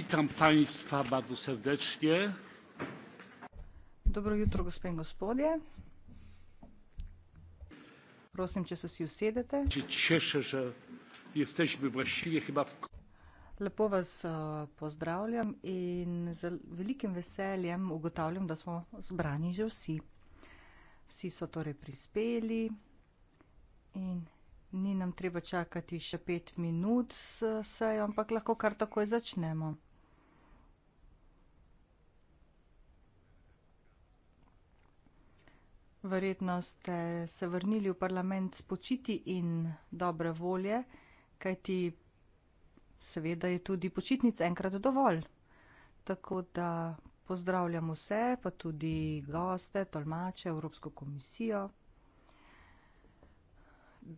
witam państwa bardzo serdecznie dobro jutro gospe in gospodje prosim če se vsi usedete cieszę że jesteśmy właściwie chyba w lepo vas eh, pozdravljam in z velikim veseljem ugotavljam da smo zbrani že vsi vsi so torej prispeli in ni nam treba čakati še pet minut s sejo ampak lahko kar takoj začnemo Verjetno ste se vrnili v parlament s počiti in dobre volje, kajti seveda je tudi počitnic enkrat dovolj. Tako da pozdravljam vse, pa tudi goste, tolmače, Evropsko komisijo.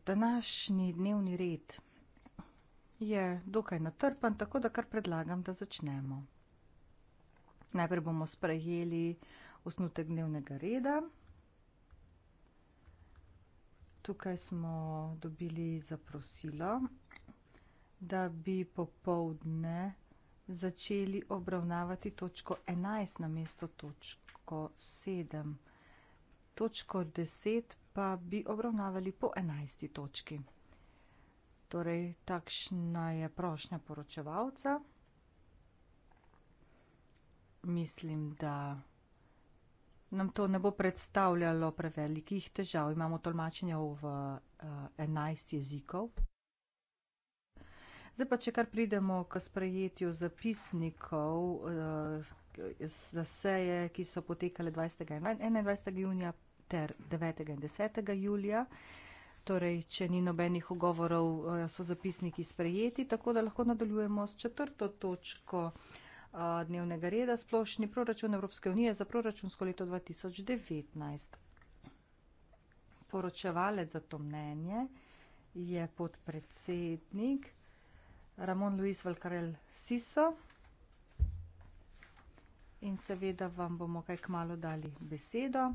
Današnji dnevni red je dokaj natrpan, tako da kar predlagam, da začnemo. Najprej bomo sprejeli osnutek dnevnega reda. Tukaj smo dobili zaprosilo, da bi popovdne začeli obravnavati točko 11 na mesto točko 7. Točko 10 pa bi obravnavali po 11. točki. Torej, takšna je prošnja poročevalca. Mislim, da nam to ne bo predstavljalo prevelikih težav. Imamo tolmačenje v eh, enajst jezikov. Zdaj pa, če kar pridemo k sprejetju zapisnikov eh, za seje, ki so potekale 20. in 21. junija ter 9. in 10. julija. Torej, če ni nobenih ogovorov, eh, so zapisniki sprejeti, tako da lahko nadaljujemo s četrto točko Eh, dnevnega reda splošni proračun Evropske unije za proračunsko leto 2019. Poročevalec za to mnenje je podpredsednik Ramon Luis Valkarel Siso. In seveda vam bomo kaj k malu dali besedo.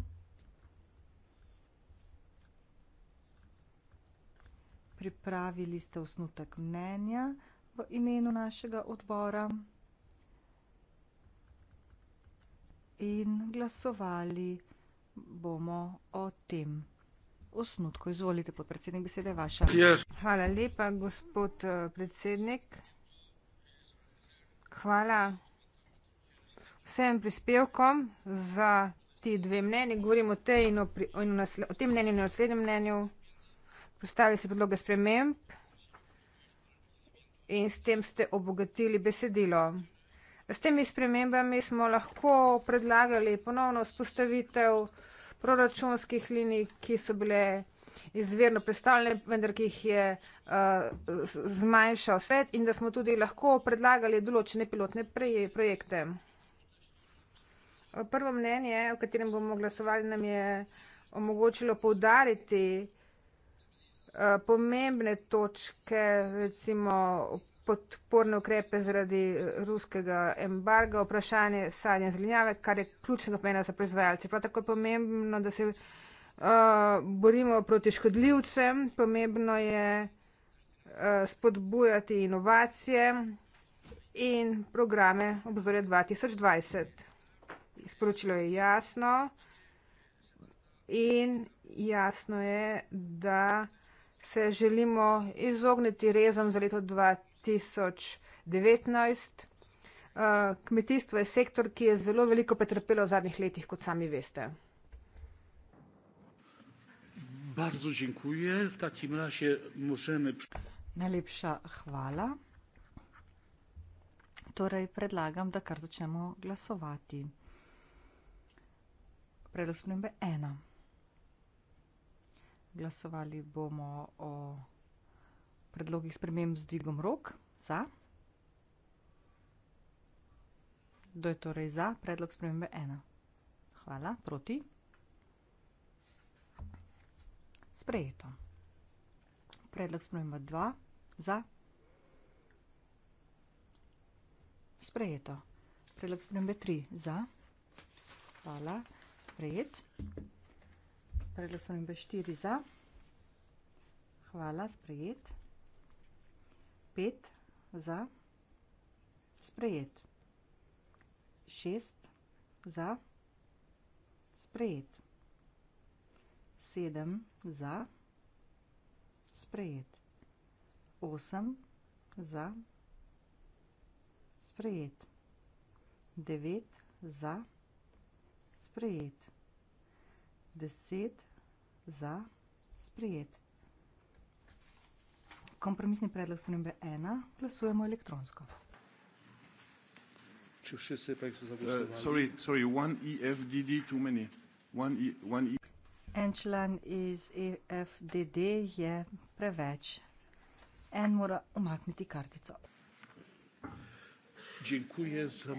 Pripravili ste osnutek mnenja v imenu našega odbora. in glasovali bomo o tem. Osnutko, izvolite, podpredsednik, beseda je vaša. Yes. Hvala lepa, gospod eh, predsednik. Hvala vsem prispevkom za ti dve mnenji. Govorim o, te in o, pri, o, in o, nasle, o tem mnenju in o naslednjem mnenju. Postavili ste predloge sprememb in s tem ste obogatili besedilo. S temi spremembami smo lahko predlagali ponovno vzpostavitev proračunskih linij, ki so bile izvirno predstavljene, vendar ki jih je uh, zmanjšal svet in da smo tudi lahko predlagali določene pilotne projekte. Prvo mnenje, o katerem bomo glasovali, nam je omogočilo poudariti uh, pomembne točke, recimo podporne ukrepe zaradi eh, ruskega embarga, vprašanje sadja in zelenjave, kar je ključnega pomena za proizvajalce. Prav tako je pomembno, da se uh, borimo proti škodljivcem, pomembno je uh, spodbujati inovacije in programe obzore 2020. Sporočilo je jasno in jasno je, da se želimo izogniti rezom za leto 2020. 2019. Eh, kmetijstvo je sektor, ki je zelo veliko pretrpelo v zadnjih letih, kot sami veste. Najlepša hvala. Torej predlagam, da kar začnemo glasovati. Predlog spremembe ena. Glasovali bomo o predlogih sprememb z dvigom rok. Za. Kdo je torej za predlog spremembe ena? Hvala. Proti. Sprejeto. Predlog spremembe dva. Za. Sprejeto. Predlog spremembe tri. Za. Hvala. Sprejet. Predlog spremembe štiri. Za. Hvala. Sprejet. 5 za sprejet. 6 za sprejet. 7 za sprejet. 8 za sprejet. 9 za sprejet. 10 za sprejet kompromisni predlog spremembe ena glasujemo elektronsko. Eh, sorry, sorry, one EFDD too many. One e, one e. En član iz EFDD je preveč. En mora umakniti kartico. Dziękuję za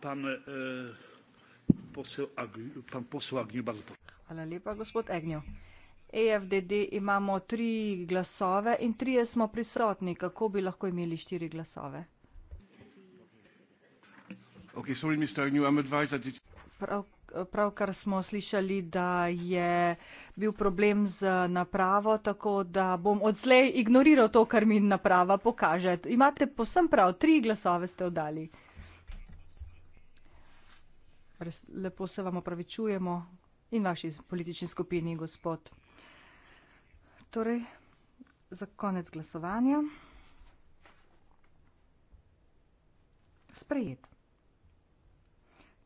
pan, eh, poseł Agniu, pan poseł Agniu bardzo. Hvala lepa, gospod Agniu. EFDD imamo tri glasove in trije smo prisotni. Kako bi lahko imeli štiri glasove? Okay, sorry, Mr. New, I'm advised that prav, prav kar smo slišali, da je bil problem z napravo, tako da bom odslej ignoriral to, kar mi naprava pokaže. Imate posem prav, tri glasove ste oddali. Res, lepo se vam opravičujemo in vaši politični skupini, gospod. Torej, za konec glasovanja. Sprejet.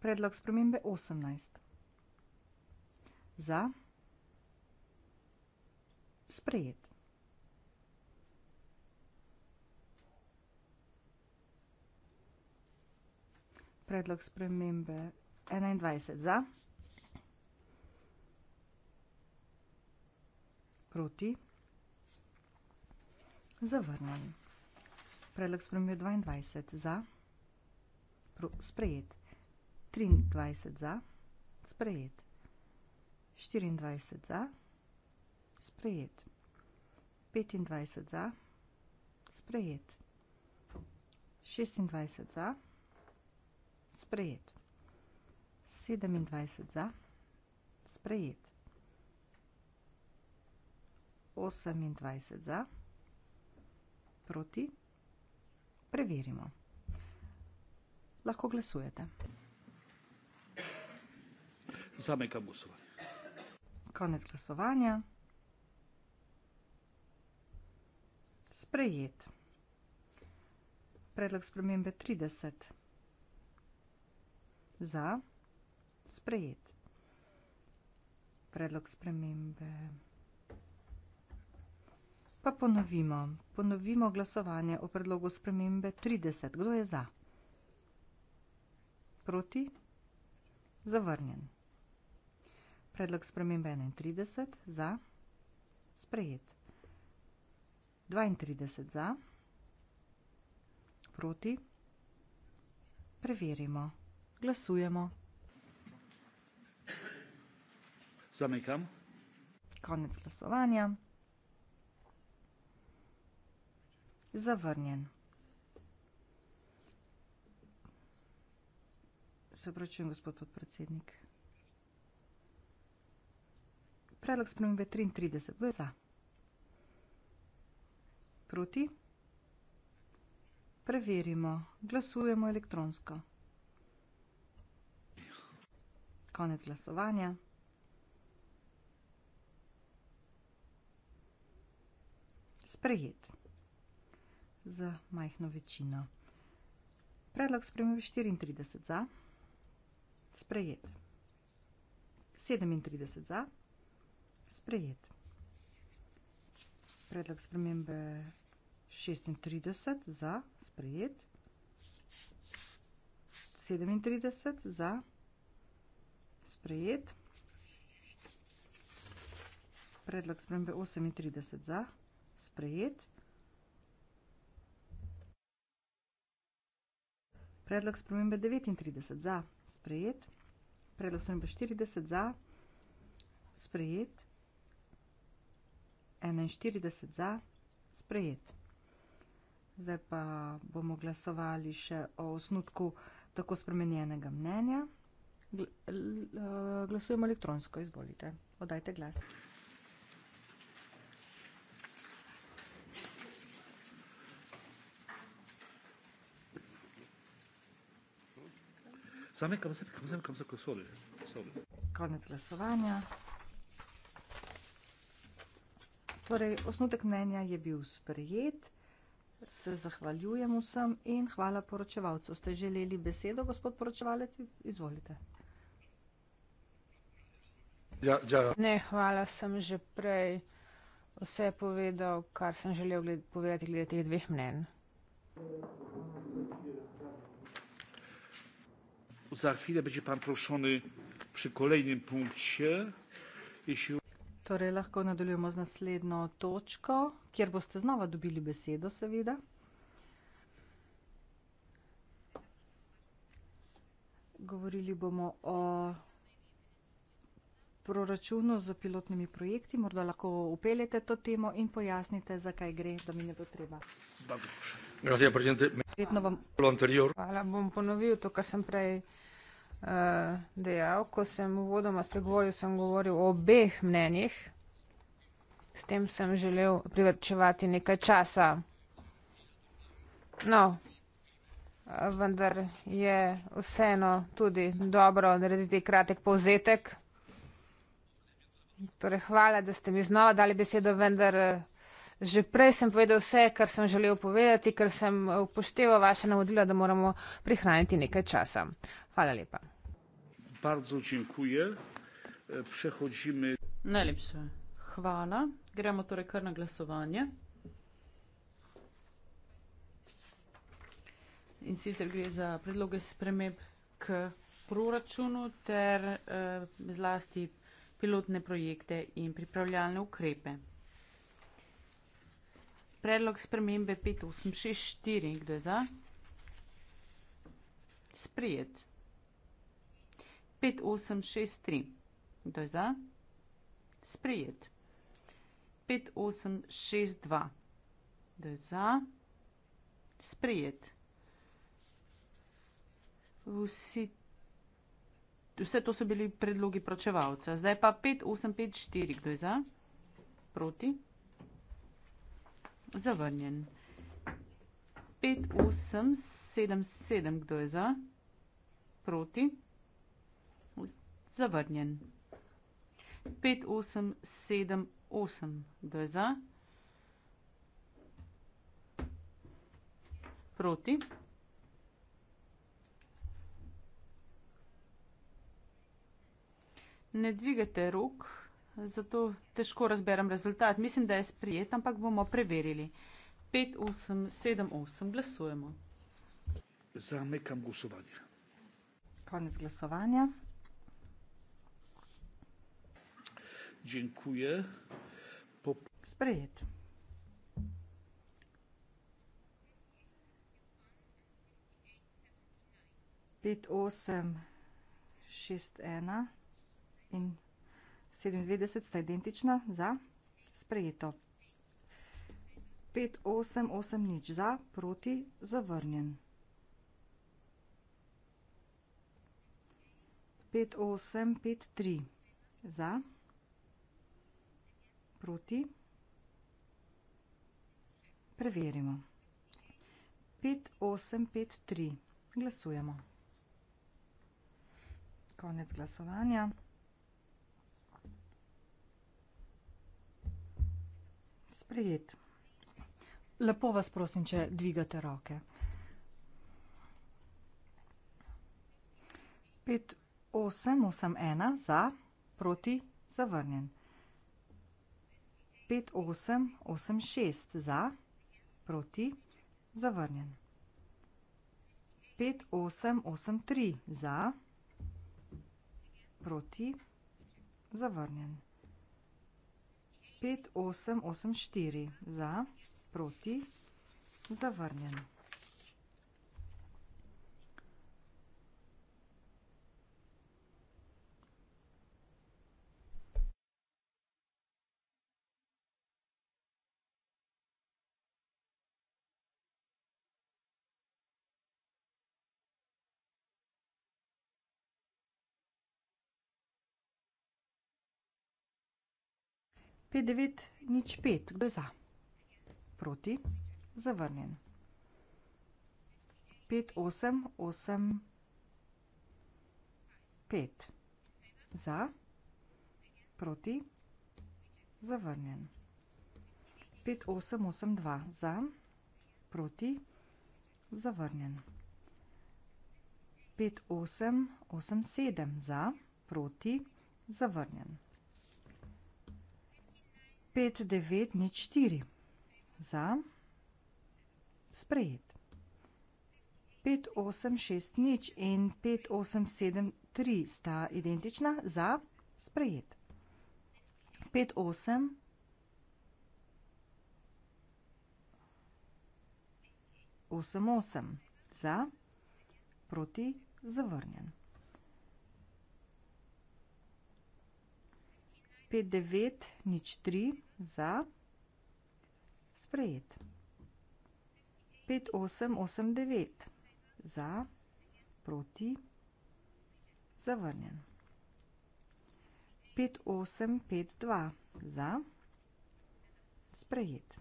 Predlog spremembe 18. Za. Sprejet. Predlog spremembe 21. Za. proti? Zavrnjen. Predlog spremljajo 22 za. Sprejet. 23 za. Sprejet. 24 za. Sprejet. 25 za. Sprejet. 26 za. Sprejet. 27 za. Sprejet. 28 za, proti, preverimo. Lahko glasujete. Zameka glasovanje. Konec glasovanja. Sprejet. Predlog spremembe 30. Za. Sprejet. Predlog spremembe 30. Pa ponovimo, ponovimo glasovanje o predlogu spremembe 30. Kdo je za? Proti? Zavrnjen. Predlog spremembe 31. Za? Sprejet. 32. Za? Proti? Preverimo. Glasujemo. Zamekam. Konec glasovanja. Zavrnjen. Se opračujem, gospod podpredsednik. Predlog spremembe 33. Za. Proti. Preverimo. Glasujemo elektronsko. Konec glasovanja. Sprejeti z majhno večino. Predlog spremembe 34 za, sprejet. 37 za, sprejet. Predlog spremembe 36 za, sprejet. 37 za, sprejet. Predlog spremembe 38 za, sprejet. Predlog spremembe 39 za sprejet. Predlog spremembe 40 za sprejet. 41 za sprejet. Zdaj pa bomo glasovali še o osnutku tako spremenjenega mnenja. Glasujemo elektronsko, izvolite. Odajte glas. Sam kam se, kam se, kam se kosoli. kosoli. Konec glasovanja. Torej, osnutek mnenja je bil sprejet. Se zahvaljujem vsem in hvala poročevalcu. Ste želeli besedo, gospod poročevalec? Izvolite. Ja, ja. Ne, hvala, sem že prej vse povedal, kar sem želel gled, povedati glede teh dveh mnen. Thank you. Za chwilę będzie pan proszony przy kolejnym punkcie. Jeśli... Torej lahko nadaljujemo z naslednjo točko, kjer boste znova dobili besedo, seveda. Govorili bomo o proračunu z pilotnimi projekti. Morda lahko upeljete to temo in pojasnite, zakaj gre, da mi ne bo treba. Bardzo prosim. Gracias, presidente. Me... No vam... Lo anterior. Hvala, bom ponovil to, kar sem prej uh, dejal. Ko sem v vodoma spregovoril, sem govoril o obeh mnenjih. S tem sem želel privrčevati nekaj časa. No, vendar je vseeno tudi dobro narediti kratek povzetek. Torej, hvala, da ste mi znova dali besedo, vendar. Uh, Že prej sem povedal vse, kar sem želel povedati, ker sem upošteval vaše navodila, da moramo prihraniti nekaj časa. Hvala lepa. Najlepše. Hvala. Gremo torej kar na glasovanje. In sicer gre za predloge sprememb k proračunu ter eh, zlasti pilotne projekte in pripravljalne ukrepe. Predlog spremembe 5864, kdo je za? Sprijet. 5863, kdo je za? Sprijet. 5862, kdo je za? Sprijet. Vsi, vse to so bili predlogi pročevalca. Zdaj pa 5854, kdo je za? Proti zavrnjen. Pet, osem, sedem, sedem, kdo je za? Proti. Zavrnjen. Pet, osem, sedem, osem, kdo je za? Proti. Ne dvigate rok. Proti zato težko razberem rezultat. Mislim, da je sprijet, ampak bomo preverili. 5, 8, 7, 8 glasujemo. Zamekam glasovanje. Konec glasovanja. Dziękuję. Po... Sprejet. Pet, osem, šest, ena in 97 sta identična za sprejeto. 5, 8, 8 nič za, proti, zavrnjen. 5, 8, 5, 3 za, proti, preverimo. 5, 8, 5, 3 glasujemo. Konec glasovanja. sprejet. Lepo vas prosim, če dvigate roke. Pet, osem, osem, ena, za, proti, zavrnjen. Pet, osem, osem, šest, za, proti, zavrnjen. Pet, osem, osem, tri, za, proti, zavrnjen. 5, 8, 8, 6, za, proti, zavrnjen. 5884 za, proti, zavrnjen. 5905, kdo je za? Proti, zavrnjen. 5885, za, proti, zavrnjen. 5882, za, proti, zavrnjen. 5887, za, proti, zavrnjen. 5888, za, proti, zavrnjen pet, devet, nič, štiri. Za. Sprejet. Pet, osem, šest, nič in pet, osem, sedem, tri sta identična. Za. Sprejet. Pet, osem. Osem, osem. Za. Proti. Zavrnjen. 5903 za sprejet. 5889 za proti zavrnjen. 5852 za sprejet.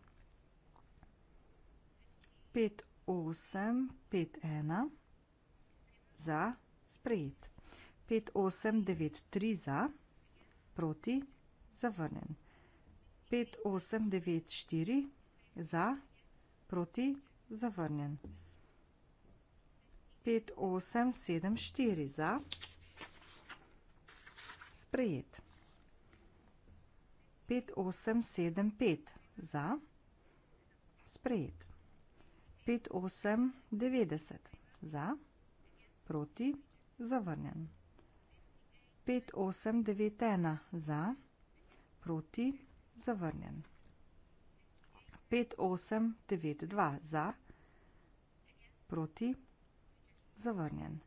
5851 za sprejet. 5893 za proti zavrnjen zavrnjen. 5, 8, 9, 4, za, proti, zavrnjen. 5, 8, 7, 4, za, sprejet. 5, 8, 7, 5, za, sprejet. 5, 8, 90, za, proti, zavrnjen. 5, 8, 9, 1, za, sprejet proti, zavrnjen. 5, 8, 9, 2, za, proti, zavrnjen.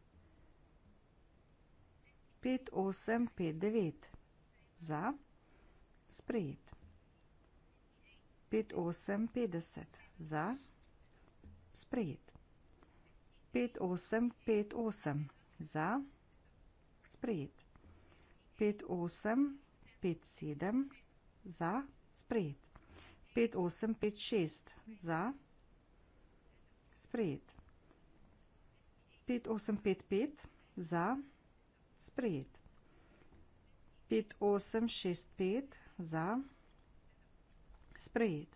5, 8, 5, 9, za, sprejet. 5, 8, 50, za, sprejet. 5, 8, 5, 8, za, sprejet. 5, 8, 50, za, sprejet. 5, 7 za sprejet. 5, 8, 5, 6 za sprejet. 5, 8, 5, 5 za sprejet. 5, 8, 6, 5 za sprejet.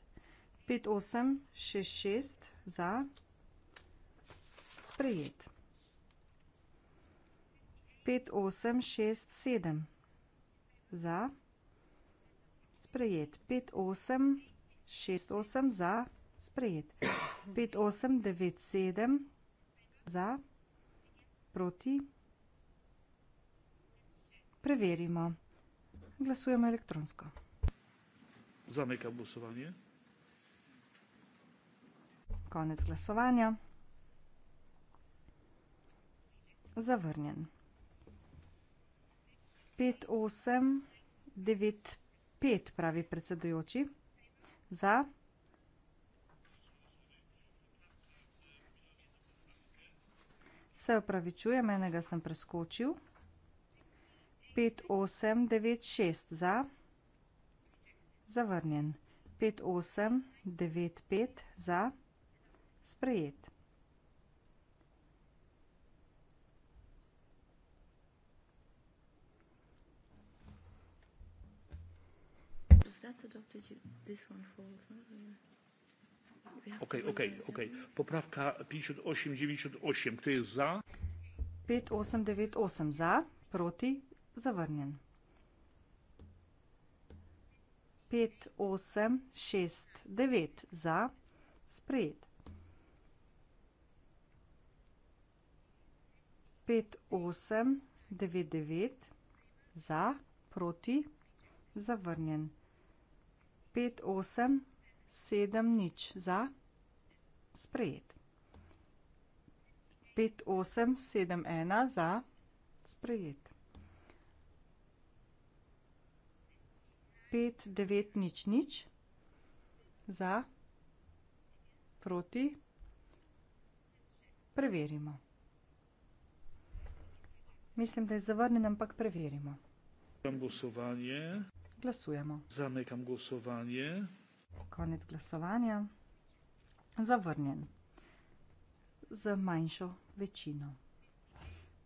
5, 8, 6, 6 za sprejet. 5, 8, 6, 7 za sprejet za. Sprejet 5, 8, 6, 8 za. Sprejet 5, 8, 9, 7 za. Proti. Preverimo. Glasujemo elektronsko. Za neka glasovanje. Konec glasovanja. Zavrnjen. 5895, pravi predsedujoči. Za. Se upravičujem, enega sem preskočil. 5896 za. Zavrnjen. 5895 za. Sprejet. that's adopted, you, this one falls. Okay, okay, okay. Poprawka 5898. Kto jest za? 5898 za, proti, zawarnien. 5869 za, sprejet. 5899 za, proti, zawarnien pet, osem, sedem, nič za. Sprejet. Pet, osem, sedem, ena za. Sprejet. Pet, devet, nič, nič. Za. Proti. Preverimo. Mislim, da je zavrnen, ampak preverimo. Glasovanje glasujemo. Zamekam glasovanje. Konec glasovanja. Zavrnjen. Z manjšo večino.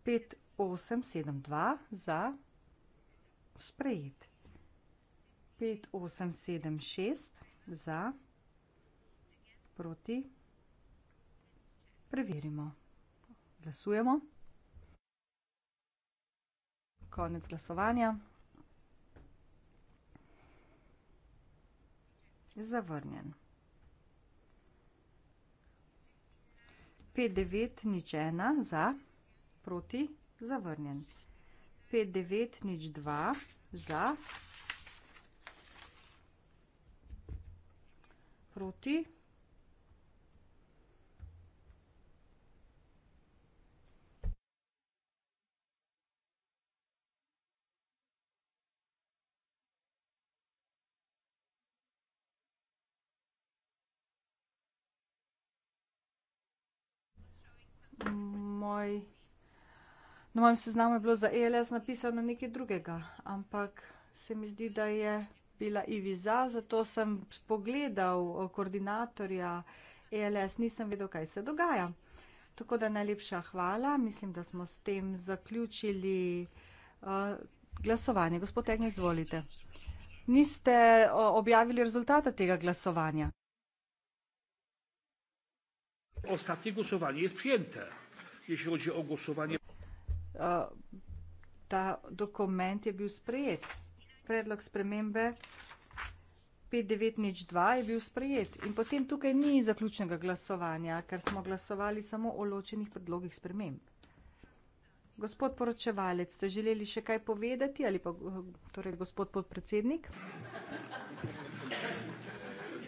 5872 za sprejet. 5876 za proti. Preverimo. Glasujemo. Konec glasovanja. zavrnjen. 5, 9, nič 1, za, proti, zavrnjen. 5, 9, nič 2, za, proti, zavrnjen. moj, na mojem seznamu je bilo za ELS napisano nekaj drugega, ampak se mi zdi, da je bila IVIZA, zato sem pogledal eh, koordinatorja ELS, nisem vedel, kaj se dogaja. Tako da najlepša hvala, mislim, da smo s tem zaključili uh, glasovanje. Gospod Egnjo, izvolite. Niste objavili rezultata tega glasovanja. Ostatnje głosowanie jest przyjęte jeśli chodzi o głosowanie. Ta dokument je bil sprejet. Predlog spremembe 5902 je bil sprejet. In potem tukaj ni zaključnega glasovanja, ker smo glasovali samo o ločenih predlogih sprememb. Gospod poročevalec, ste želeli še kaj povedati ali pa torej gospod podpredsednik?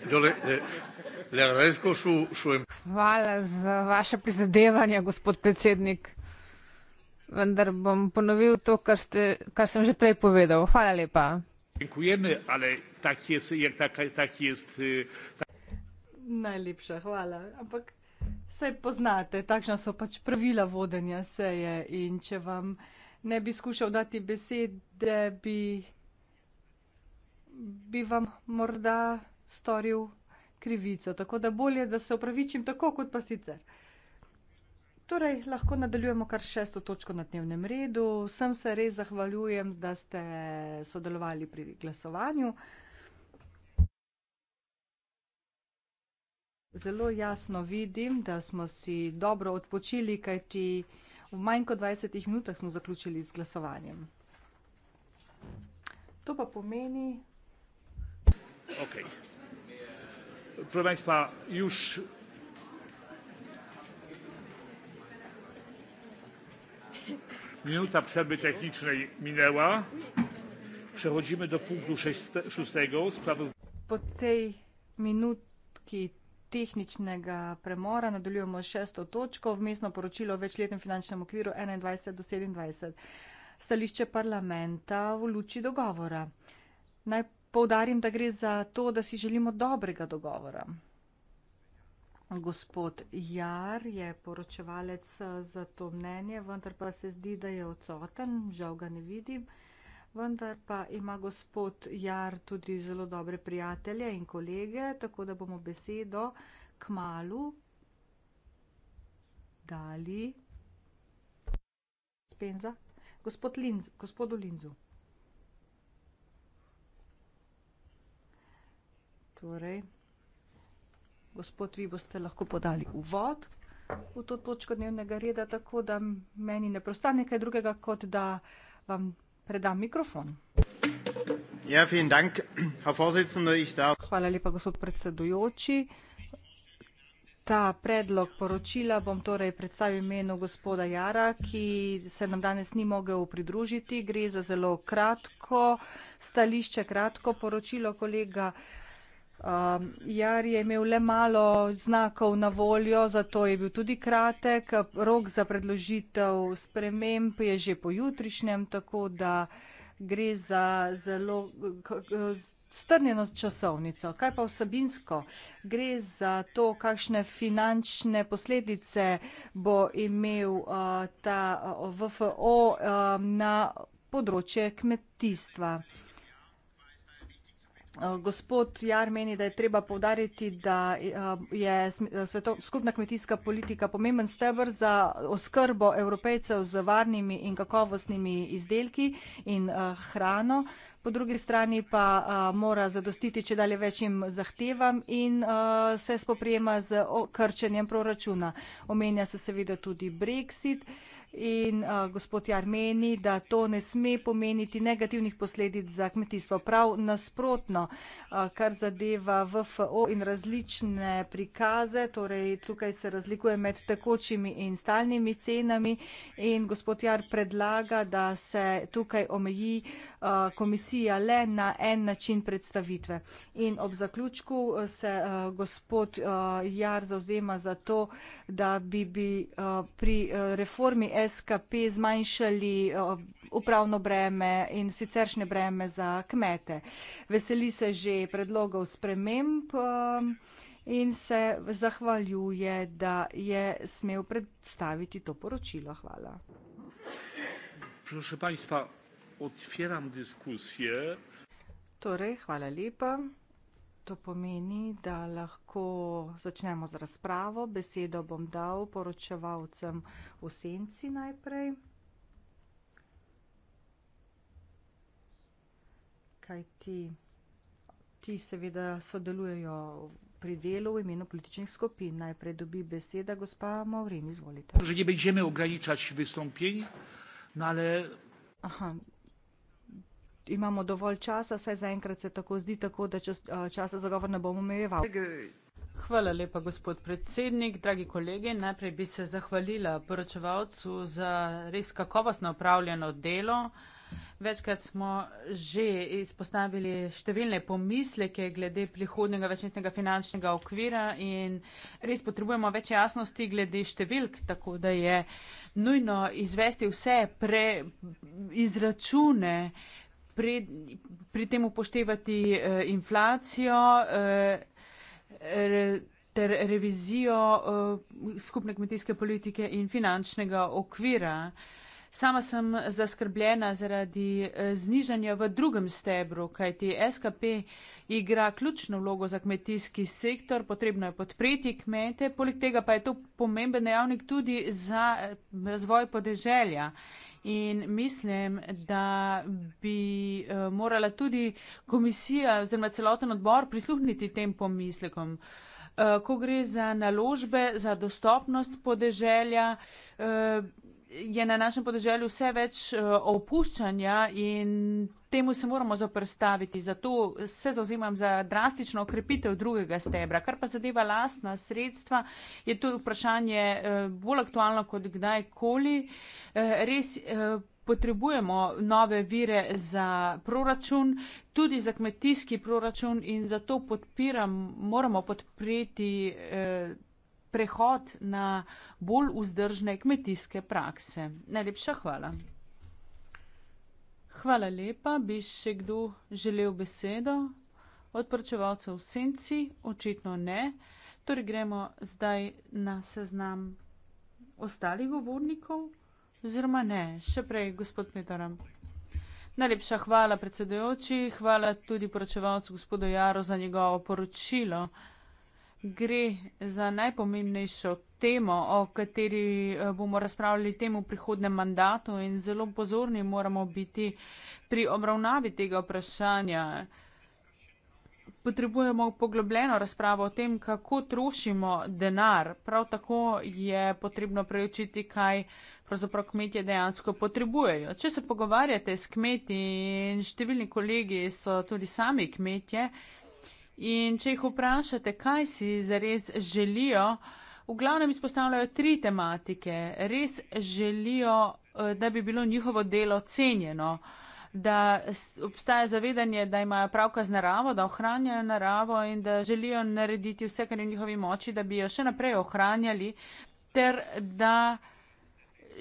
Yo le, le, eh, le agradezco su, su... Hvala za vaše prizadevanje, gospod predsednik. Vendar bom ponovil to, kar, ste, kar sem že prej povedal. Hvala lepa. Najlepša hvala. Ampak se poznate, takšna so pač pravila vodenja seje in če vam ne bi skušal dati besede, bi, bi vam morda storil krivico. Tako da bolje, da se upravičim tako, kot pa sicer. Torej, lahko nadaljujemo kar šesto točko na dnevnem redu. Vsem se res zahvaljujem, da ste sodelovali pri glasovanju. Zelo jasno vidim, da smo si dobro odpočili, kajti v manj kot 20 minutah smo zaključili z glasovanjem. To pa pomeni. Okay proszę państwa już minuta przerwy technicznej minęła przechodzimy do punktu szóstego sprawozdania po tej minutki tehničnega premora. Nadaljujemo s šesto točko, vmesno poročilo o večletnem finančnem okviru 21 do 27. Stališče parlamenta v luči dogovora. Naj Poudarim, da gre za to, da si želimo dobrega dogovora. Gospod Jar je poročevalec eh, za to mnenje, vendar pa se zdi, da je odsoten, žal ga ne vidim. Vendar pa ima gospod Jar tudi zelo dobre prijatelje in kolege, tako da bomo besedo k malu dali. Spenza. Gospod Linz, gospodu Linzu. Torej, gospod, vi boste lahko podali uvod v to točko dnevnega reda, tako da meni ne prostane kaj drugega, kot da vam predam mikrofon. Ja, dank, Hvala lepa, gospod predsedujoči. Ta predlog poročila bom torej predstavil imenu gospoda Jara, ki se nam danes ni mogel pridružiti. Gre za zelo kratko stališče, kratko poročilo kolega uh, Um, Jar je imel le malo znakov na voljo, zato je bil tudi kratek. Rok za predložitev sprememb je že pojutrišnjem, tako da gre za zelo strnjeno časovnico. Kaj pa vsebinsko? Gre za to, kakšne finančne posledice bo imel uh, ta VFO uh, um, na področje kmetijstva. Uh, Eh, gospod Jar meni, da je treba povdariti, da eh, je eh, sveto, skupna kmetijska politika pomemben stebr za oskrbo evropejcev z varnimi in kakovostnimi izdelki in hrano. Po drugi strani pa a, mora zadostiti če dalje večjim zahtevam in a, se spoprijema z okrčenjem proračuna. Omenja se seveda tudi Brexit. A, in uh, gospod Jar meni, da to ne sme pomeniti negativnih posledic za kmetijstvo. Prav nasprotno, uh, kar zadeva VFO in različne prikaze, torej tukaj se razlikuje med tekočimi in stalnimi cenami in gospod Jar predlaga, da se tukaj omeji uh, komisija le na en način predstavitve. In ob zaključku se uh, gospod uh, Jar zauzema za to, da bi, bi uh, pri uh, reformi SKP zmanjšali eh, upravno breme in siceršnje breme za kmete. Veseli se že predlogov sprememb eh, in se zahvaljuje, da je smel predstaviti to poročilo. Hvala. Torej, hvala lepa. To pomeni, da lahko začnemo z razpravo. Besedo bom dal poročevalcem v senci najprej. Kaj ti, ti seveda sodelujejo pri delu v imenu političnih skupin. Najprej dobi beseda gospa Maurin, izvolite. Že ne bi želel ograničati vystopljenje, no, ampak imamo dovolj časa, saj zaenkrat se tako zdi, tako da čas, eh, časa za govor ne bomo omejeval. Hvala lepa, gospod predsednik. Dragi kolegi, najprej bi se zahvalila poročevalcu za res kakovostno upravljeno delo. Večkrat smo že izpostavili številne pomisleke glede prihodnega večnetnega finančnega okvira in res potrebujemo več jasnosti glede številk, tako da je nujno izvesti vse pre izračune, pri, pri tem upoštevati eh, inflacijo eh, re, ter revizijo eh, skupne kmetijske politike in finančnega okvira. Sama sem zaskrbljena zaradi eh, znižanja v drugem stebru, kajti SKP igra ključno vlogo za kmetijski sektor, potrebno je podpreti kmete, poleg tega pa je to pomemben dejavnik tudi za eh, razvoj podeželja in mislim, da bi uh, morala tudi komisija oziroma celoten odbor prisluhniti tem pomislekom. Uh, ko gre za naložbe, za dostopnost podeželja, uh, je na našem podeželju vse več eh, opuščanja in temu se moramo zaprstaviti. Zato se zauzimam za drastično okrepitev drugega stebra. Kar pa zadeva lastna sredstva, je to vprašanje eh, bolj aktualno kot kdajkoli. Eh, res potrebujemo nove vire za proračun, tudi za kmetijski proračun in zato podpiram, moramo podpreti prehod na bolj vzdržne kmetijske prakse. Najlepša hvala. Hvala lepa. Bi še kdo želel besedo? Odprčevalcev v senci? Očitno ne. Torej gremo zdaj na seznam ostalih govornikov. Oziroma ne, še prej, gospod Petar. Najlepša hvala predsedojoči, hvala tudi poročevalcu gospodu Jaro za njegovo poročilo gre za najpomembnejšo temo, o kateri eh, bomo razpravljali tem v prihodnem mandatu in zelo pozorni moramo biti pri obravnavi tega vprašanja. Potrebujemo poglobljeno razpravo o tem, kako trošimo denar. Prav tako je potrebno preučiti, kaj pravzaprav kmetje dejansko potrebujejo. Če se pogovarjate s kmeti in številni kolegi so tudi sami kmetje, In če jih vprašate, kaj si zares želijo, v glavnem izpostavljajo tri tematike. Res želijo, eh, da bi bilo njihovo delo cenjeno, da obstaja zavedanje, da imajo pravka z naravo, da ohranjajo naravo in da želijo narediti vse, kar je v njihovi moči, da bi jo še naprej ohranjali, ter da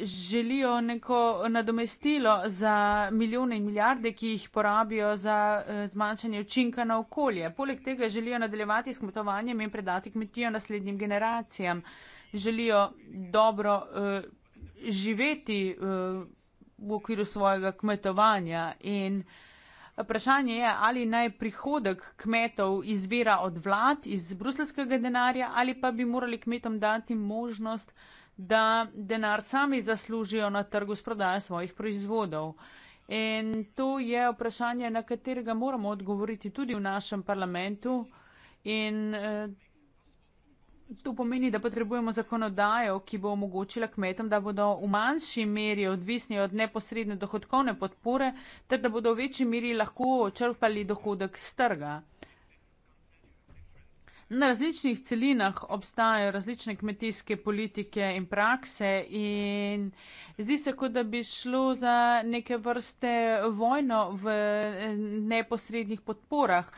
želijo neko nadomestilo za milijone in milijarde, ki jih porabijo za eh, zmanjšanje učinka na okolje. Poleg tega želijo nadaljevati s kmetovanjem in predati kmetijo naslednjim generacijam. Želijo dobro uh, živeti uh, v okviru svojega kmetovanja in Vprašanje je, ali naj prihodek kmetov izvira od vlad, iz bruselskega denarja, ali pa bi morali kmetom dati možnost uh, da denar sami zaslužijo na trgu s prodajo svojih proizvodov. In to je vprašanje, na katerega moramo odgovoriti tudi v našem parlamentu. In eh, to pomeni, da potrebujemo zakonodajo, ki bo omogočila kmetom, da bodo v manjši meri odvisni od neposredne dohodkovne podpore, ter da bodo v večji meri lahko črpali dohodek z trga. Na različnih celinah obstajajo različne kmetijske politike in prakse in zdi se, kot da bi šlo za neke vrste vojno v eh, neposrednih podporah.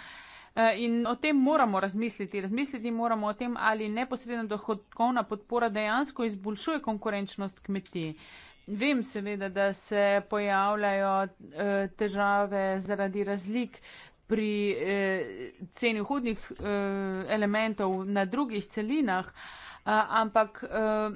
Eh, in o tem moramo razmisliti. Razmisliti moramo o tem, ali neposredna dohodkovna podpora dejansko izboljšuje konkurenčnost kmetij. Vem seveda, da se pojavljajo eh, težave zaradi razlik pri eh, ceni hudnih eh, elementov na drugih celinah, eh, ampak eh,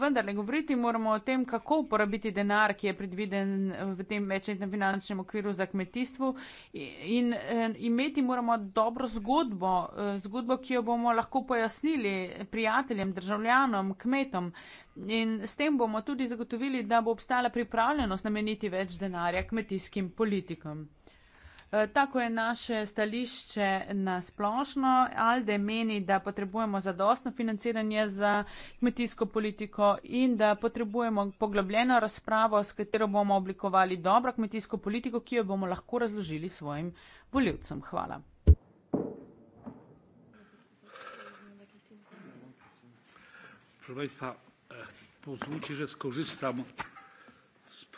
vendar ne govoriti moramo o tem, kako uporabiti denar, ki je predviden eh, v tem večletnem finančnem okviru za kmetijstvo in, in eh, imeti moramo dobro zgodbo, eh, zgodbo, ki jo bomo lahko pojasnili prijateljem, državljanom, kmetom. In s tem bomo tudi zagotovili, da bo obstala pripravljenost nameniti več denarja kmetijskim politikom. Eh, tako je naše stališče na splošno. Alde meni, da potrebujemo zadostno financiranje za kmetijsko politiko in da potrebujemo poglobljeno razpravo, s katero bomo oblikovali dobro kmetijsko politiko, ki jo bomo lahko razložili svojim voljivcem. Hvala.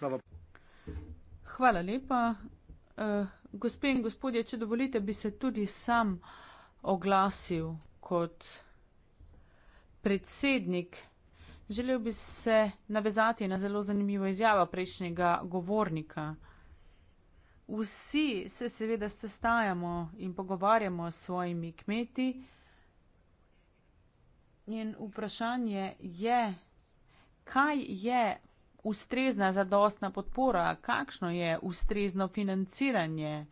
E, Hvala lepa. Uh gospe in gospodje, če dovolite, bi se tudi sam oglasil kot predsednik. Želel bi se navezati na zelo zanimivo izjavo prejšnjega govornika. Vsi se seveda sestajamo in pogovarjamo s svojimi kmeti. In vprašanje je, kaj je ustrezna zadostna podpora, kakšno je ustrezno financiranje,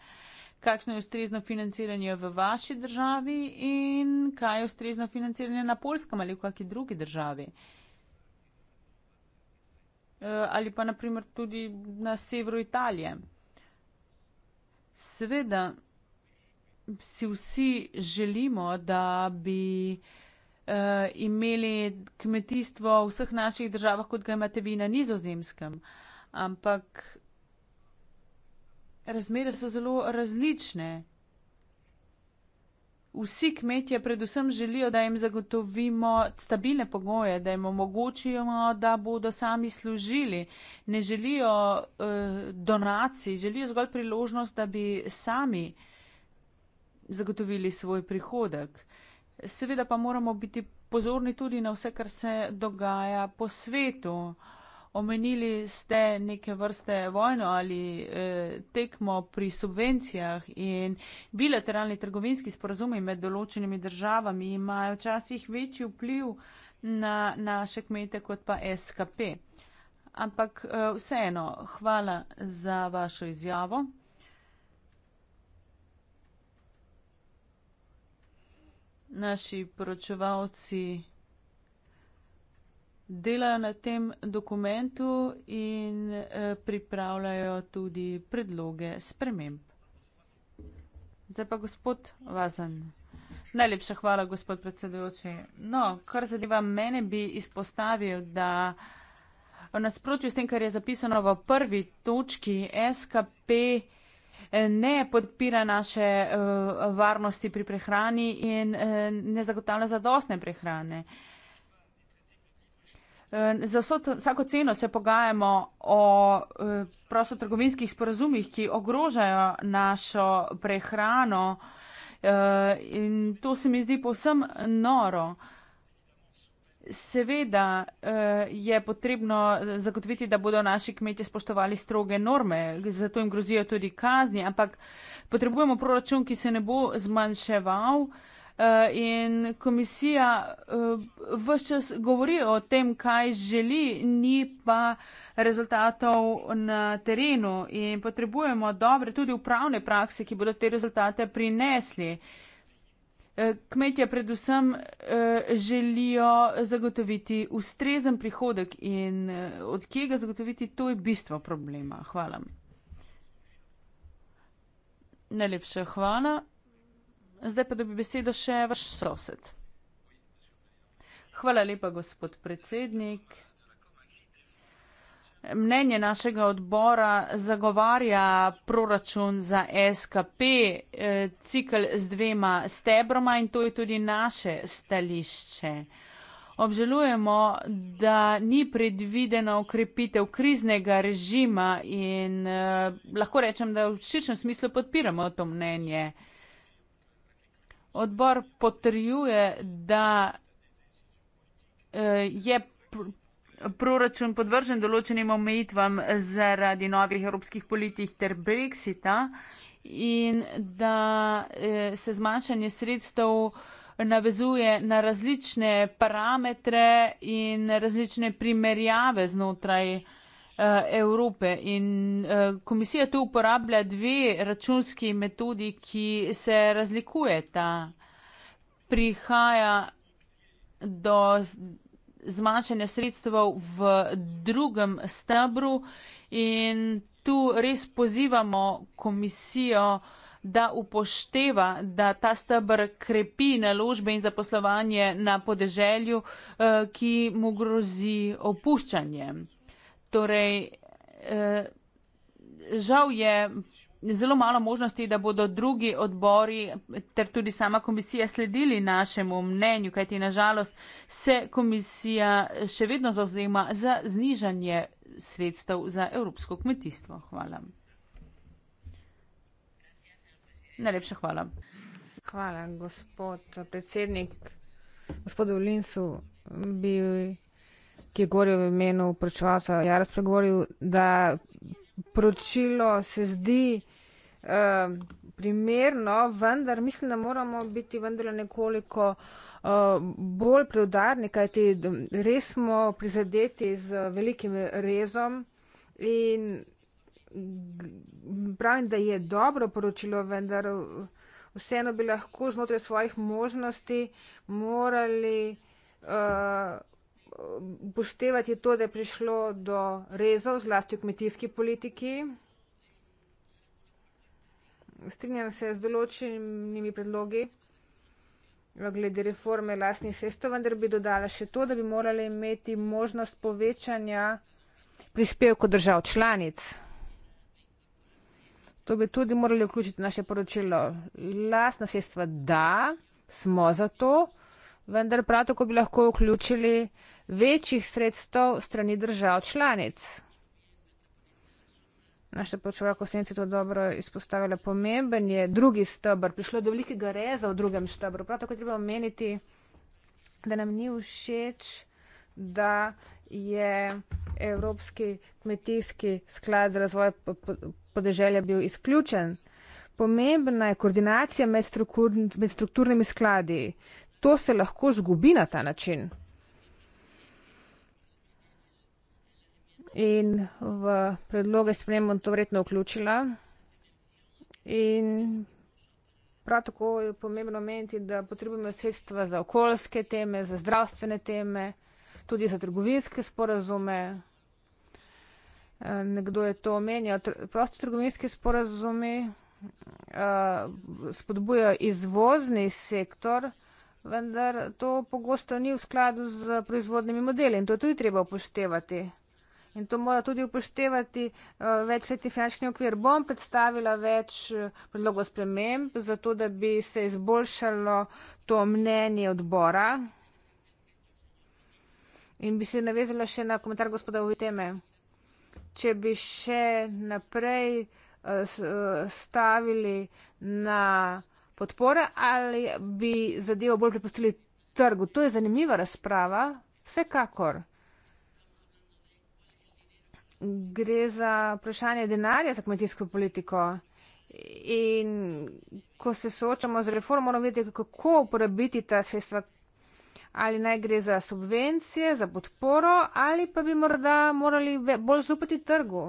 kakšno je ustrezno financiranje v vaši državi in kaj je ustrezno financiranje na Polskem ali v kakšni drugi državi. Eh, ali pa naprimer tudi na severu Italije. Seveda si vsi želimo, da bi uh, imeli kmetijstvo v vseh naših državah, kot ga imate vi na nizozemskem. Ampak razmere so zelo različne. Vsi kmetje predvsem želijo, da jim zagotovimo stabilne pogoje, da jim omogočimo, da bodo sami služili. Ne želijo uh, donacij, želijo zgolj priložnost, da bi sami zagotovili svoj prihodek. Seveda pa moramo biti pozorni tudi na vse, kar se dogaja po svetu. Omenili ste neke vrste vojno ali eh, tekmo pri subvencijah in bilateralni trgovinski sporazumi med določenimi državami imajo včasih večji vpliv na naše kmete kot pa SKP. Ampak eh, vseeno, hvala za vašo izjavo. naši poročevalci delajo na tem dokumentu in eh, pripravljajo tudi predloge sprememb. Zdaj pa gospod Vazan. Najlepša hvala, gospod predsedujoči. No, kar zadeva mene, bi izpostavil, da v nasprotju s tem, kar je zapisano v prvi točki SKP ne podpira naše eh, varnosti pri prehrani in eh, ne zagotavlja zadostne prehrane. Eh, za vso, vsako ceno se pogajamo o prostotrgovinskih sporazumih, ki ogrožajo našo prehrano in to se mi zdi povsem noro. Seveda eh, je potrebno zagotoviti, da bodo naši kmetje spoštovali stroge norme, zato jim grozijo tudi kazni, ampak potrebujemo proračun, ki se ne bo zmanjševal. Eh, in komisija eh, vse čas govori o tem, kaj želi, ni pa rezultatov na terenu. In potrebujemo dobre tudi upravne prakse, ki bodo te rezultate prinesli. Eh, kmetje predvsem eh, želijo zagotoviti ustrezen prihodek in eh, od kje ga zagotoviti, to je bistvo problema. Hvala. Najlepša hvala. Zdaj pa dobi besedo še vaš sosed. Hvala lepa, gospod predsednik. Mnenje našega odbora zagovarja proračun za SKP, eh, cikl z dvema stebroma in to je tudi naše stališče. Obžalujemo, da ni predvidena ukrepitev kriznega režima in eh, lahko rečem, da v širšem smislu podpiramo to mnenje. Odbor potrjuje, da eh, je proračun podvržen določenim omejitvam zaradi novih evropskih politik ter Brexita in da eh, se zmanjšanje sredstev navezuje na različne parametre in različne primerjave znotraj eh, Evrope. In eh, komisija tu uporablja dve računski metodi, ki se razlikujeta. Prihaja do zmanjšanje sredstev v drugem stebru in tu res pozivamo komisijo, da upošteva, da ta stebr krepi naložbe in zaposlovanje na podeželju, eh, ki mu grozi opuščanje. Torej, eh, žal je zelo malo možnosti, da bodo drugi odbori ter tudi sama komisija sledili našemu mnenju, kajti nažalost se komisija še vedno zauzema za znižanje sredstev za evropsko kmetijstvo. Hvala. Najlepša hvala. Hvala, gospod predsednik. Gospodu Linsu bi, ki je govoril v imenu prečevalca, jaz spregovoril, da poročilo se zdi um, primerno, vendar mislim, da moramo biti vendarle nekoliko uh, bolj preudarni, kajti res smo prizadeti z velikim rezom in pravim, da je dobro poročilo, vendar vseeno bi lahko znotraj svojih možnosti morali. Uh, poštevati je to, da je prišlo do rezov, zlasti v kmetijski politiki. Strinjam se z določenimi predlogi glede reforme lastnih sestov, vendar bi dodala še to, da bi morali imeti možnost povečanja prispevkov držav članic. To bi tudi morali vključiti v naše poročilo. Lastna sestva da, smo za to vendar prav tako bi lahko vključili večjih sredstev strani držav članic. Naša počuva, ko sem se to dobro izpostavila, pomemben je drugi stebr. Prišlo je do velikega reza v drugem stebru. Prav tako treba omeniti, da nam ni všeč, da je Evropski kmetijski sklad za razvoj podeželja bil izključen. Pomembna je koordinacija med, struktur, med strukturnimi skladi to se lahko zgubi na ta način. In v predloge sprejem bom to vredno vključila. In prav tako je pomembno omeniti, da potrebujemo sredstva za okoljske teme, za zdravstvene teme, tudi za trgovinske sporazume. Eh, nekdo je to omenjal. Prosto trgovinski sporazumi eh, spodbujajo izvozni sektor vendar to pogosto ni v skladu z proizvodnimi modeli in to tudi treba upoštevati. In to mora tudi upoštevati uh, večletni finančni okvir. Bom predstavila več eh, predlogov sprememb, zato da bi se izboljšalo to mnenje odbora in bi se navezala še na komentar gospoda Uviteme. Če bi še naprej uh, stavili na podpore ali bi zadevo bolj prepustili trgu. To je zanimiva razprava, vsekakor. Gre za vprašanje denarja za kmetijsko politiko. In ko se soočamo z reformo, moramo vedeti, kako uporabiti ta sredstva. Ali naj gre za subvencije, za podporo, ali pa bi morda morali bolj zupati trgu.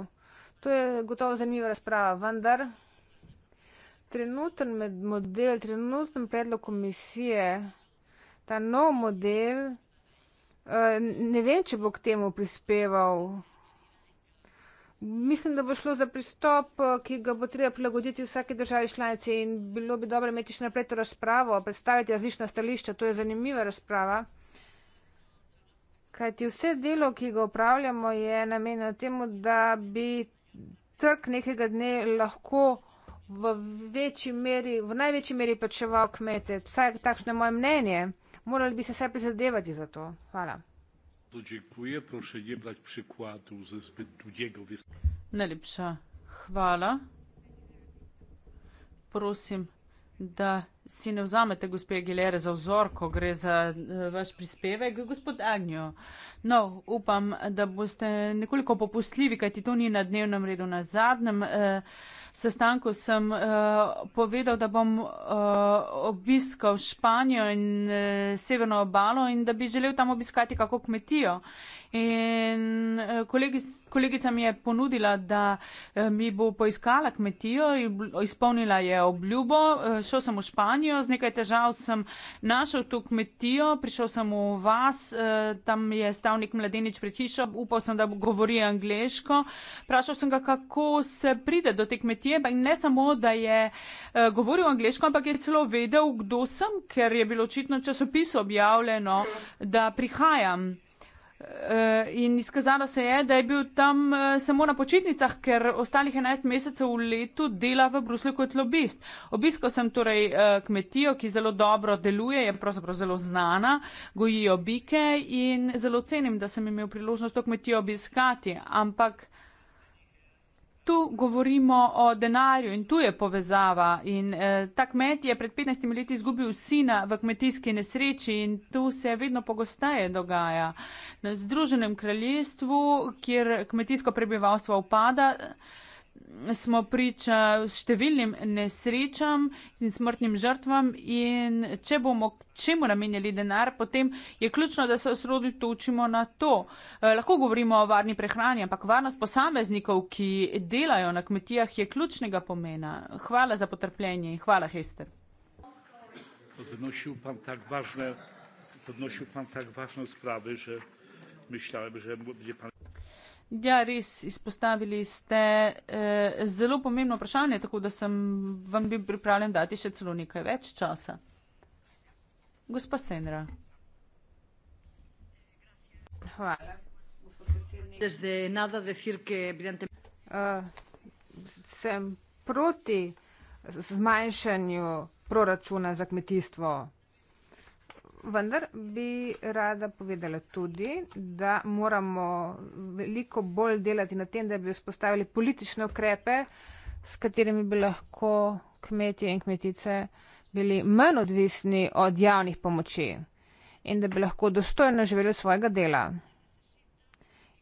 To je gotovo zanimiva razprava, vendar trenutni model, trenutni predlog komisije, ta nov model, eh, ne vem, če bo k temu prispeval. Mislim, da bo šlo za pristop, eh, ki ga bo treba prilagoditi vsake državi članice in bilo bi dobro imeti še naprej to razpravo, predstaviti različna stališča, to je zanimiva razprava. Kajti vse delo, ki ga upravljamo, je namenjeno temu, da bi trg nekega dne lahko v večji meri, v največji meri plačeval kmete. Vsaj takšno je moje mnenje. Morali bi se vse prizadevati za to. Hvala. Najlepša hvala. Prosim, da si ne vzamete, gospe Gilere, za vzor, ko gre za eh, vaš prispevek, gospod Agnjo. No, upam, da boste nekoliko popustljivi, kajti to ni na dnevnem redu. Na zadnjem eh, sestanku sem eh, povedal, da bom eh, obiskal Španijo in eh, severno obalo in da bi želel tam obiskati kako kmetijo. In eh, kolegi, kolegica mi je ponudila, da eh, mi bo poiskala kmetijo in izpolnila je obljubo. Eh, šel sem v Španijo. Španijo, z nekaj težav sem našel to kmetijo, prišel sem v vas, eh, tam je stal nek mladenič pred hišo, upal sem, da govori angliško. Prašal sem ga, kako se pride do te kmetije, pa ne samo, da je eh, govoril angliško, ampak je celo vedel, kdo sem, ker je bilo očitno časopis objavljeno, da prihajam. Eh, in izkazalo se je, da je bil tam eh, samo na počitnicah, ker ostalih 11 mesecev v letu dela v Bruslju kot lobist. Obiskal sem torej eh, kmetijo, ki zelo dobro deluje, je pravzaprav zelo znana, gojijo bike in zelo cenim, da sem imel priložnost to kmetijo obiskati, ampak tu govorimo o denarju in tu je povezava. In, eh, ta kmet je pred 15 leti izgubil sina v kmetijski nesreči in tu se vedno pogosteje dogaja. Na Združenem kraljestvu, kjer kmetijsko prebivalstvo upada. Eh, smo priča številnim nesrečam in smrtnim žrtvam in če bomo čemu namenjali denar, potem je ključno, da se osredotočimo na to. Eh, lahko govorimo o varni prehrani, ampak varnost posameznikov, ki delajo na kmetijah, je ključnega pomena. Hvala za potrpljenje in hvala, Hester. Odnošil pa tako važne, odnošil pa tako važne sprave, že mišljam, že bo, bo pa. Ja, res izpostavili ste eh, zelo pomembno vprašanje, tako da sem vam bil pripravljen dati še celo nekaj več časa. Gospa Senra. Hvala. Uh, sem proti zmanjšanju proračuna za kmetijstvo vendar bi rada povedala tudi, da moramo veliko bolj delati na tem, da bi vzpostavili politične ukrepe, s katerimi bi lahko kmetje in kmetice bili manj odvisni od javnih pomoči in da bi lahko dostojno živeli svojega dela.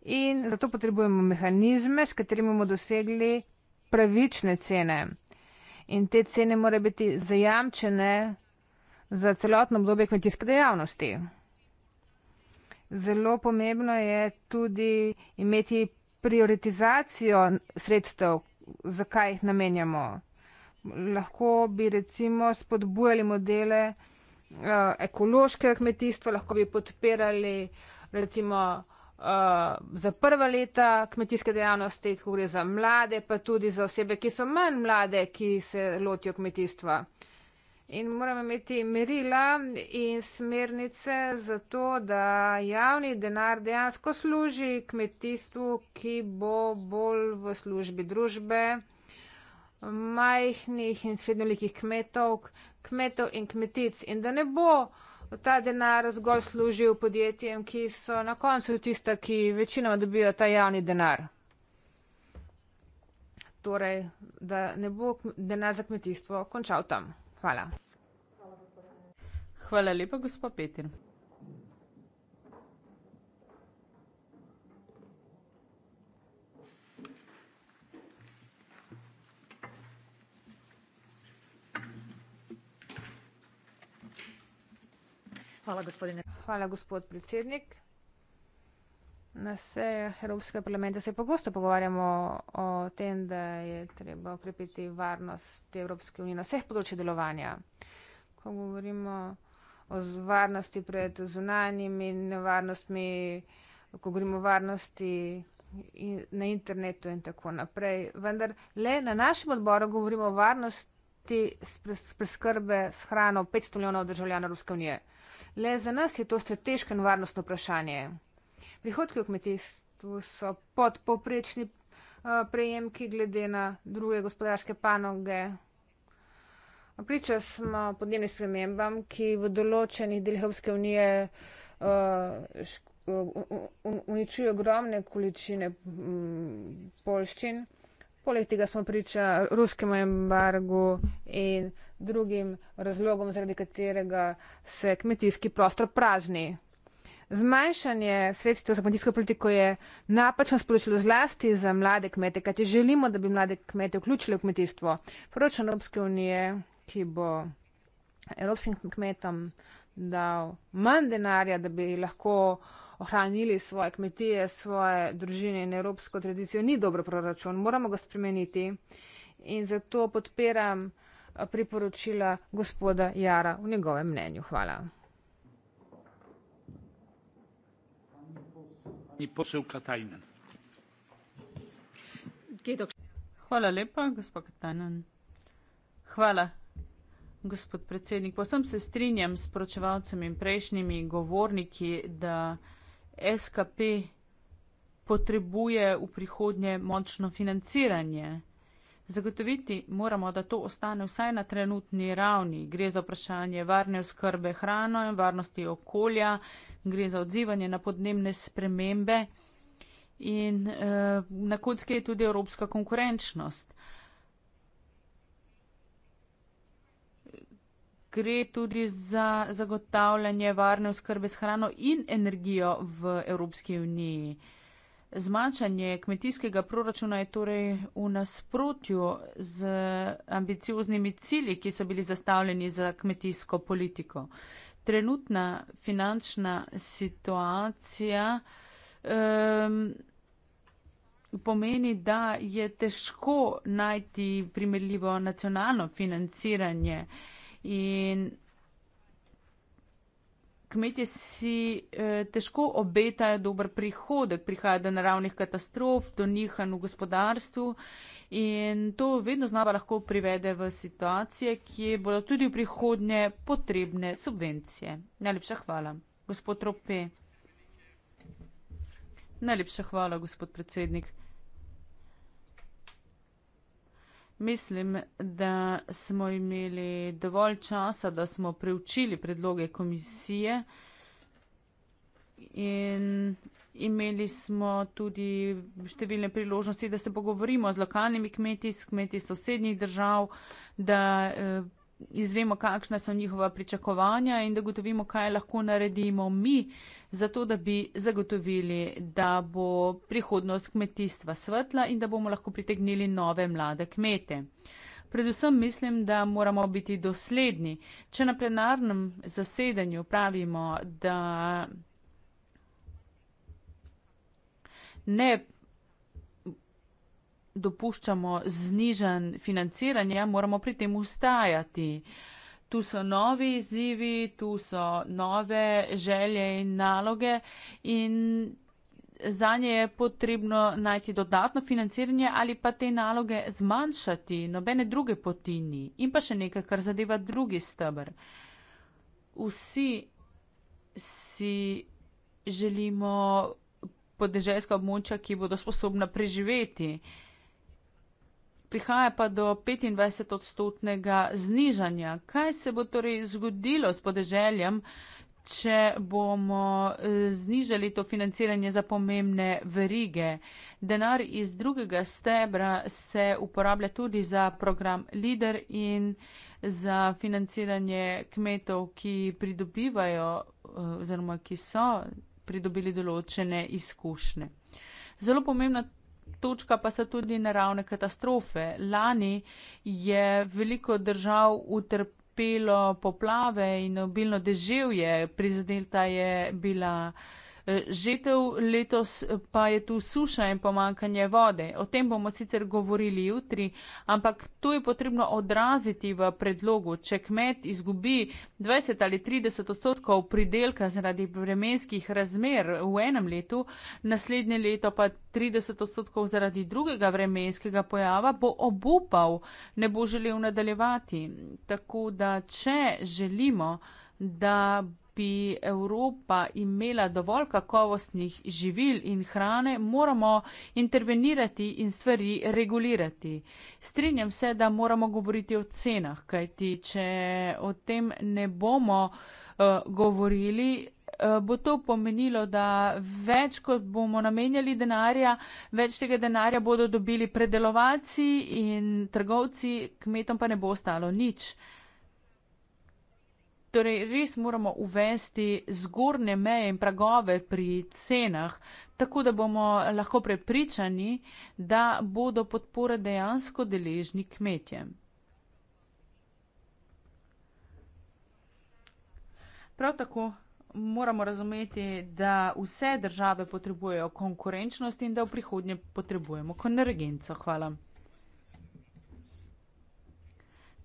In zato potrebujemo mehanizme, s katerimi bomo dosegli pravične cene. In te cene morajo biti zajamčene za celotno obdobje kmetijske dejavnosti. Zelo pomembno je tudi imeti prioritizacijo sredstev, zakaj jih namenjamo. Lahko bi recimo spodbujali modele uh, ekološkega kmetijstva, lahko bi podpirali recimo uh, za prva leta kmetijske dejavnosti, ko gre za mlade, pa tudi za osebe, ki so manj mlade, ki se lotijo kmetijstva. Uh, in moramo imeti merila in smernice za to, da javni denar dejansko služi kmetijstvu, ki bo bolj v službi družbe, majhnih in srednjolikih kmetov, kmetov in kmetic in da ne bo ta denar zgolj služil podjetjem, ki so na koncu tista, ki večinoma dobijo ta javni denar. Torej, da ne bo denar za kmetijstvo končal tam. Hvala. Hvala lepa, gospa Petir. Hvala, gospod predsednik. Na sejah Evropskega parlamenta se pogosto pogovarjamo o tem, da je treba okrepiti varnost Evropske unije na vseh področjih delovanja. Ko govorimo o varnosti pred zunanjimi nevarnostmi, ko govorimo o varnosti in, na internetu in tako naprej. Vendar le na našem odboru govorimo o varnosti preskrbe s hrano 500 milijonov državljanov Evropske unije. Le za nas je to strateško in varnostno vprašanje prihodki v kmetijstvu so podpoprečni eh, prejemki glede na druge gospodarske panoge. Priča smo podnebnim spremembam, ki v določenih delih Evropske unije eh, uničujejo ogromne količine mm, polščin. Poleg tega smo priča ruskemu embargu in drugim razlogom, zaradi katerega se kmetijski prostor prazni. Zmanjšanje sredstev za kmetijsko politiko je napačno sporočilo zlasti za mlade kmete, kajti želimo, da bi mlade kmete vključili v kmetijstvo. Proračun Evropske unije, ki bo evropskim kmetom dal manj denarja, da bi lahko ohranili svoje kmetije, svoje družine in evropsko tradicijo, ni dobro proračun. Moramo ga spremeniti in zato podpiram priporočila gospoda Jara v njegovem mnenju. Hvala. Hvala, gospod predsednik. Povsem se strinjam s poročevalcem in prejšnjimi govorniki, da SKP potrebuje v prihodnje močno financiranje. Zagotoviti moramo, da to ostane vsaj na trenutni ravni. Gre za vprašanje varne oskrbe hrano in varnosti okolja, gre za odzivanje na podnebne spremembe in eh, na kocki je tudi evropska konkurenčnost. Gre tudi za zagotavljanje varne oskrbe s hrano in energijo v Evropski uniji. Eh, Zmanjšanje kmetijskega proračuna je torej v nasprotju z ambicioznimi cilji, ki so bili zastavljeni za kmetijsko politiko. Trenutna finančna situacija um, pomeni, da je težko najti primerljivo nacionalno financiranje in kmetje si eh, težko obetajo dober prihodek, prihaja do naravnih katastrof, do nihanj v gospodarstvu in to vedno znova lahko privede v situacije, ki bodo tudi v prihodnje potrebne subvencije. Najlepša hvala, gospod Trope. Najlepša hvala, gospod predsednik. Mislim, da smo imeli dovolj časa, da smo preučili predloge komisije in imeli smo tudi številne priložnosti, da se pogovorimo z lokalnimi kmeti, s kmeti sosednjih držav, da eh, izvemo, kakšna so njihova pričakovanja in da gotovimo, kaj lahko naredimo mi, zato da bi zagotovili, da bo prihodnost kmetijstva svetla in da bomo lahko pritegnili nove mlade kmete. Predvsem mislim, da moramo biti dosledni. Če na plenarnem zasedanju pravimo, da ne dopuščamo znižen financiranje, moramo pri tem ustajati. Tu so novi izzivi, tu so nove želje in naloge in za nje je potrebno najti dodatno financiranje ali pa te naloge zmanjšati, nobene druge poti ni. In pa še nekaj, kar zadeva drugi stebr. Vsi si želimo podeželjska območja, ki bodo sposobna preživeti prihaja pa do 25-odstotnega znižanja. Kaj se bo torej zgodilo s podeželjem, če bomo eh, znižali to financiranje za pomembne verige? Denar iz drugega stebra se uporablja tudi za program LIDER in za financiranje kmetov, ki pridobivajo eh, oziroma ki so pridobili določene izkušnje. Zelo pomembna točka pa so tudi naravne katastrofe. Lani je veliko držav utrpelo poplave in obilno deževje, prizadeta je bila. Eh, žetev, letos eh, pa je tu suša in pomankanje vode. O tem bomo sicer govorili jutri, ampak to je potrebno odraziti v predlogu. Če kmet izgubi 20 ali 30 odstotkov pridelka zaradi vremenskih razmer v enem letu, naslednje leto pa 30 odstotkov zaradi drugega vremenskega pojava, bo obupal, ne bo želel nadaljevati. Tako da, če želimo, da bi Evropa imela dovolj kakovostnih živil in hrane, moramo intervenirati in stvari regulirati. Strinjam se, da moramo govoriti o cenah, kajti če o tem ne bomo uh, govorili, uh, bo to pomenilo, da več kot bomo namenjali denarja, več tega denarja bodo dobili predelovalci in trgovci, kmetom pa ne bo ostalo nič. Torej, res moramo uvesti zgornje meje in pragove pri cenah, tako da bomo lahko prepričani, da bodo podpore dejansko deležni kmetje. Prav tako moramo razumeti, da vse države potrebujejo konkurenčnost in da v prihodnje potrebujemo konvergenco. Hvala.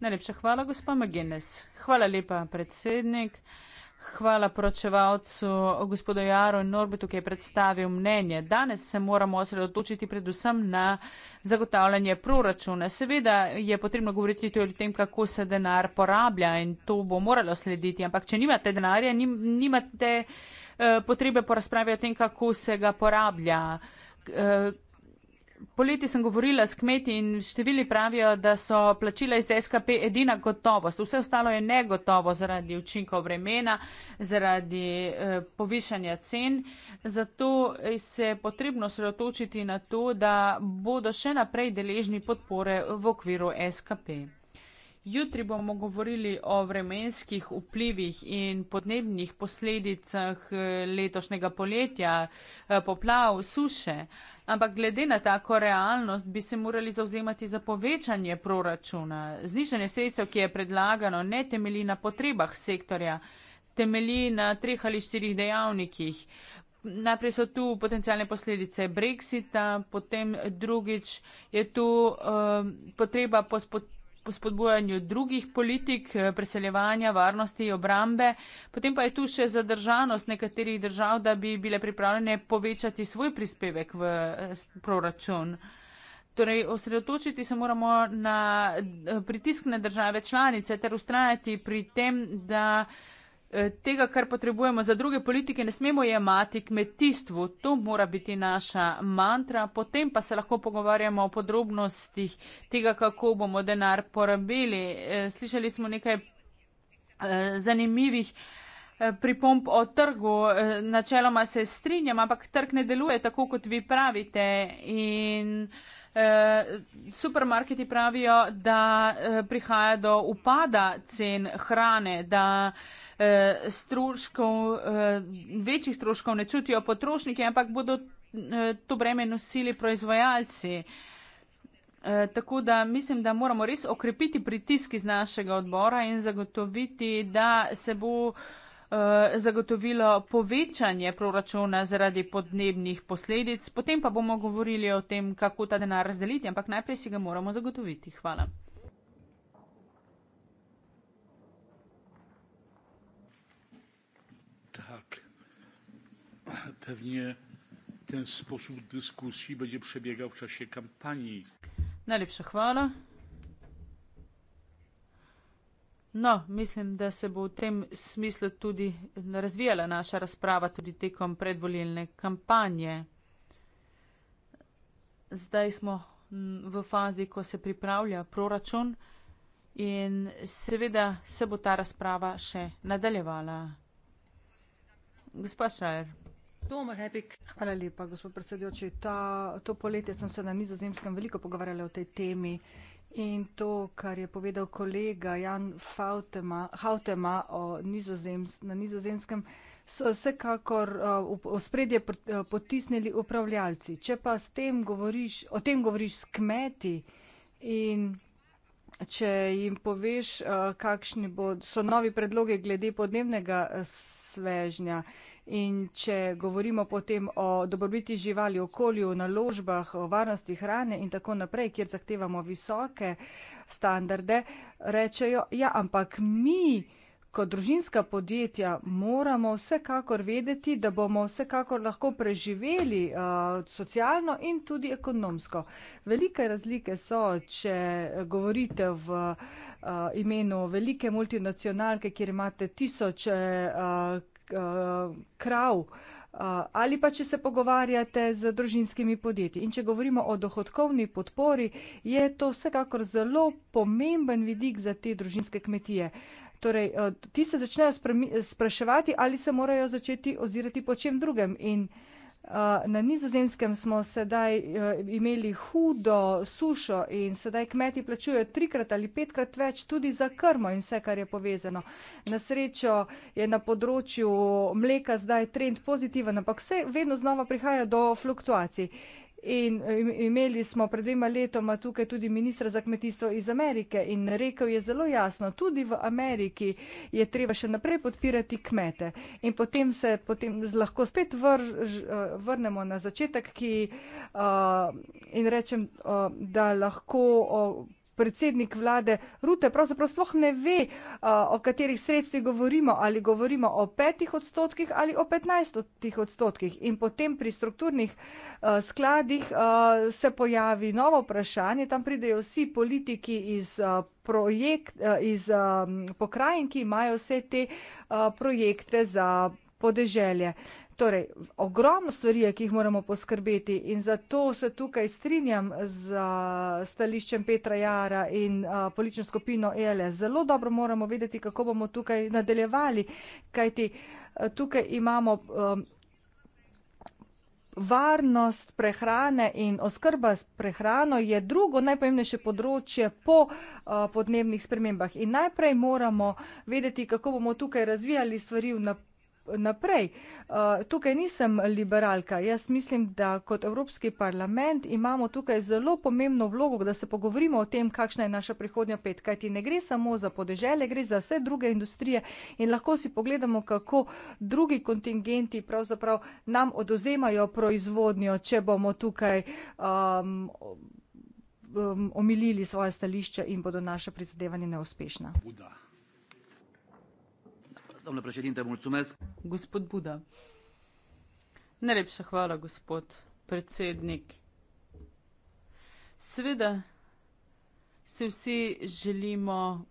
Najlepša hvala, gospa McGinnis. Hvala lepa, predsednik. Hvala pročevalcu, gospodu Jaro in Norbitu, ki je predstavil mnenje. Danes se moramo osredotočiti predvsem na zagotavljanje proračuna. Seveda je potrebno govoriti tudi o tem, kako se denar porablja in to bo moralo slediti. Ampak, če nimate denarja, nimate eh, potrebe po razpravi o tem, kako se ga porablja. Eh, Poleti sem govorila s kmeti in števili pravijo, da so plačila iz SKP edina gotovost. Vse ostalo je negotovo zaradi učinkov vremena, zaradi eh, povišanja cen. Zato se je potrebno sredotočiti na to, da bodo še naprej deležni podpore v okviru SKP. Jutri bomo govorili o vremenskih vplivih in podnebnih posledicah eh, letošnjega poletja, eh, poplav, suše. Ampak glede na tako realnost bi se morali zauzemati za povečanje proračuna. Znižanje sredstev, ki je predlagano, ne temelji na potrebah sektorja, temelji na treh ali štirih dejavnikih. Najprej so tu potencijalne posledice Brexita, potem drugič je tu uh, potreba po spodbujanju spodbujanju drugih politik, eh, preseljevanja, varnosti, obrambe. Potem pa je tu še zadržanost nekaterih držav, da bi bile pripravljene povečati svoj prispevek v eh, proračun. Torej, osredotočiti se moramo na eh, pritisk na države članice ter ustrajati pri tem, da Eh, tega, kar potrebujemo za druge politike, ne smemo jemati kmetijstvu. To mora biti naša mantra. Potem pa se lahko pogovarjamo o podrobnostih tega, kako bomo denar porabili. Eh, slišali smo nekaj eh, zanimivih pripomp o trgu. Načeloma se strinjam, ampak trg ne deluje tako, kot vi pravite. In supermarketi pravijo, da prihaja do upada cen hrane, da Eh, stroškov, eh, večjih stroškov ne čutijo potrošniki, ampak bodo eh, to breme nosili proizvajalci. Tako da mislim, da moramo res okrepiti pritisk iz našega odbora in zagotoviti, da se bo zagotovilo povečanje proračuna zaradi podnebnih posledic. Potem pa bomo govorili o tem, kako ta denar razdeliti, ampak najprej si ga moramo zagotoviti. Hvala. pewnie ten sposób dyskusji będzie przebiegał w czasie kampanii. Najlepsza chwala. No, mislim, da se bo v tem smislu tudi razvijala naša razprava tudi tekom predvoljene kampanje. Zdaj smo v fazi, ko se pripravlja proračun in seveda se bo ta razprava še nadaljevala. Gospa Šajer. Hvala lepa, gospod predsedujoči. Ta, to poletje sem se na nizozemskem veliko pogovarjala o tej temi in to, kar je povedal kolega Jan Fautema, Hautema o nizozems, na nizozemskem, so vsekakor uh, v spredje uh, potisnili upravljalci. Če pa s tem govoriš, o tem govoriš s kmeti in če jim poveš, uh, kakšni bo, so novi predloge glede podnebnega uh, svežnja, uh, In če govorimo potem o dobrobiti živali, okolju, naložbah, o varnosti hrane in tako naprej, kjer zahtevamo visoke standarde, rečejo, ja, ampak mi kot družinska podjetja moramo vsekakor vedeti, da bomo vsekakor lahko preživeli uh, socialno in tudi ekonomsko. Velike razlike so, če govorite v uh, imenu velike multinacionalke, kjer imate tisoče. Uh, Eh, krav, eh, ali pa če se pogovarjate z družinskimi podjetji. In če govorimo o dohodkovni podpori, je to vsekakor zelo pomemben vidik za te družinske kmetije. Torej, eh, ti se začnejo spraševati, ali se morajo začeti ozirati po čem drugem. In uh, Na nizozemskem smo sedaj e, imeli hudo sušo in sedaj kmeti plačujejo trikrat ali petkrat več tudi za krmo in vse, kar je povezano. Na srečo je na področju mleka zdaj trend pozitiven, ampak vse vedno znova prihaja do fluktuacij. In eh, imeli smo pred dvema letoma tukaj tudi ministra za kmetijstvo iz Amerike in rekel je zelo jasno, tudi v Ameriki je treba še naprej podpirati kmete. In potem se potem lahko spet vr, eh, vrnemo na začetek ki, uh, in rečem, uh, da lahko uh, predsednik vlade Rute pravzaprav sploh ne ve, o katerih sredstvih govorimo, ali govorimo o petih odstotkih ali o petnajstih odstotkih. In potem pri strukturnih skladih se pojavi novo vprašanje, tam pridejo vsi politiki iz projekt, iz pokrajin, ki imajo vse te projekte za podeželje. Torej, ogromno stvari je, ki jih moramo poskrbeti in zato se tukaj strinjam z uh, stališčem Petra Jara in uh, politično skupino ELE. Zelo dobro moramo vedeti, kako bomo tukaj nadaljevali, kajti uh, tukaj imamo. Um, Varnost prehrane in oskrba s prehrano je drugo najpomembnejše področje po uh, podnebnih spremembah. In najprej moramo vedeti, kako bomo tukaj razvijali stvari vnaprej naprej. Uh, tukaj nisem liberalka. Jaz mislim, da kot Evropski parlament imamo tukaj zelo pomembno vlogo, da se pogovorimo o tem, kakšna je naša prihodnja pet. Kajti ne gre samo za podeželje, gre za vse druge industrije in lahko si pogledamo, kako drugi kontingenti pravzaprav nam odozemajo proizvodnjo, če bomo tukaj. Um, um omilili svoje stališče in bodo naše prizadevanje neuspešna. Doamnă președinte, mulțumesc. Gospod Buda. Najlepša hvala, gospod predsednik. Seveda si vsi želimo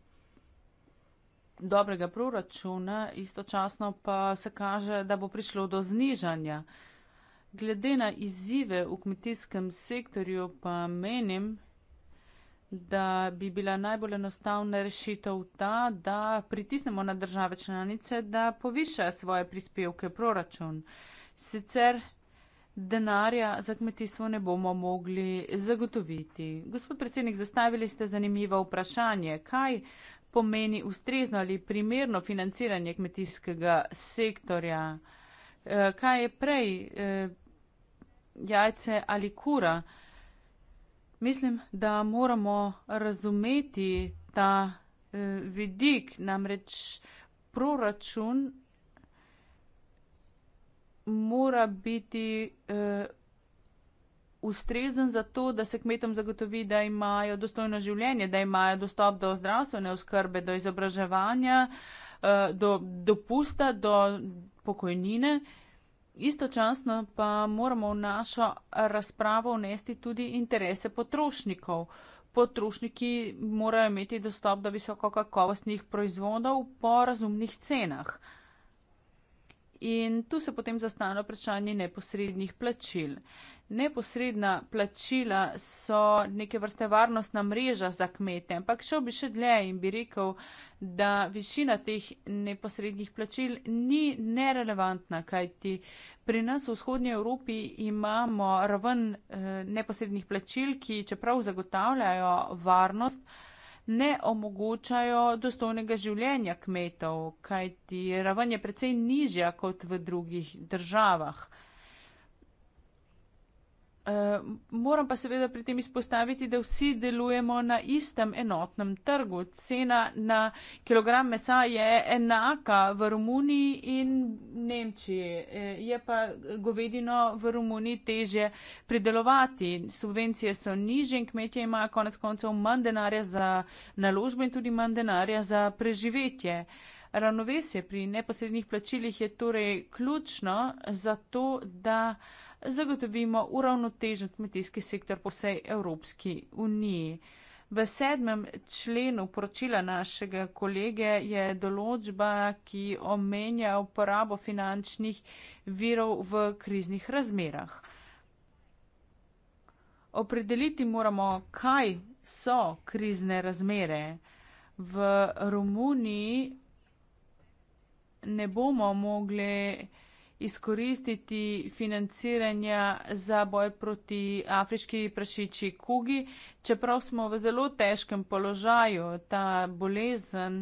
dobrega proračuna, istočasno pa se kaže, da bo prišlo do znižanja. Glede na izzive v kmetijskem sektorju pa menim, da bi bila najbolj enostavna rešitev ta, da pritisnemo na države članice, da povišajo svoje prispevke proračun. Sicer denarja za kmetijstvo ne bomo mogli zagotoviti. Gospod predsednik, zastavili ste zanimivo vprašanje. Kaj pomeni ustrezno ali primerno financiranje kmetijskega sektorja? Eh, kaj je prej eh, jajce ali kura? Mislim, da moramo razumeti ta eh, vidik, namreč proračun mora biti eh, ustrezen za to, da se kmetom zagotovi, da imajo dostojno življenje, da imajo dostop do zdravstvene oskrbe, do izobraževanja, eh, do dopusta, do pokojnine. Eh, Istočasno pa moramo v našo razpravo vnesti tudi interese potrošnikov. Potrošniki morajo imeti dostop do visokokakovostnih proizvodov po razumnih cenah in tu se potem zastane vprašanje neposrednih plačil. Neposredna plačila so neke vrste varnostna mreža za kmete, ampak šel bi še dlje in bi rekel, da višina teh neposrednih plačil ni nerelevantna, kajti pri nas v vzhodnji Evropi imamo raven eh, neposrednih plačil, ki čeprav zagotavljajo varnost, ne omogočajo dostojnega življenja kmetov, kajti raven je precej nižja kot v drugih državah. Eh, moram pa seveda pri tem izpostaviti, da vsi delujemo na istem enotnem trgu. Cena na kilogram mesa je enaka v Romuniji in Nemčiji. Eh, je pa govedino v Romuniji teže pridelovati. Subvencije so niže in kmetje imajo konec koncev manj denarja za naložbe in tudi manj denarja za preživetje. Ravnovesje pri neposrednih plačilih je torej ključno za to, da zagotovimo uravnotežen kmetijski sektor po vsej Evropski uniji. V sedmem členu poročila našega kolege je določba, ki omenja uporabo finančnih virov v kriznih razmerah. Opredeliti moramo, kaj so krizne razmere. V Romuniji ne bomo mogli izkoristiti financiranja za boj proti afriški prašiči kugi, čeprav smo v zelo težkem položaju, ta bolezen.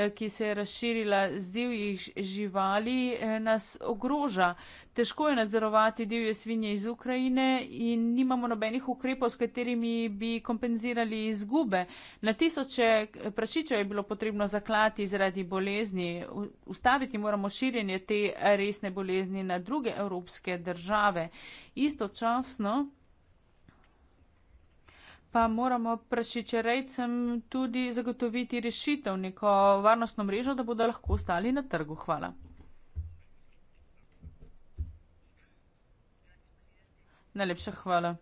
Eh, ki se je razširila z divjih živali, eh, nas ogroža. Težko je nadzorovati divje svinje iz Ukrajine in nimamo nobenih ukrepov, s katerimi bi kompenzirali izgube. Na tisoče eh, prašičev je bilo potrebno zaklati zaradi bolezni. Ustaviti moramo širjenje te resne bolezni na druge evropske države. Istočasno pa moramo prašičerejcem tudi zagotoviti rešitev, neko varnostno mrežo, da bodo lahko ostali na trgu. Hvala. Najlepša hvala.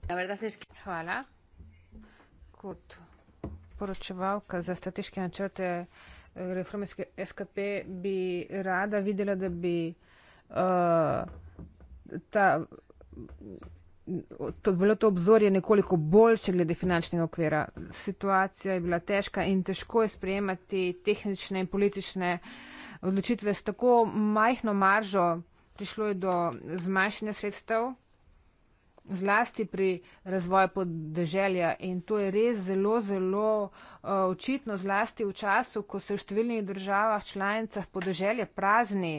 Hvala. Kot poročevalka za strateške načrte eh, reformeske SKP bi rada videla, da bi uh, ta to, bilo to obzorje nekoliko boljše glede finančnega okvira. Situacija je bila težka in težko je sprejemati tehnične in politične odločitve s tako majhno maržo. Prišlo je do zmanjšanja sredstev, zlasti pri razvoju podeželja in to je res zelo, zelo uh, očitno, zlasti v času, ko se v številnih državah članicah podeželje prazni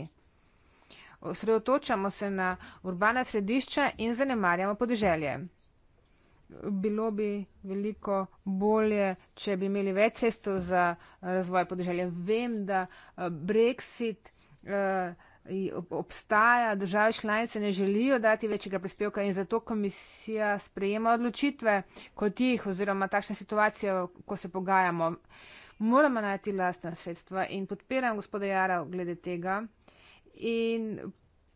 osredotočamo se na urbana središča in zanemarjamo podeželje. Bilo bi veliko bolje, če bi imeli več cestov za razvoj podeželja. Vem, da eh, Brexit eh, obstaja, države članice ne želijo dati večjega prispevka in zato komisija sprejema odločitve kot jih oziroma takšna situacija, ko se pogajamo. Moramo najti lastna sredstva in podpiram gospoda Jara glede tega. In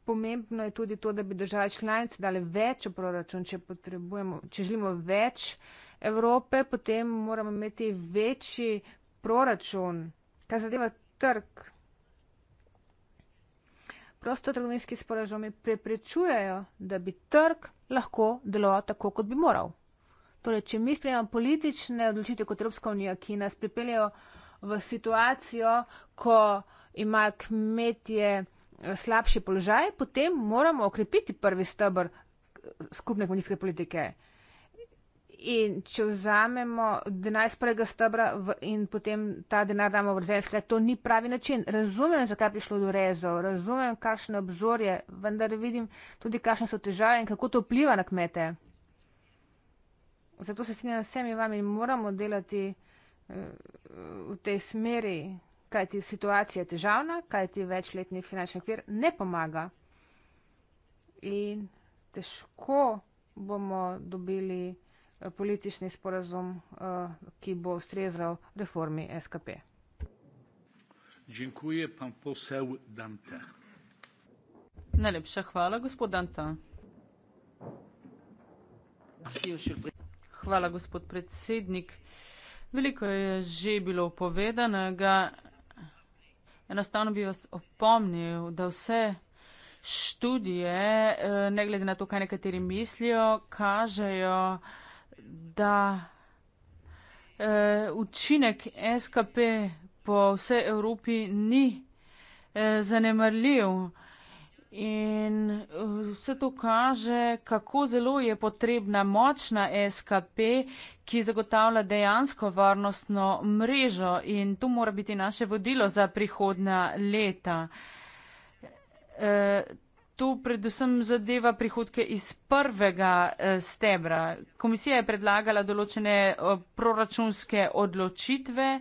pomembno je tudi to, da bi države članice dale več v proračun, če potrebujemo, če želimo več Evrope, potem moramo imeti večji proračun, kar zadeva trg. Prostotrgovinski sporažomi preprečujejo, da bi trg lahko deloval tako, kot bi moral. Torej, če mi sprejemamo politične odločitve kot Evropska unija, ki nas pripeljajo v situacijo, ko imajo kmetje slabši položaj, potem moramo okrepiti prvi stebr skupne kmetijske politike. In če vzamemo denar iz prvega stebra v, in potem ta denar damo v rezervni sklep, to ni pravi način. Razumem, zakaj je prišlo do rezov, razumem, kakšno obzorje, vendar vidim tudi, kakšne so težave in kako to vpliva na kmete. Zato se strinjam s vsemi vami in moramo delati uh, v tej smeri kajti situacija je težavna, kajti večletni finančni okvir ne pomaga. In težko bomo dobili eh, politični sporazum, eh, ki bo ustrezal reformi SKP. Dziękuję, pan poseł Dante. Najlepša hvala, gospod Dante. Hvala, gospod predsednik. Veliko je že bilo povedanega. Enostavno bi vas opomnil, da vse študije, eh, ne glede na to, kaj nekateri mislijo, kažejo, da eh, učinek SKP po vsej Evropi ni eh, zanemrljiv. In eh, vse to kaže, kako zelo je potrebna močna SKP, ki zagotavlja dejansko varnostno mrežo in to mora biti naše vodilo za prihodna leta. E, to predvsem zadeva prihodke iz prvega eh, stebra. Komisija je predlagala določene proračunske odločitve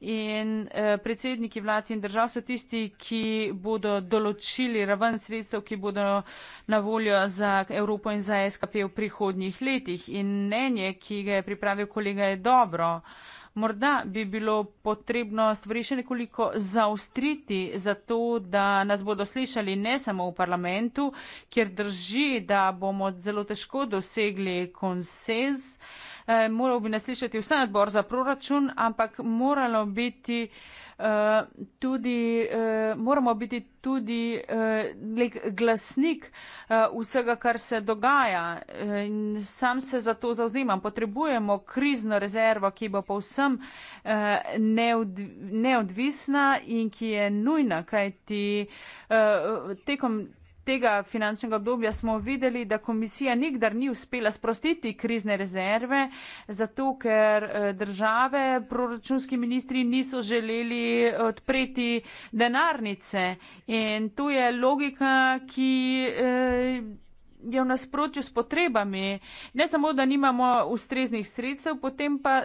in eh, predsedniki vlad in držav so tisti, ki bodo določili raven sredstev, ki bodo na voljo za Evropo in za SKP v prihodnjih letih. In mnenje, ki ga je pripravil kolega, je dobro. Morda bi bilo potrebno stvari še nekoliko zaustriti, zato da nas bodo slišali ne samo v parlamentu, kjer drži, da bomo zelo težko dosegli konsenz eh, moral bi naslišati vse nadbor za proračun, ampak moralo biti. Uh, tudi, uh, moramo biti tudi uh, glasnik uh, vsega, kar se dogaja. Uh, sam se za to zauzemam. Potrebujemo krizno rezervo, ki bo povsem uh, neodv neodvisna in ki je nujna, kajti uh, tekom tega finančnega obdobja smo videli, da komisija nikdar ni uspela sprostiti krizne rezerve, zato ker eh, države, proračunski ministri niso želeli eh, odpreti denarnice. In to je logika, ki. Eh, je v nasprotju s potrebami. Ne samo, da nimamo ustreznih sredstev, potem pa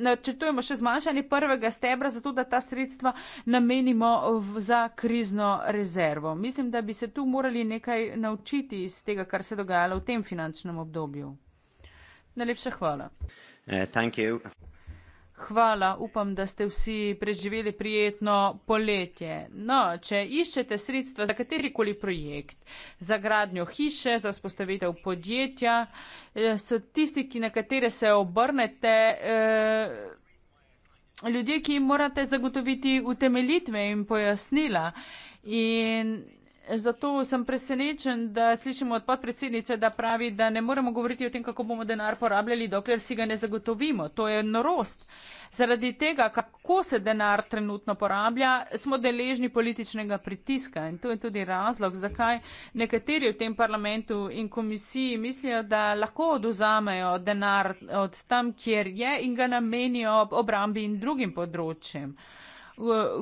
načrtujemo še zmanjšanje prvega stebra, zato da ta sredstva namenimo v, za krizno rezervo. Mislim, da bi se tu morali nekaj naučiti iz tega, kar se dogajalo v tem finančnem obdobju. Najlepša hvala. Uh, Hvala, upam, da ste vsi preživeli prijetno poletje. No, če iščete sredstva za katerikoli projekt, za gradnjo hiše, za vzpostavitev podjetja, eh, so tisti, na katere se obrnete, eh, ljudje, ki jim morate zagotoviti utemeljitve in pojasnila. In Zato sem presenečen, da slišimo od podpredsednice, da pravi, da ne moremo govoriti o tem, kako bomo denar porabljali, dokler si ga ne zagotovimo. To je norost. Zaradi tega, kako se denar trenutno porablja, smo deležni političnega pritiska in to je tudi razlog, zakaj nekateri v tem parlamentu in komisiji mislijo, da lahko oduzamejo denar od tam, kjer je in ga namenijo obrambi in drugim področjem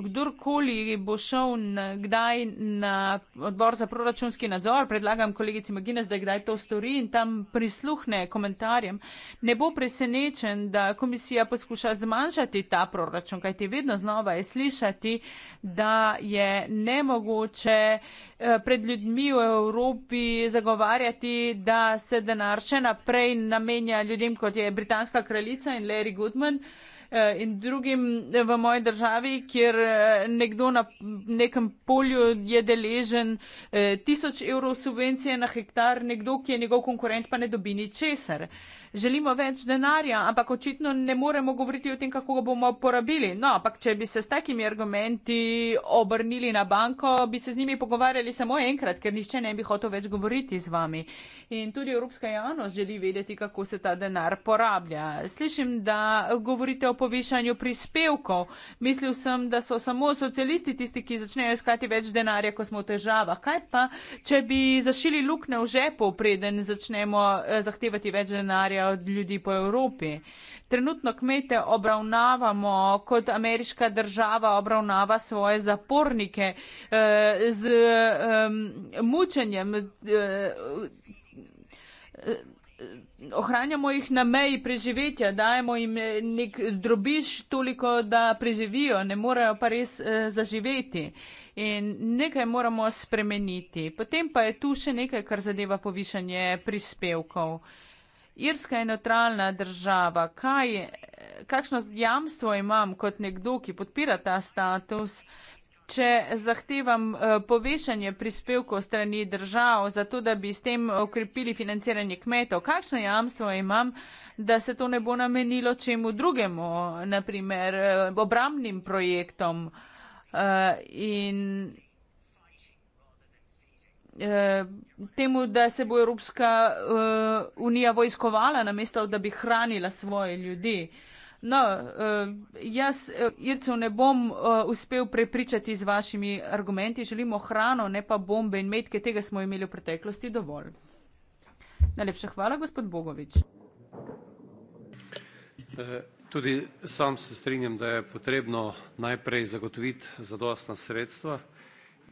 kdorkoli bo šel na, kdaj na odbor za proračunski nadzor, predlagam kolegici Magines, da kdaj to stori in tam prisluhne komentarjem, ne bo presenečen, da komisija poskuša zmanjšati ta proračun, kajti vedno znova je slišati, da je nemogoče eh, pred ljudmi v Evropi zagovarjati, da se denar še naprej namenja ljudem, kot je britanska kraljica in Larry Goodman. Eh, in drugim eh, v moji državi, kjer eh, nekdo na nekem polju je deležen tisoč evrov subvencije na hektar, nekdo, ki je njegov konkurent, pa ne dobi ni česar želimo več denarja, ampak očitno ne moremo govoriti o tem, kako ga bomo porabili. No, ampak če bi se s takimi argumenti obrnili na banko, bi se z njimi pogovarjali samo enkrat, ker nišče ne bi hotel več govoriti z vami. In tudi evropska javnost želi vedeti, kako se ta denar porablja. Slišim, da govorite o povišanju prispevkov. Mislil sem, da so samo socialisti tisti, ki začnejo iskati več denarja, ko smo v težavah. Kaj pa, če bi zašili lukne v žepu, preden začnemo eh, zahtevati več denarja? terjajo od ljudi po Evropi. Trenutno kmete obravnavamo kot ameriška država obravnava svoje zapornike eh, z eh, mučenjem. Eh, eh, Ohranjamo jih na meji preživetja, dajemo jim eh, nek drobiš toliko, da preživijo, ne morejo pa res eh, zaživeti. In nekaj moramo spremeniti. Potem pa je tu še nekaj, kar zadeva povišanje prispevkov. Eh, Irska je neutralna država. Kaj, kakšno jamstvo imam kot nekdo, ki podpira ta status, če zahtevam eh, povešanje prispevkov strani držav, zato da bi s tem okrepili financiranje kmetov? Kakšno jamstvo imam, da se to ne bo namenilo čemu drugemu, naprimer eh, obramnim projektom? Eh, in eh, temu, da se bo Evropska eh, unija vojskovala, namesto da bi hranila svoje ljudi. No, eh, jaz, eh, Ircev, ne bom eh, uspel prepričati z vašimi argumenti. Želimo hrano, ne pa bombe in metke. Tega smo imeli v preteklosti dovolj. Najlepša hvala, gospod Bogovič. Eh, tudi sam se strinjam, da je potrebno najprej zagotoviti zadostna sredstva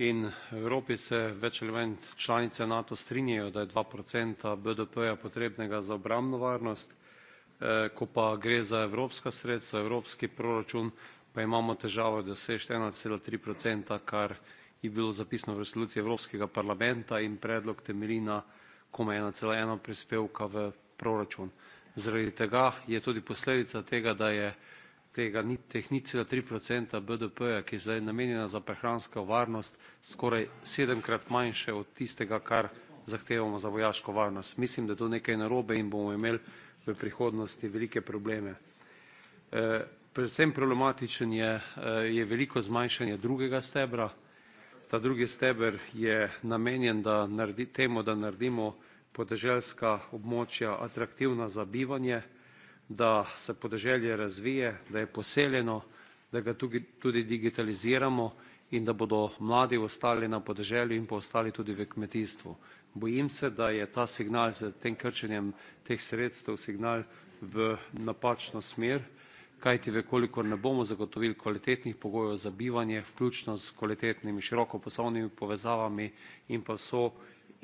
in v Evropi se več ali manj članice NATO strinjajo, da je dva procenta BDP-ja potrebnega za obrambno varnost, eh, ko pa gre za evropska sredstva, evropski proračun, pa imamo težavo, da se šte ena cela tri procenta, kar je bilo zapisano v resoluciji Evropskega parlamenta in predlog temelji na komaj ena cela ena prispevka v proračun. Zaradi tega je tudi posledica tega, da je tega ni, teh ni cela tri procenta BDP-ja, ki je zdaj namenjena za prehransko varnost, skoraj sedemkrat manjše od tistega, kar zahtevamo za vojaško varnost. Mislim, da to nekaj narobe in bomo imeli v prihodnosti velike probleme. E, predvsem problematičen je, eh, je veliko zmanjšanje drugega stebra. Ta drugi steber je namenjen da naredi, temu, da naredimo podeželska območja atraktivna za bivanje, da se podeželje razvije, da je poseljeno, da ga tudi, tudi digitaliziramo in da bodo mladi ostali na podeželju in pa ostali tudi v kmetijstvu. Bojim se, da je ta signal z tem krčenjem teh sredstev signal v napačno smer, kajti vekolikor ne bomo zagotovili kvalitetnih pogojev za bivanje, vključno s kvalitetnimi širokoposavnimi povezavami in pa so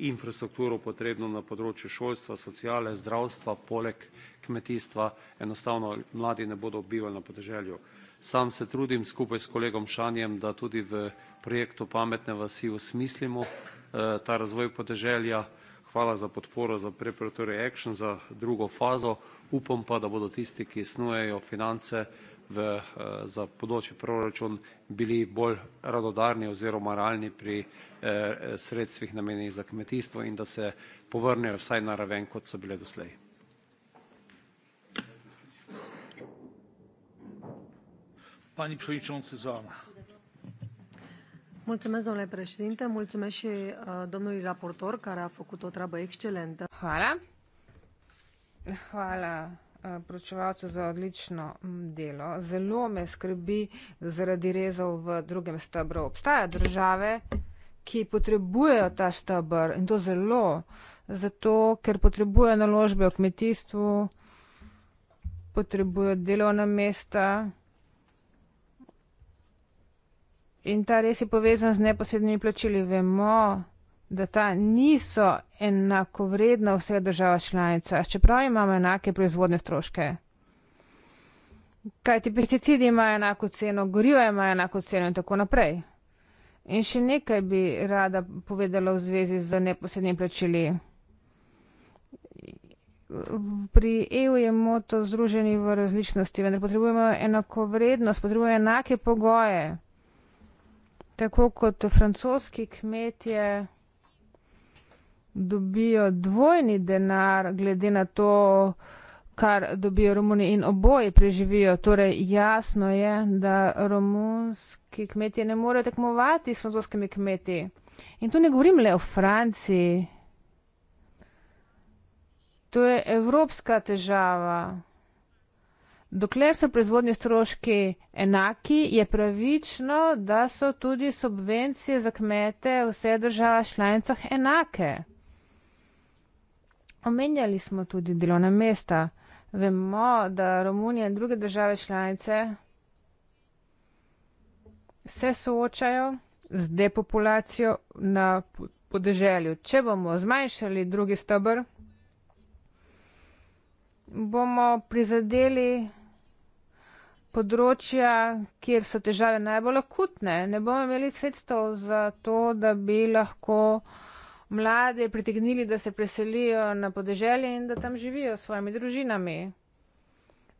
infrastrukturo potrebno na področju šolstva, sociale, zdravstva, poleg kmetijstva, enostavno mladi ne bodo bivali na podeželju. Sam se trudim skupaj s kolegom Šanjem, da tudi v projektu Pametne vasi usmislimo eh, ta razvoj podeželja. Hvala za podporo za Preparatory Action, za drugo fazo. Upam pa, da bodo tisti, ki snujejo finance, v, eh, za področje proračun bili bolj radodarni oziroma realni pri eh, eh sredstvih namenjenih za kmetijstvo in da se povrnejo vsaj na raven, kot so bile doslej. Pani predsednica, za vama. Mulțumesc, domnule președinte, mulțumesc și uh, domnului raportor care a făcut o treabă excelentă. Hvala. Hvala. Eh, proučevalcu za odlično mm, delo. Zelo me skrbi zaradi rezov v drugem stebru. Obstajajo države, ki potrebujejo ta stebr in to zelo, zato ker potrebujejo naložbe v kmetijstvu, potrebujejo delovna mesta. In ta res je povezan z neposrednimi plačili. Vemo, da ta niso enakovredna v vseh državah članicah, čeprav imamo enake proizvodne stroške. Kaj ti pesticidi imajo enako ceno, gorijo imajo enako ceno in tako naprej. In še nekaj bi rada povedala v zvezi z neposrednimi plačili. Pri EU je moto združeni v različnosti, vendar potrebujemo enako vrednost, potrebujemo enake pogoje. Tako kot francoski kmetje. Je dobijo dvojni denar, glede na to, kar dobijo Romuni in oboje preživijo. Torej, jasno je, da romunski kmetje ne morejo tekmovati s francoskimi kmeti. In tu ne govorim le o Franciji. To je evropska težava. Dokler so proizvodni stroški enaki, je pravično, da so tudi subvencije za kmete v vseh državah članicah enake. Omenjali smo tudi delovne mesta. Vemo, da Romunija in druge države članice se soočajo z depopulacijo na podeželju. Če bomo zmanjšali drugi stebr, bomo prizadeli področja, kjer so težave najbolj akutne. Ne bomo imeli sredstev za to, da bi lahko uh, mlade pritegnili, da se preselijo na podeželje in da tam živijo s svojimi družinami.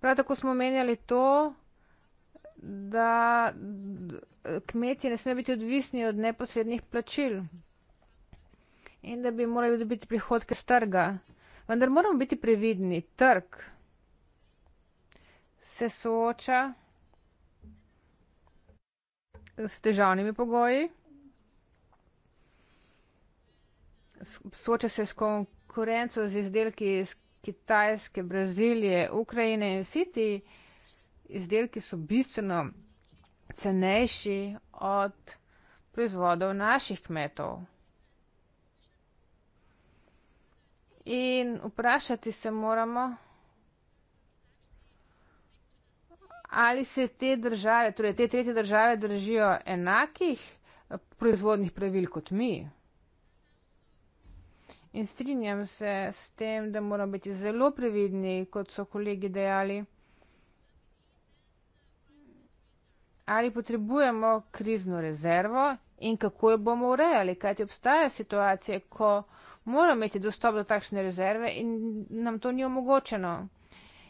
Prav tako smo menjali to, da kmetje ne smejo biti odvisni od neposrednih plačil in da bi morali dobiti prihodke z trga. Vendar moramo biti previdni. Trg se sooča s težavnimi pogoji. sooča se s konkurenco z izdelki iz Kitajske, Brazilije, Ukrajine in vsi ti izdelki so bistveno cenejši od proizvodov naših kmetov. In vprašati se moramo, ali se te države, torej te tretje države držijo enakih proizvodnih pravil kot mi. In strinjam se s tem, da moramo biti zelo previdni, kot so kolegi dejali. Ali potrebujemo krizno rezervo in kako jo bomo urejali, kajti obstaja situacija, ko moramo imeti dostop do takšne rezerve in nam to ni omogočeno.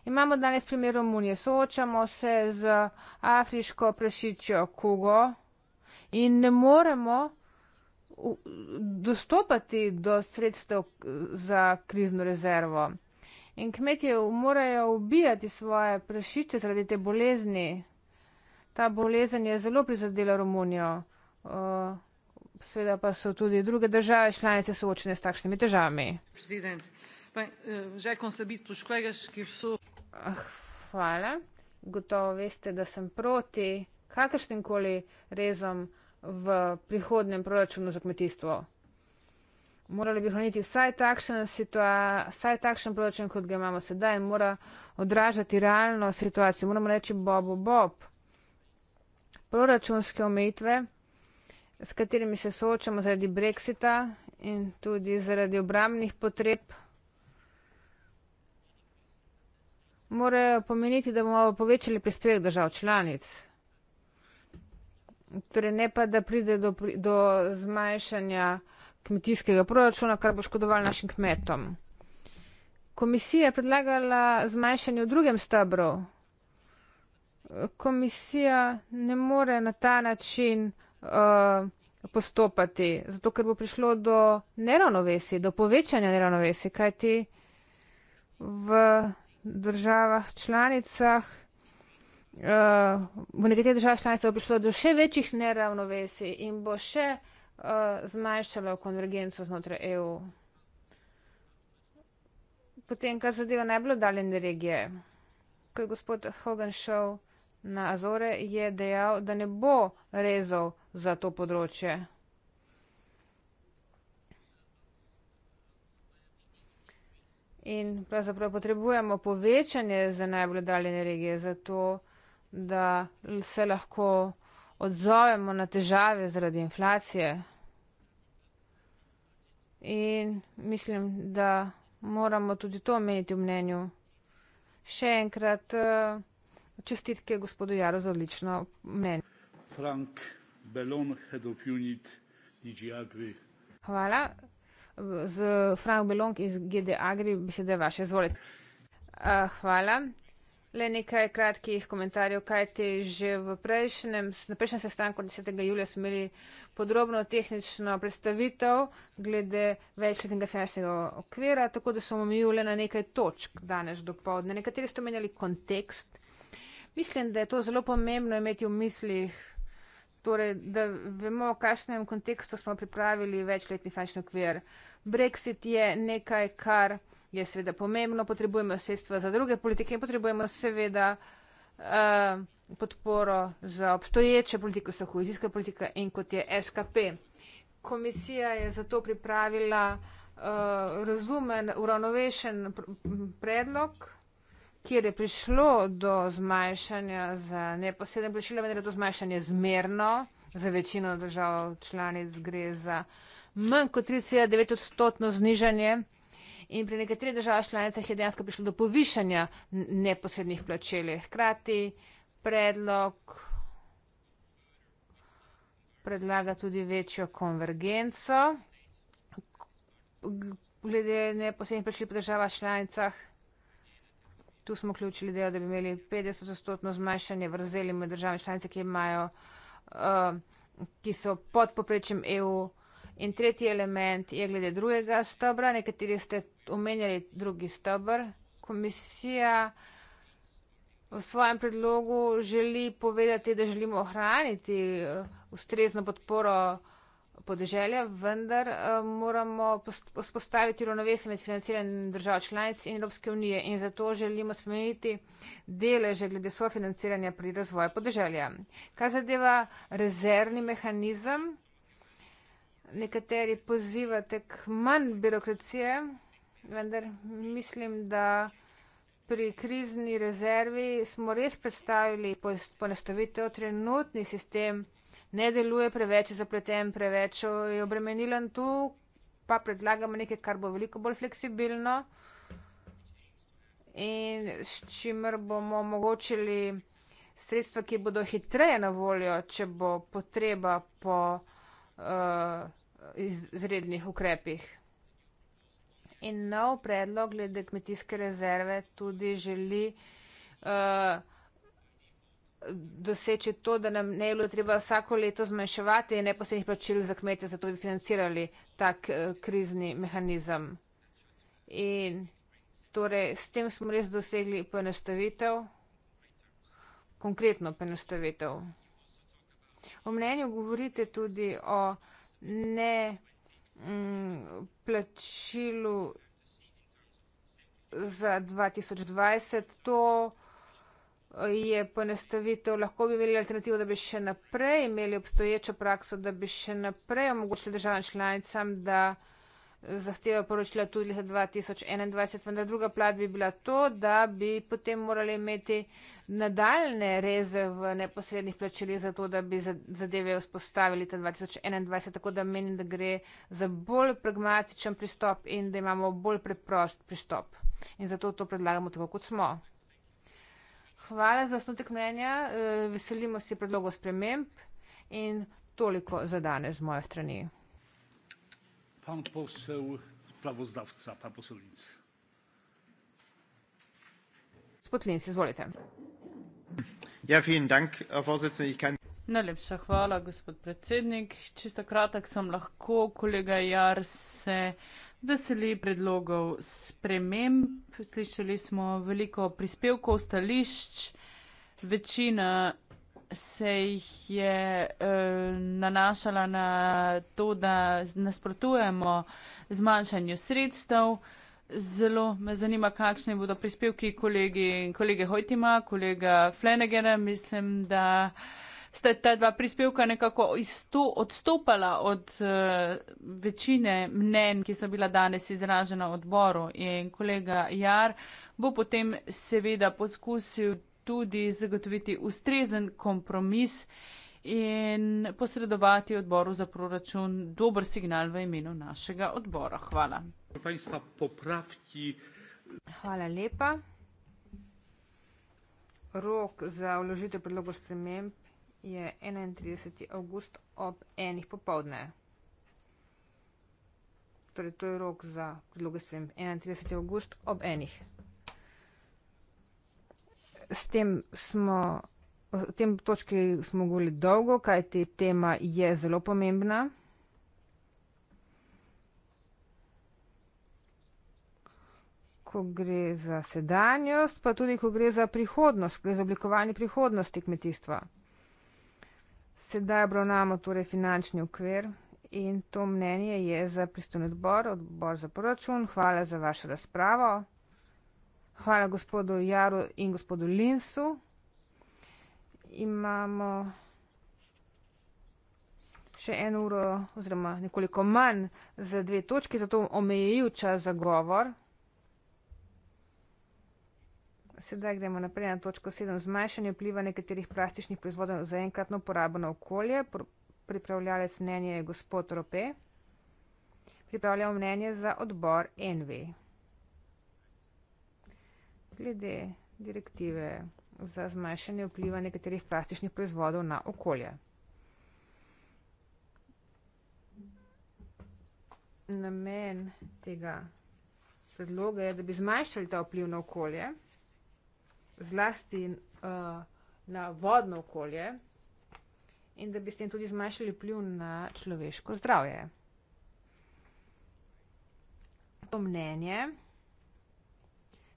Imamo danes primer Romunije. Soočamo se z afriško prašičjo kugo in ne moremo dostopati do sredstev za krizno rezervo. In kmetje morajo ubijati svoje prašiče zaradi te bolezni. Ta bolezen je zelo prizadela Romunijo. Uh, Sveda pa so tudi druge države članice soočene s takšnimi težavami. Eh, ah, hvala. Gotovo veste, da sem proti kakršnim koli rezom v prihodnem proračunu za kmetijstvo. Morali bi hraniti vsaj takšen, vsaj takšen proračun, kot ga imamo sedaj, in mora odražati realno situacijo. Moramo reči, bobo, bob. Proračunske omejitve, s katerimi se soočamo zaradi brexita in tudi zaradi obramnih potreb, morajo pomeniti, da bomo povečali prispevek držav članic. Torej, ne pa, da pride do, do zmanjšanja kmetijskega proračuna, kar bo škodovalo našim kmetom. Komisija je predlagala zmanjšanje v drugem stebru. Komisija ne more na ta način uh, postopati, zato ker bo prišlo do neravnovesi, do povečanja neravnovesi, kajti v državah članicah Eh, v nekaterih državah članicah prišlo do še večjih neravnovesij in bo še uh, zmanjšalo konvergenco znotraj EU. Potem, kar zadeva najbolj oddaljene regije, ko je gospod Hogan šel na Azore, je dejal, da ne bo rezal za to področje. In pravzaprav potrebujemo povečanje za najbolj oddaljene regije, zato da se lahko odzovemo na težave zaradi inflacije. In mislim, da moramo tudi to omeniti v mnenju. Še enkrat eh, čestitke gospodu Jaru za odlično mnenje. Frank Belon, head of unit DGAGRI. Hvala. Z Frank Belong iz GD Agri bi se da vaše zvolite. Eh, hvala. Le nekaj kratkih komentarjev, kajti že v prejšnjem, na prejšnjem sestanku 10. julija smo imeli podrobno tehnično predstavitev glede večletnega finančnega okvira, tako da smo mi le na nekaj točk danes do povdne. Nekateri ste omenjali kontekst. Mislim, da je to zelo pomembno imeti v mislih, torej, da vemo, v kakšnem kontekstu smo pripravili večletni finančni okvir. Brexit je nekaj, kar je seveda pomembno, potrebujemo sredstva za druge politike in potrebujemo seveda uh, podporo za obstoječe politike, kot so kohezijska politika in kot je SKP. Komisija je zato pripravila uh, razumen, uravnovešen pr predlog, kjer je prišlo do zmanjšanja za neposredne plačila, vendar je to zmanjšanje zmerno. Za večino držav članic gre za manj kot 3,9 odstotno znižanje in pri nekaterih državah članicah je dejansko prišlo do povišanja neposrednih plačil. Hkrati predlog predlaga tudi večjo konvergenco glede neposrednih plačil po državah članicah. Tu smo vključili del, da bi imeli 50-odstotno zmanjšanje vrzeli med državami članice, ki, imajo, uh, ki so pod poprečjem EU. In tretji element je glede drugega stebra. Nekateri ste omenjali drugi stebr. Komisija v svojem predlogu želi povedati, da želimo ohraniti eh, ustrezno podporo podeželja, vendar eh, moramo vzpostaviti ravnovesje med financiranjem držav članic in Evropske unije in zato želimo spremeniti deleže glede sofinanciranja pri razvoju podeželja. Kar zadeva rezervni mehanizem, nekateri pozivate k manj birokracije, vendar mislim, da pri krizni rezervi smo res predstavili ponastavitev trenutni sistem. Ne deluje preveč zapleten, preveč je obremenilen tu, pa predlagamo nekaj, kar bo veliko bolj fleksibilno in s čimer bomo omogočili sredstva, ki bodo hitreje na voljo, če bo potreba po uh, izrednih ukrepih. In nov predlog glede kmetijske rezerve tudi želi uh, doseči to, da nam ne bi bilo treba vsako leto zmanjševati neposrednih plačil za kmete, zato bi financirali tak uh, krizni mehanizem. In torej s tem smo res dosegli poenostavitev, konkretno poenostavitev. V mnenju govorite tudi o ne m, mm, plačilu za 2020. To je ponestavitev. Lahko bi imeli alternativo, da bi še naprej imeli obstoječo prakso, da bi še naprej omogočili državam članicam, da zahteva poročila tudi leta 2021, vendar druga plat bi bila to, da bi potem morali imeti nadaljne reze v neposrednih plačilih, zato da bi zadeve vzpostavili ta 2021, tako da menim, da gre za bolj pragmatičen pristop in da imamo bolj preprost pristop. In zato to predlagamo tako, kot smo. Hvala za osnutek mnenja, eh, veselimo se predlogov sprememb in toliko za danes z moje strani pan poseł sprawozdawca pan poseł Linz. Sputlinz, pozwolite. Ja, vielen Dank, Frau ich kann... Najlepša hvala, gospod predsednik. Čisto kratek sem lahko, kolega Jar se veseli predlogov sprememb. Slišali smo veliko prispevkov, stališč, večina se jih je eh, nanašala na to, da nasprotujemo zmanjšanju sredstev. Zelo me zanima, kakšni bodo prispevki kolegi in kolege Hojtima, kolega Flenegera. Mislim, da sta ta dva prispevka nekako isto odstopala od uh, večine mnen, ki so bila danes izražena odboru. In kolega Jar bo potem seveda poskusil tudi zagotoviti ustrezen kompromis in posredovati odboru za proračun dober signal v imenu našega odbora. Hvala. Hvala lepa. Rok za vložitev predlogov sprememb je 31. avgust ob enih popovdne. Torej, to je rok za predloge sprememb 31. avgust ob enih s tem smo, v tem točki smo govorili dolgo, kaj te tema je zelo pomembna. Ko gre za sedanjost, pa tudi, ko gre za prihodnost, gre za oblikovanje prihodnosti kmetijstva. Sedaj obravnavamo torej finančni okvir in to mnenje je za pristojni odbor, odbor za proračun. Hvala za vašo razpravo. Hvala gospodu Jaru in gospodu Linsu. Imamo še eno uro oziroma nekoliko manj za dve točki, zato omejil čas za govor. Sedaj gremo naprej na točko 7. Zmanjšanje vpliva nekaterih plastičnih proizvodov za enkratno porabo na okolje. Pripravljalec mnenja je gospod Rope. Pripravljal mnenje za odbor NVI glede direktive za zmanjšanje vpliva nekaterih plastičnih proizvodov na okolje. Namen tega predloga je, da bi zmanjšali ta vpliv na okolje, zlasti uh, na vodno okolje in da bi s tem tudi zmanjšali vpliv na človeško zdravje. To mnenje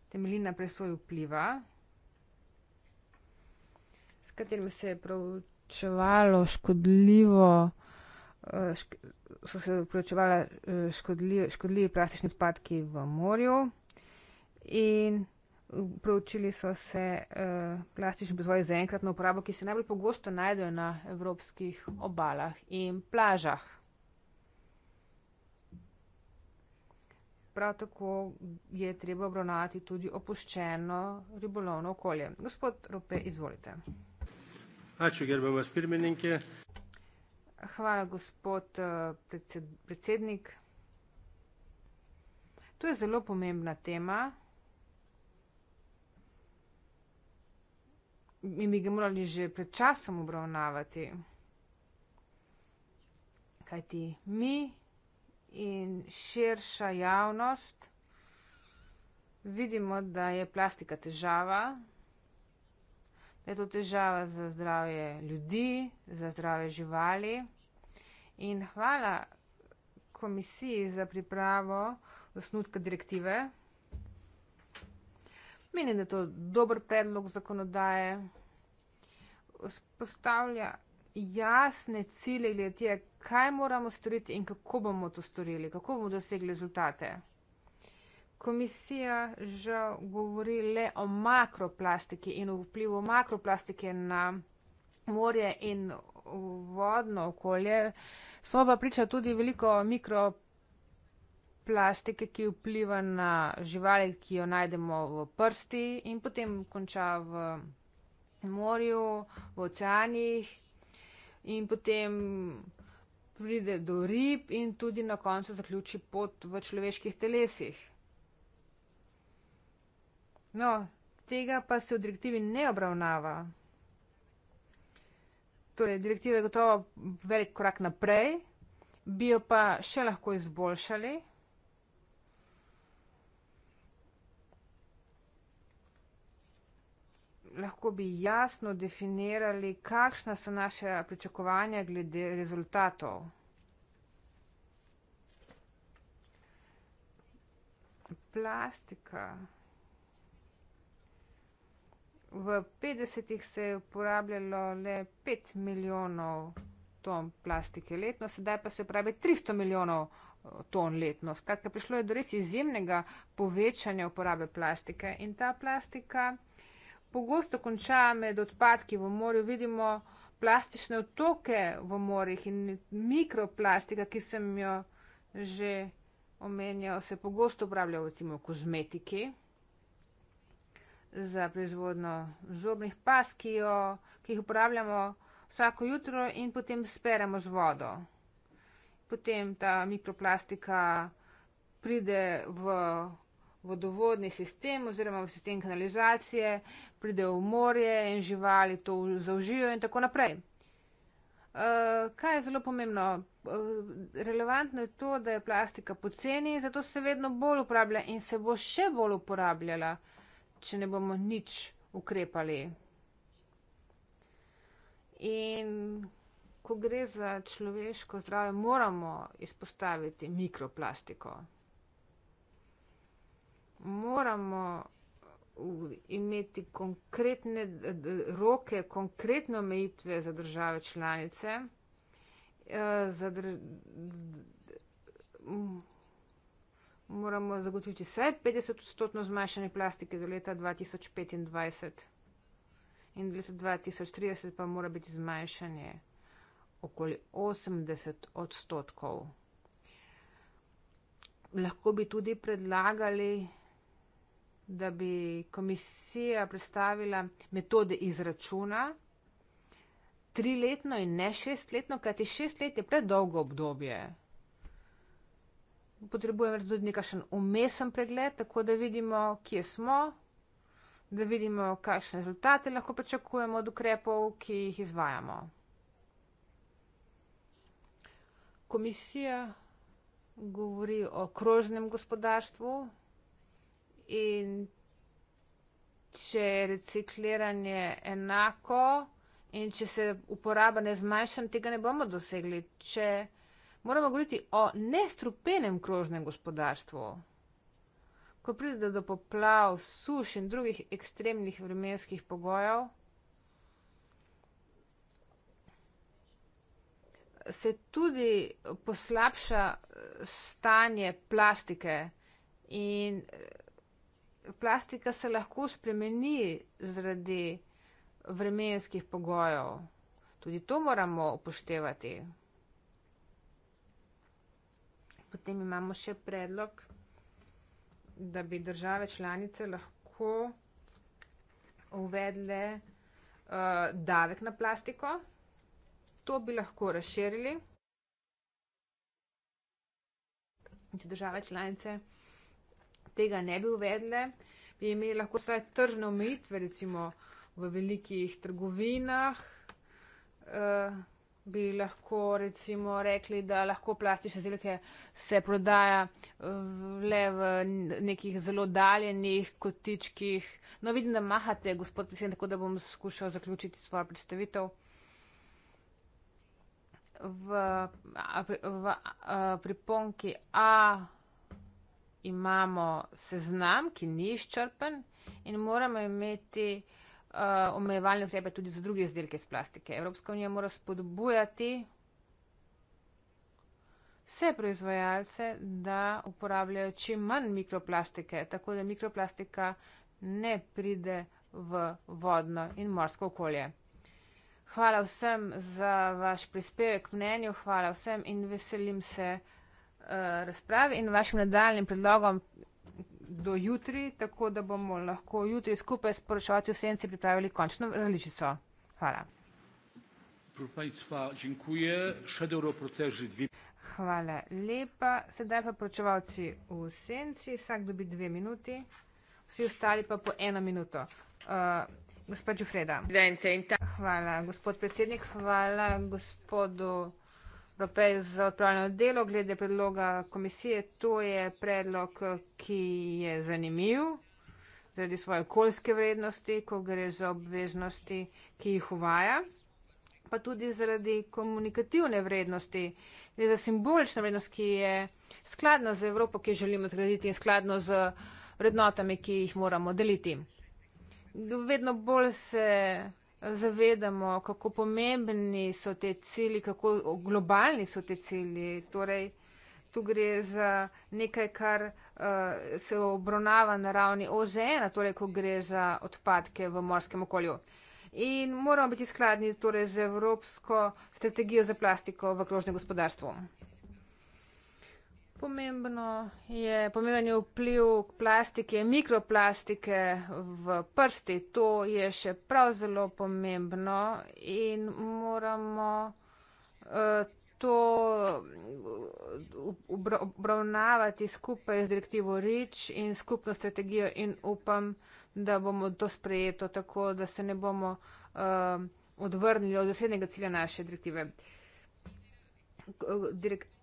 temelji na presoji vpliva, s katerim se je proučevalo škodljivo, eh, so se proučevala eh, škodljivi, škodljivi plastični odpadki v morju in eh, proučili so se plastični proizvodi za enkratno uporabo, ki se najbolj pogosto najdejo na evropskih obalah in plažah. prav tako je treba obravnavati tudi opuščeno ribolovno okolje. Gospod Rope, izvolite. Ačiū, Hvala, gospod eh, predsed, predsednik. To je zelo pomembna tema. Mi bi ga morali že pred časom obravnavati. Kajti mi in širša javnost vidimo, da je plastika težava, da je to težava za zdravje ljudi, za zdravje živali. In hvala komisiji za pripravo osnutka direktive. Menim, da je to dober predlog zakonodaje. Vzpostavlja jasne cilje glede, kaj moramo storiti in kako bomo to storili, kako bomo dosegli rezultate. Komisija že govori le o makroplastiki in vplivu makroplastike na morje in vodno okolje. Smo pa priča tudi veliko mikroplastike, ki vpliva na živali, ki jo najdemo v prsti in potem konča v morju, v oceanih, in potem pride do rib in tudi na koncu zaključi pot v človeških telesih. No, tega pa se v direktivi ne obravnava. Torej, direktiva je gotovo velik korak naprej, bi jo pa še lahko izboljšali. lahko bi jasno definirali, kakšna so naše pričakovanja glede rezultatov. Plastika. V 50-ih se je uporabljalo le 5 milijonov ton plastike letno, sedaj pa se uporablja 300 milijonov eh, ton letno. Skratka, prišlo je do res izjemnega povečanja uporabe plastike in ta plastika pogosto konča med odpadki v morju. Vidimo plastične otoke v morjih in mikroplastika, ki sem jo že omenjal, se pogosto uporablja recimo, v kozmetiki za proizvodno zobnih pas, ki, jo, ki jih uporabljamo vsako jutro in potem speremo z vodo. Potem ta mikroplastika pride v vodovodni sistem oziroma v sistem kanalizacije, pride v morje in živali to zaužijo in tako naprej. Eh, kaj je zelo pomembno? Eh, relevantno je to, da je plastika poceni, zato se vedno bolj uporablja in se bo še bolj uporabljala, če ne bomo nič ukrepali. In ko gre za človeško zdravje, moramo izpostaviti mikroplastiko moramo uh, imeti konkretne roke, konkretne omejitve za države članice. Uh, za dr... Moramo zagotoviti vse 50-odstotno zmanjšanje plastike do leta 2025. In do leta 2030 pa mora biti zmanjšanje okoli 80 odstotkov. Lahko bi tudi predlagali, da bi komisija predstavila metode izračuna triletno in ne šestletno, kajti šestlet je predolgo obdobje. Potrebujemo torej tudi nekašen umesen pregled, tako da vidimo, kje smo, da vidimo, kakšne rezultate lahko pričakujemo od ukrepov, ki jih izvajamo. Komisija govori o krožnem gospodarstvu, in če je recikliranje enako in če se uporaba ne zmanjša, tega ne bomo dosegli. Če moramo govoriti o nestrupenem krožnem gospodarstvu, ko pride do poplav, suš in drugih ekstremnih vremenskih pogojev, se tudi poslabša stanje plastike in plastika se lahko spremeni zaradi vremenskih pogojev. Tudi to moramo upoštevati. Potem imamo še predlog, da bi države članice lahko uvedle uh, davek na plastiko. To bi lahko razširili. Če države članice tega ne bi uvedle, bi imeli lahko vsaj tržne omejitve, recimo v velikih trgovinah. Eh, bi lahko recimo rekli, da lahko plastične izdelke se prodaja eh, le v nekih zelo daljenih kotičkih. No, vidim, da mahate, gospod predsednik, tako da bom skušal zaključiti svojo predstavitev. V, v, v, v priponki A imamo seznam, ki ni izčrpen in moramo imeti uh, omejevalne ukrepe tudi za druge izdelke iz plastike. Evropska unija mora spodbujati vse proizvajalce, da uporabljajo čim manj mikroplastike, tako da mikroplastika ne pride v vodno in morsko okolje. Hvala vsem za vaš prispevek, mnenju, hvala vsem in veselim se. Eh, razpravi in vašim nadaljnim predlogom do jutri, tako da bomo lahko jutri skupaj s poročevalci v senci pripravili končno različico. Hvala. Hvala lepa. Sedaj pa poročevalci v senci, vsak dobi dve minuti, vsi ostali pa po eno minuto. Uh, eh, gospod Džufreda. Hvala, gospod predsednik. Hvala gospodu. Evropej za odpravljeno delo glede predloga komisije. To je predlog, ki je zanimiv zaradi svoje okoljske vrednosti, ko gre za obveznosti, ki jih uvaja, pa tudi zaradi komunikativne vrednosti. Gre za simbolično vrednost, ki je skladna z Evropo, ki želimo zgraditi in skladno z vrednotami, ki jih moramo deliti. Vedno bolj se zavedamo, kako pomembni so te cilji, kako globalni so te cilji. Torej, tu gre za nekaj, kar uh, se obravnava na ravni OZN, torej, ko gre za odpadke v morskem okolju. In moramo biti skladni torej, z Evropsko strategijo za plastiko v krožnem gospodarstvu. Pomembno je, pomemben je vpliv plastike, mikroplastike v prsti. To je še prav zelo pomembno in moramo eh, to eh, obravnavati skupaj z direktivo REACH in skupno strategijo in upam, da bomo to sprejeto tako, da se ne bomo eh, odvrnili od zasednega cilja naše direktive. Direkt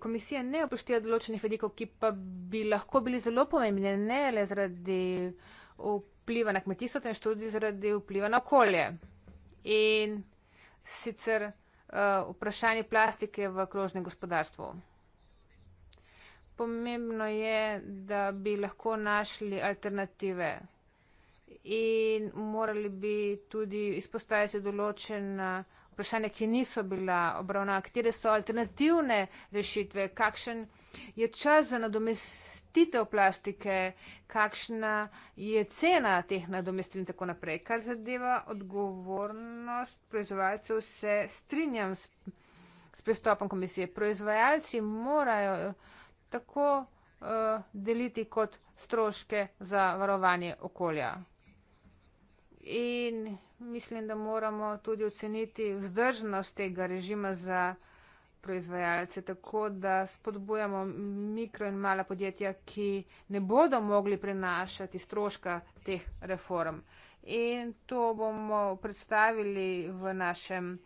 komisija ne upošteva določenih vedikov, ki pa bi lahko bili zelo pomembni, ne le zaradi vpliva na kmetijstvo, temveč tudi zaradi vpliva na okolje. In sicer uh, vprašanje plastike v krožnem gospodarstvu. Pomembno je, da bi lahko našli alternative in morali bi tudi izpostaviti določena. Uh, vprašanja, ki niso bila obravnava, katere so alternativne rešitve, kakšen je čas za nadomestitev plastike, kakšna je cena teh nadomestitev in tako naprej. Kar zadeva odgovornost proizvajalcev, se strinjam s, s pristopom komisije. Proizvajalci morajo tako eh, deliti kot stroške za varovanje okolja. In mislim, da moramo tudi oceniti vzdržnost tega režima za proizvajalce, tako da spodbujamo mikro in mala podjetja, ki ne bodo mogli prenašati stroška teh reform. In to bomo predstavili v našem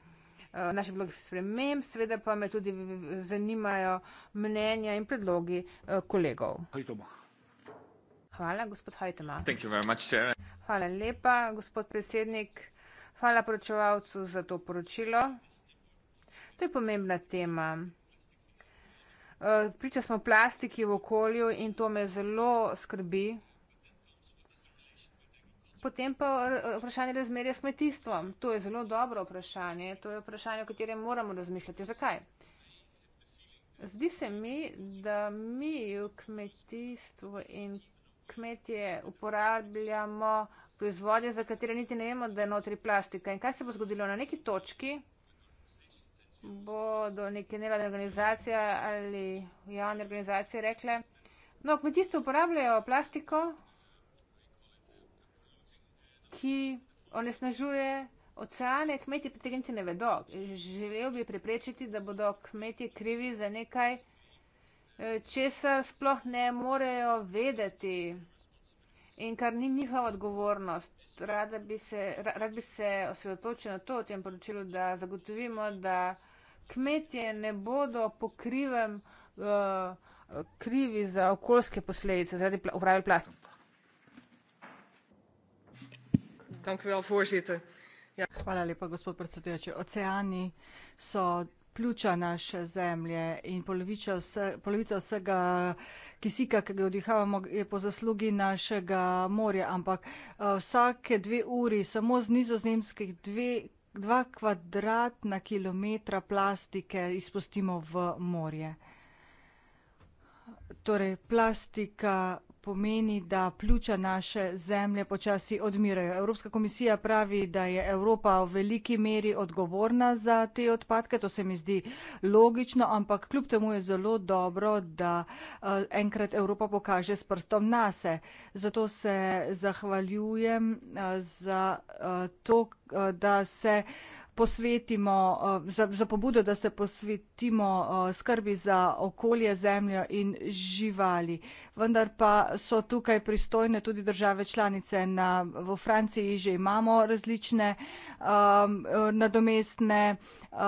eh, naši blogi spremem, seveda pa me tudi zanimajo mnenja in predlogi eh, kolegov. Hvala, gospod Hajtema. Thank you very much, Sharon. Hvala lepa, gospod predsednik. Hvala poročevalcu za to poročilo. To je pomembna tema. E, priča smo plastiki v okolju in to me zelo skrbi. Potem pa vprašanje razmerja s kmetijstvom. To je zelo dobro vprašanje. To je vprašanje, o katerem moramo razmišljati. Zakaj? Zdi se mi, da mi v kmetijstvu in kmetje uporabljamo proizvodnje, za katere niti ne vemo, da je notri plastika. In kaj se bo zgodilo? Na neki točki bo do neke nevladne organizacije ali javne organizacije rekle, no, kmetijstvo uporabljajo plastiko, ki onesnažuje oceane, kmetje pa tega niti ne vedo. Želel bi preprečiti, da bodo kmetje krivi za nekaj, Eh, česar sploh ne morejo vedeti in kar ni njihova odgovornost. Rad bi se, rad bi se osredotočil na to v tem poročilu, da zagotovimo, da kmetje ne bodo pokrivem uh, eh, krivi za okoljske posledice zaradi uporabe plastike. Ja. Hvala lepa, gospod predsedujoči. Oceani so pljuča naše zemlje in polovica, vse, polovica vsega kisika, ki ga odihavamo, je po zaslugi našega morja, ampak eh, vsake dve uri samo z nizozemskih dve, dva kvadratna kilometra plastike izpustimo v morje. Torej, plastika, pomeni, da pljuča naše zemlje počasi odmirajo. Evropska komisija pravi, da je Evropa v veliki meri odgovorna za te odpadke. To se mi zdi logično, ampak kljub temu je zelo dobro, da eh, enkrat Evropa pokaže s prstom nase. Zato se zahvaljujem eh, za eh, to, da se posvetimo, eh, za, za pobudo, da se posvetimo eh, skrbi za okolje, zemljo in živali. Vendar pa so tukaj pristojne tudi države članice. Na, v Franciji že imamo različne um, eh, nadomestne uh,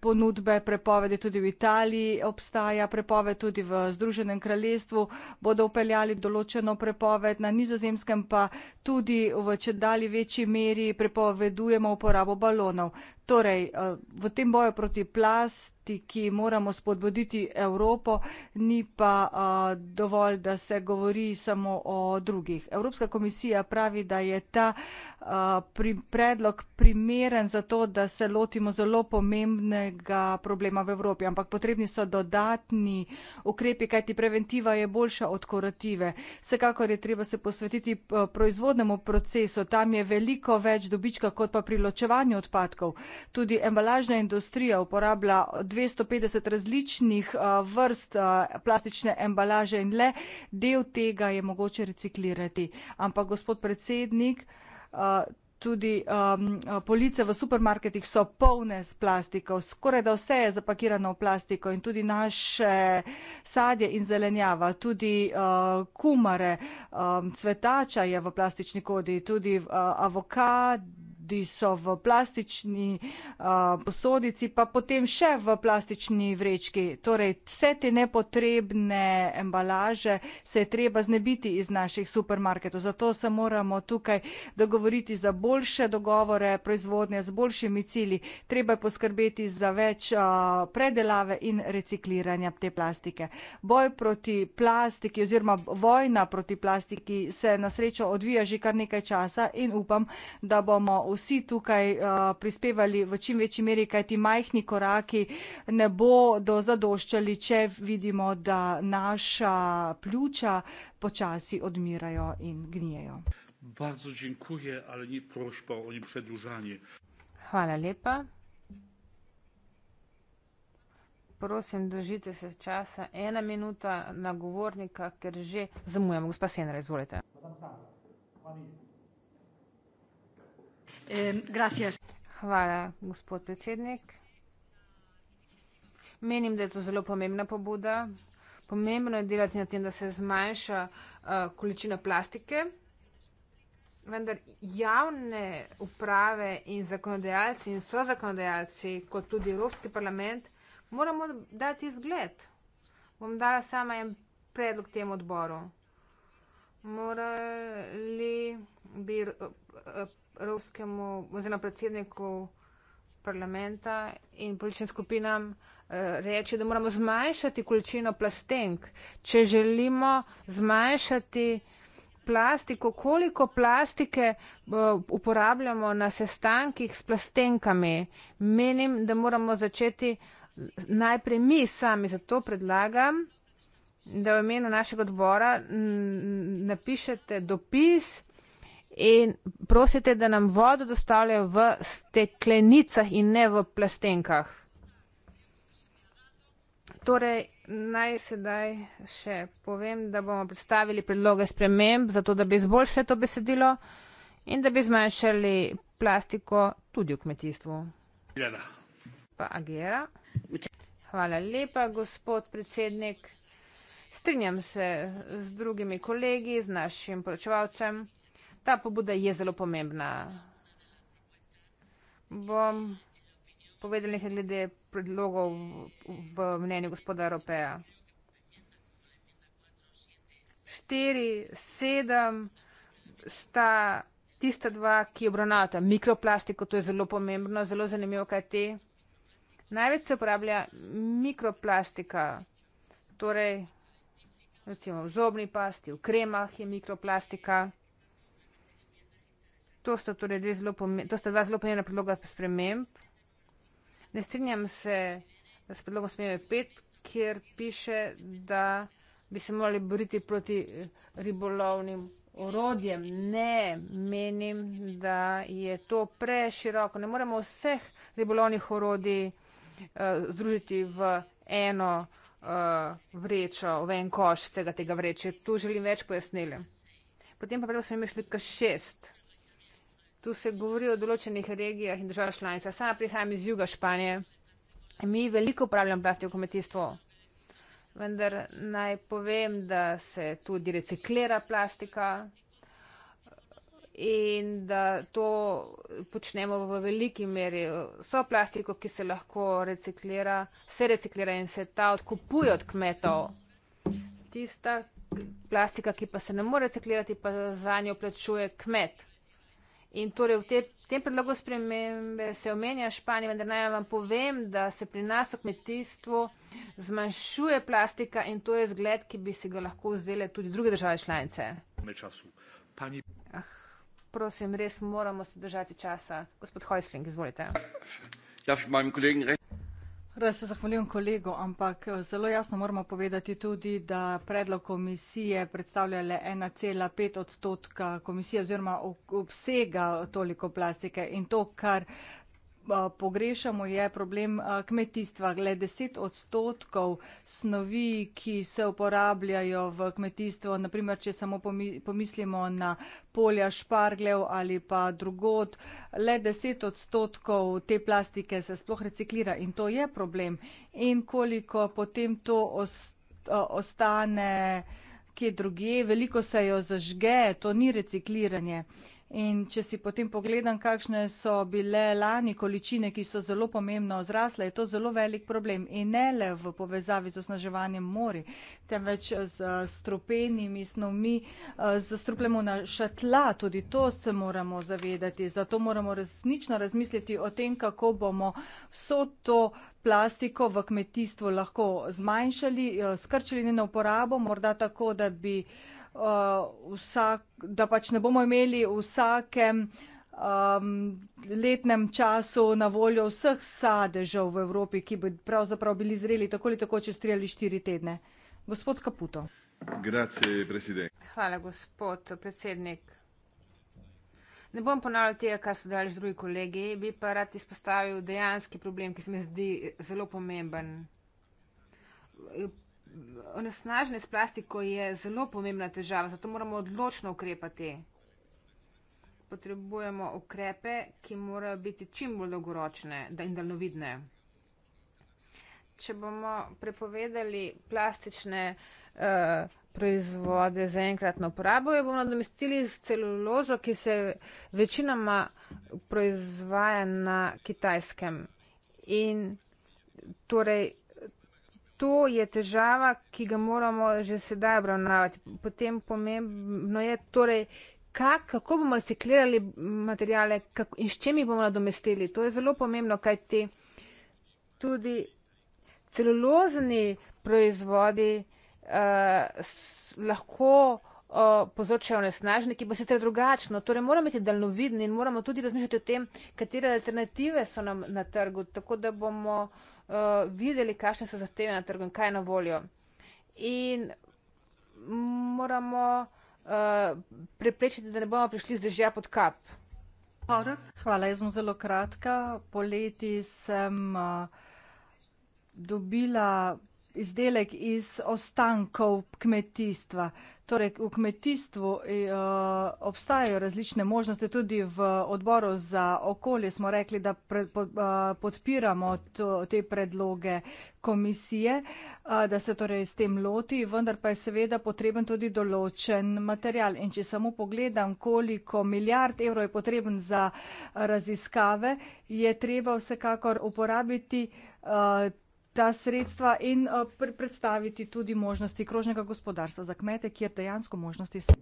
ponudbe, prepovedi tudi v Italiji obstaja, prepoved tudi v Združenem kraljestvu bodo upeljali določeno prepoved, na nizozemskem pa tudi v če dali večji meri prepovedujemo uporabo balonov balonov. Torej, eh, v tem boju proti plastiki moramo spodbuditi Evropo, ni pa eh, dovolj, da se govori samo o drugih. Evropska komisija pravi, da je ta eh, predlog primeren za to, da se lotimo zelo pomembnega problema v Evropi, ampak potrebni so dodatni ukrepi, kajti preventiva je boljša od korative. Vsekakor je treba se posvetiti proizvodnemu procesu, tam je veliko več dobička kot pa pri ločevanju odpadkov tudi embalažna industrija uporablja 250 različnih eh, vrst eh, plastične embalaže in le del tega je mogoče reciklirati. Ampak gospod predsednik, eh, tudi um, police v supermarketih so polne s plastiko, skoraj da vse je zapakirano v plastiko in tudi naše sadje in zelenjava, tudi uh, kumare, um, cvetača je v plastični kodi, tudi uh, avokad tudi so v plastični a, posodici, pa potem še v plastični vrečki. Torej, vse te nepotrebne embalaže se je treba znebiti iz naših supermarketov. Zato se moramo tukaj dogovoriti za boljše dogovore proizvodnje z boljšimi cilji. Treba je poskrbeti za več a, predelave in recikliranja te plastike. Boj proti plastiki oziroma vojna proti plastiki se na srečo odvija že kar nekaj časa in upam, da bomo vsi vsi tukaj uh, prispevali v čim večji meri, kaj ti majhni koraki ne bodo zadoščali, če vidimo, da naša pljuča počasi odmirajo in gnijejo. Bardzo dziękuję, ale nie prośba o nie przedłużanie. Hvala lepa. Prosim, držite se časa. Ena minuta na govornika, ker že zamujamo. Gospa Senra, izvolite. Hvala. Hvala. Hvala, gospod predsednik. Menim, da je to zelo pomembna pobuda. Pomembno je delati na tem, da se zmanjša eh, količina plastike, vendar javne uprave in zakonodajalci in so zakonodajalci, kot tudi Evropski parlament, moramo dati zgled. Bom dala sama en predlog temu odboru. Morali bi eh, eh, ruskemu oziroma predsedniku parlamenta in političnim skupinam eh, reči, da moramo zmanjšati količino plastenk, če želimo zmanjšati plastiko, koliko plastike uporabljamo na sestankih s plastenkami. Menim, da moramo začeti najprej mi sami. Zato predlagam, da v imenu našega odbora napišete dopis, in prosite, da nam vodo dostavljajo v steklenicah in ne v plastenkah. Torej, naj sedaj še povem, da bomo predstavili predloge sprememb, zato da bi izboljšali to besedilo in da bi zmanjšali plastiko tudi v kmetijstvu. Pa Agera. Hvala lepa, gospod predsednik. Strinjam se z drugimi kolegi, z našim poročevalcem ta pobuda je zelo pomembna. Bom povedal nekaj glede predlogov v, v mnenju gospoda Europeja. 4, 7 sta tista dva, ki obravnavata mikroplastiko, to je zelo pomembno, zelo zanimivo, kaj te. Največ se uporablja mikroplastika, torej recimo v zobni pasti, v kremah je mikroplastika. To sta, torej to sta dva zelo pomembna predloga sprememb. Ne strinjam se s predlogom spremembe 5, kjer piše, da bi se morali boriti proti eh, ribolovnim orodjem. Ne menim, da je to preširoko. Ne moremo vseh ribolovnih orodij uh, združiti v eno uh, vrečo, v en koš vsega tega vreče. Tu želim več pojasnile. Potem pa predlog spremembe 6. Tu se govori o določenih regijah in državah članicah. Sama prihajam iz juga Španije. Mi veliko upravljamo plasti v kmetijstvu. Vendar naj povem, da se tudi reciklira plastika in da to počnemo v veliki meri. So plastiko, ki se lahko reciklira, se reciklira in se ta odkupuje od kmetov. Tista plastika, ki pa se ne more reciklirati, pa za njo plačuje kmet. In torej v te, tem predlogu spremembe se omenja Španija, vendar naj vam povem, da se pri nas v kmetijstvu zmanjšuje plastika in to je zgled, ki bi si ga lahko vzele tudi druge države članice. Pani... Ah, prosim, res moramo se držati časa. Gospod Hojsling, izvolite. Ja, Prvo se zahvaljujem kolegu, ampak eh, zelo jasno moramo povedati tudi, da predlog komisije predstavlja le 1,5 odstotka komisije oziroma obsega toliko plastike in to, kar Eh, pogrešamo, je problem eh, kmetijstva. Glede deset odstotkov snovi, ki se uporabljajo v kmetijstvo, naprimer, če samo pomislimo na polja špargljev ali pa drugot, le deset odstotkov te plastike se sploh reciklira in to je problem. In koliko potem to eh, ostane kje drugje, veliko se jo zažge, to ni recikliranje. In če si potem pogledam, kakšne so bile lani količine, ki so zelo pomembno zrasle, je to zelo velik problem. In ne le v povezavi z osnaževanjem mori, temveč z strupenimi snovmi, z strupljemo na šatla, tudi to se moramo zavedati. Zato moramo resnično razmisliti o tem, kako bomo vso to plastiko v kmetijstvu lahko zmanjšali, eh, skrčili na uporabo, morda tako, da bi uh, vsak, da pač ne bomo imeli v vsakem um, letnem času na voljo vseh sadežev v Evropi, ki bi pravzaprav bili zreli tako ali tako čez tri ali štiri tedne. Gospod Kaputo. Hvala, gospod predsednik. Ne bom ponavljal tega, kar so dali drugi kolegi, bi pa rad izpostavil dejanski problem, ki se mi zdi zelo pomemben onesnaženje s plastiko je zelo pomembna težava, zato moramo odločno ukrepati. Potrebujemo ukrepe, ki morajo biti čim bolj dolgoročne in daljnovidne. Če bomo prepovedali plastične uh, proizvode za enkratno uporabo, jo bomo nadomestili z celulozo, ki se večinoma proizvaja na kitajskem. In torej to je težava, ki ga moramo že sedaj obravnavati. Potem pomembno je torej, kak, kako bomo reciklirali materijale kak, in s čem jih bomo nadomestili. To je zelo pomembno, kaj ti tudi celulozni proizvodi uh, lahko uh, povzročajo nesnažne, ki bo sicer drugačno. Torej moramo biti daljnovidni in moramo tudi razmišljati o tem, katere alternative so nam na trgu, tako da bomo uh, uh, videli, kakšne so zahteve na trgu in kaj je na voljo. In moramo uh, preprečiti, da ne bomo prišli z dežja pod kap. Hvala, jaz sem zelo kratka. Poleti sem uh, dobila izdelek iz ostankov kmetijstva. Torej, v kmetijstvu uh, obstajajo različne možnosti, tudi v odboru za okolje smo rekli, da pre, po, uh, podpiramo to, te predloge komisije, uh, da se torej s tem loti, vendar pa je seveda potreben tudi določen material. In če samo pogledam, koliko milijard evrov je potreben za raziskave, je treba vsekakor uporabiti. Uh, ta sredstva in eh, pre predstaviti tudi možnosti krožnega gospodarstva za kmete, kjer dejansko možnosti so.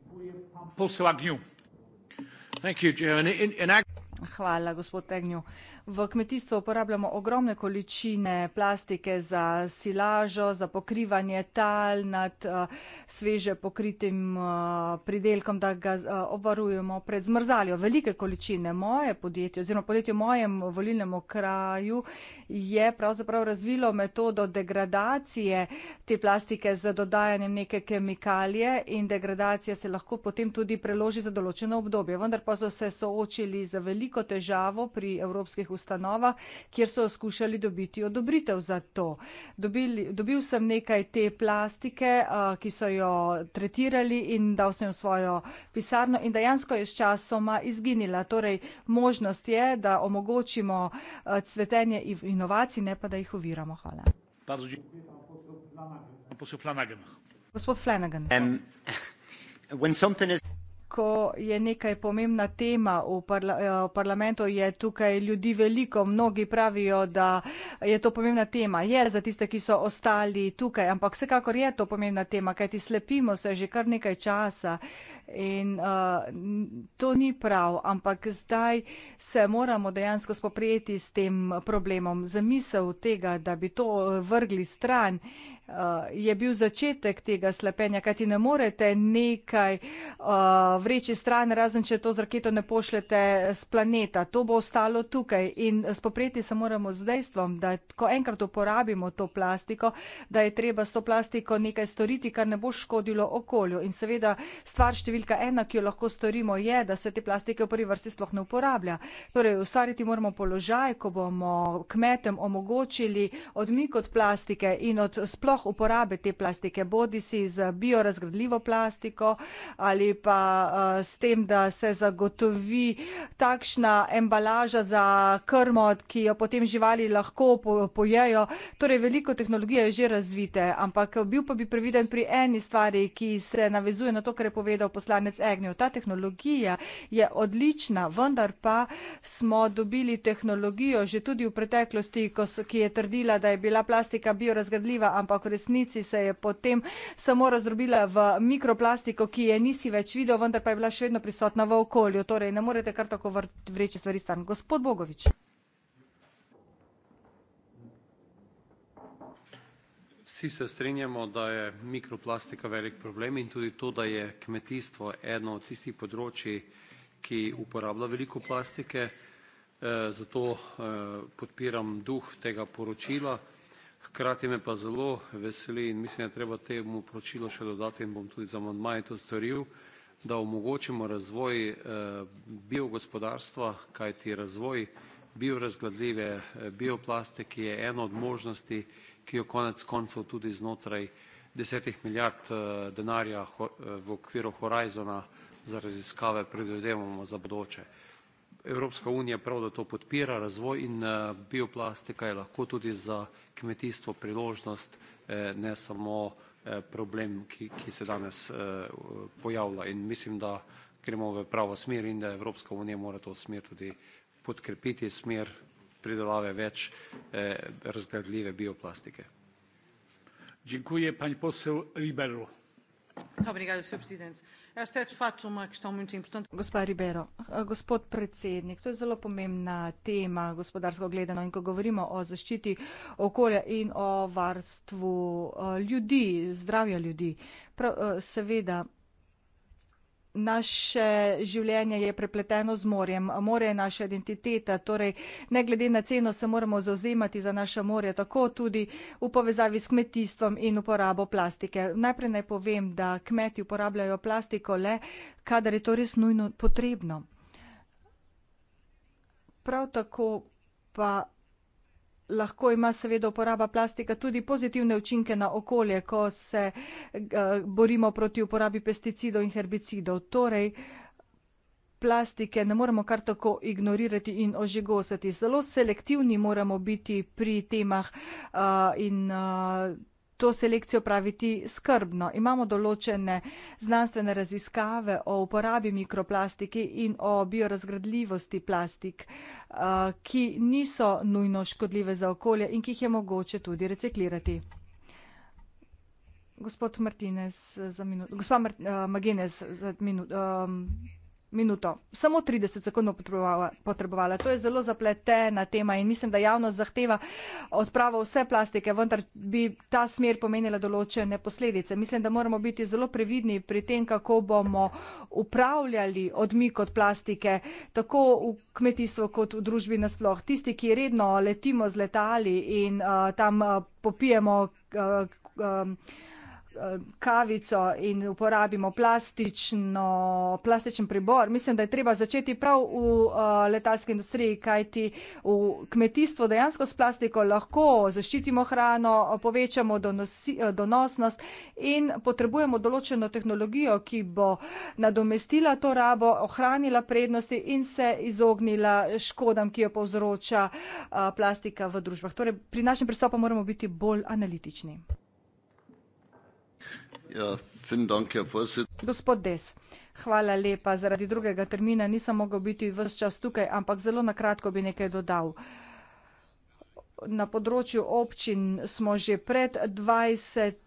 Hvala, gospod Tegnju. V kmetijstvu uporabljamo ogromne količine plastike za silažo, za pokrivanje tal nad uh, sveže pokritim uh, pridelkom, da ga uh, obvarujemo pred zmrzaljo. Velike količine moje podjetje oziroma podjetje v mojem volilnem okraju je pravzaprav razvilo metodo degradacije te plastike z dodajanjem neke kemikalije in degradacija se lahko potem tudi preloži za določeno obdobje. Vendar pa so se soočili z veliko težavo pri evropskih ustavah ustanova, kjer so skušali dobiti odobritev za to. Dobili, dobil sem nekaj te plastike, eh, ki so jo tretirali in dal sem jo v svojo pisarno in dejansko je s časoma izginila. Torej, možnost je, da omogočimo eh, cvetenje inovacij, ne pa da jih oviramo. Hvala. Gospod Flanagan. Um, ko je nekaj pomembna tema v parla eh, parlamentu, je tukaj ljudi veliko, mnogi pravijo, da je to pomembna tema. Je za tiste, ki so ostali tukaj, ampak vsekakor je to pomembna tema, kajti slepimo se že kar nekaj časa. Uh, In uh, to ni prav, ampak zdaj se moramo dejansko spoprijeti s tem problemom. Zamisel tega, da bi to uh, vrgli stran, uh, je bil začetek tega slepenja, kajti ne morete nekaj uh, vreči stran, razen če to z raketo ne pošljete z planeta. To bo ostalo tukaj in spoprijeti se moramo z dejstvom, da ko enkrat uporabimo to plastiko, da je treba s to plastiko nekaj storiti, kar ne bo škodilo okolju številka ena, ki jo lahko storimo, je, da se te plastike v prvi vrsti sploh ne uporablja. Torej, ustvariti moramo položaj, ko bomo kmetem omogočili odmik od plastike in od sploh uporabe te plastike, bodi si z biorazgradljivo plastiko ali pa eh, s tem, da se zagotovi takšna embalaža za krmo, ki jo potem živali lahko pojejo. Torej, veliko tehnologije je že razvite, ampak bil pa bi previden pri eni stvari, ki se navezuje na to, kar je povedal poslednji poslanec Egnjo. Ta tehnologija je odlična, vendar pa smo dobili tehnologijo že tudi v preteklosti, ki je trdila, da je bila plastika biorazgradljiva, ampak v resnici se je potem samo razdrobila v mikroplastiko, ki je nisi več videl, vendar pa je bila še vedno prisotna v okolju. Torej, ne morete kar tako vreči stvari stran. Gospod Bogovič. Vsi se strinjamo, da je mikroplastika velik problem in tudi to, da je kmetijstvo eno od tistih področji, ki uporablja veliko plastike. Eh, zato eh, podpiram duh tega poročila. Hkrati me pa zelo veseli in mislim, da treba temu poročilo še dodati in bom tudi za manj to storil, da omogočimo razvoj eh, biogospodarstva, kajti razvoj biorazgledljive bioplastike je eno od možnosti, ki je eno od možnosti, ki jo konec koncev tudi znotraj desetih milijard eh, denarja eh, v okviru Horizona za raziskave predvidevamo za bodoče. Evropska unija prav, da to podpira razvoj in eh, bioplastika je lahko tudi za kmetijstvo priložnost, ne samo problem, ki se danes pojavlja in mislim, da gremo v pravo smer in da Evropska unija mora to smer tudi podkrepiti, smer pridelave več eh, razgradljive bioplastike. Dziękuję. Pani poseł Ribeiro. Muito obrigada, Sr. Presidente. Esta é, de facto, uma questão muito importante. Gospa Ribeiro, e, gospod predsednik, to je zelo pomembna tema gospodarsko gledano in ko govorimo o zaščiti okolja in o varstvu e, ljudi, zdravja ljudi, prav, e, seveda naše življenje je prepleteno z morjem, morje je naša identiteta, torej ne glede na ceno se moramo zauzemati za naše morje, tako tudi v povezavi s kmetijstvom in uporabo plastike. Najprej naj povem, da kmeti uporabljajo plastiko le, kadar je to res nujno potrebno. Prav tako pa lahko ima seveda uporaba plastika tudi pozitivne učinke na okolje, ko se uh, borimo proti uporabi pesticidov in herbicidov. Torej, plastike ne moremo kar tako ignorirati in ožigosati. Zelo selektivni moramo biti pri temah uh, in. Uh, to selekcijo praviti skrbno. Imamo določene znanstvene raziskave o uporabi mikroplastike in o biorazgradljivosti plastik, ki niso nujno škodljive za okolje in ki jih je mogoče tudi reciklirati. Gospod Martinez za minuto, gospa Mart, Magenez za minuto minuto, samo 30 sekund potrebovala. To je zelo zapletena tema in mislim, da javnost zahteva odpravo vse plastike, vendar bi ta smer pomenila določene posledice. Mislim, da moramo biti zelo previdni pri tem, kako bomo upravljali odmik od plastike, tako v kmetijstvu kot v družbi nasploh. Tisti, ki redno letimo z letali in uh, tam uh, popijemo. Uh, uh, kavico in uporabimo plastično, plastičen pribor. Mislim, da je treba začeti prav v uh, letalski industriji, kajti v kmetijstvu dejansko s plastiko lahko zaščitimo hrano, povečamo donosi, eh, donosnost in potrebujemo določeno tehnologijo, ki bo nadomestila to rabo, ohranila prednosti in se izognila škodam, ki jo povzroča uh, plastika v družbah. Torej, pri našem pristopu moramo biti bolj analitični. Ja, fin dank, Herr Vorsitz. Gospod Des, hvala lepa. Zaradi drugega termina nisem mogel biti vse čas tukaj, ampak zelo na kratko bi nekaj dodal. Na področju občin smo že pred 20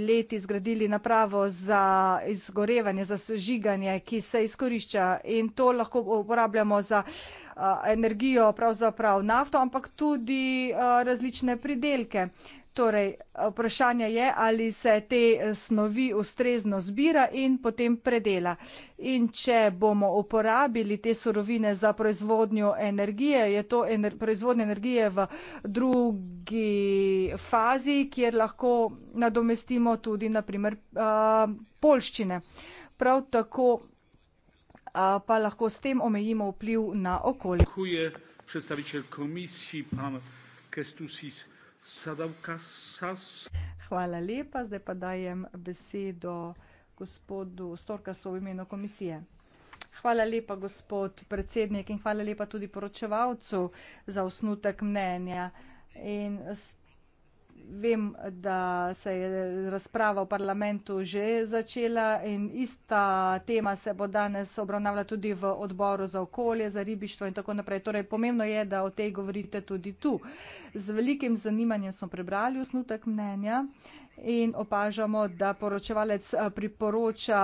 leti zgradili napravo za izgorevanje, za sežiganje, ki se izkorišča in to lahko uporabljamo za uh, energijo, pravzaprav nafto, ampak tudi uh, različne pridelke. Uh, Torej, vprašanje je, ali se te eh, snovi ustrezno zbira in potem predela. In če bomo uporabili te surovine za proizvodnjo energije, je to ener proizvodnja energije v drugi fazi, kjer lahko nadomestimo tudi, naprimer, eh, polščine. Prav tako eh, pa lahko s tem omejimo vpliv na okolje. Hvala, predstavitelj komisije, pan Kestusis. Hvala lepa, zdaj pa dajem besedo gospodu Storkasu v imenu komisije. Hvala lepa, gospod predsednik, in hvala lepa tudi poročevalcu za osnutek mnenja. In vem, da se je razprava v parlamentu že začela in ista tema se bo danes obravnavala tudi v odboru za okolje, za ribištvo in tako naprej. Torej, pomembno je, da o tej govorite tudi tu. Uh, Z velikim zanimanjem smo prebrali osnutek mnenja in opažamo, da poročevalec eh, priporoča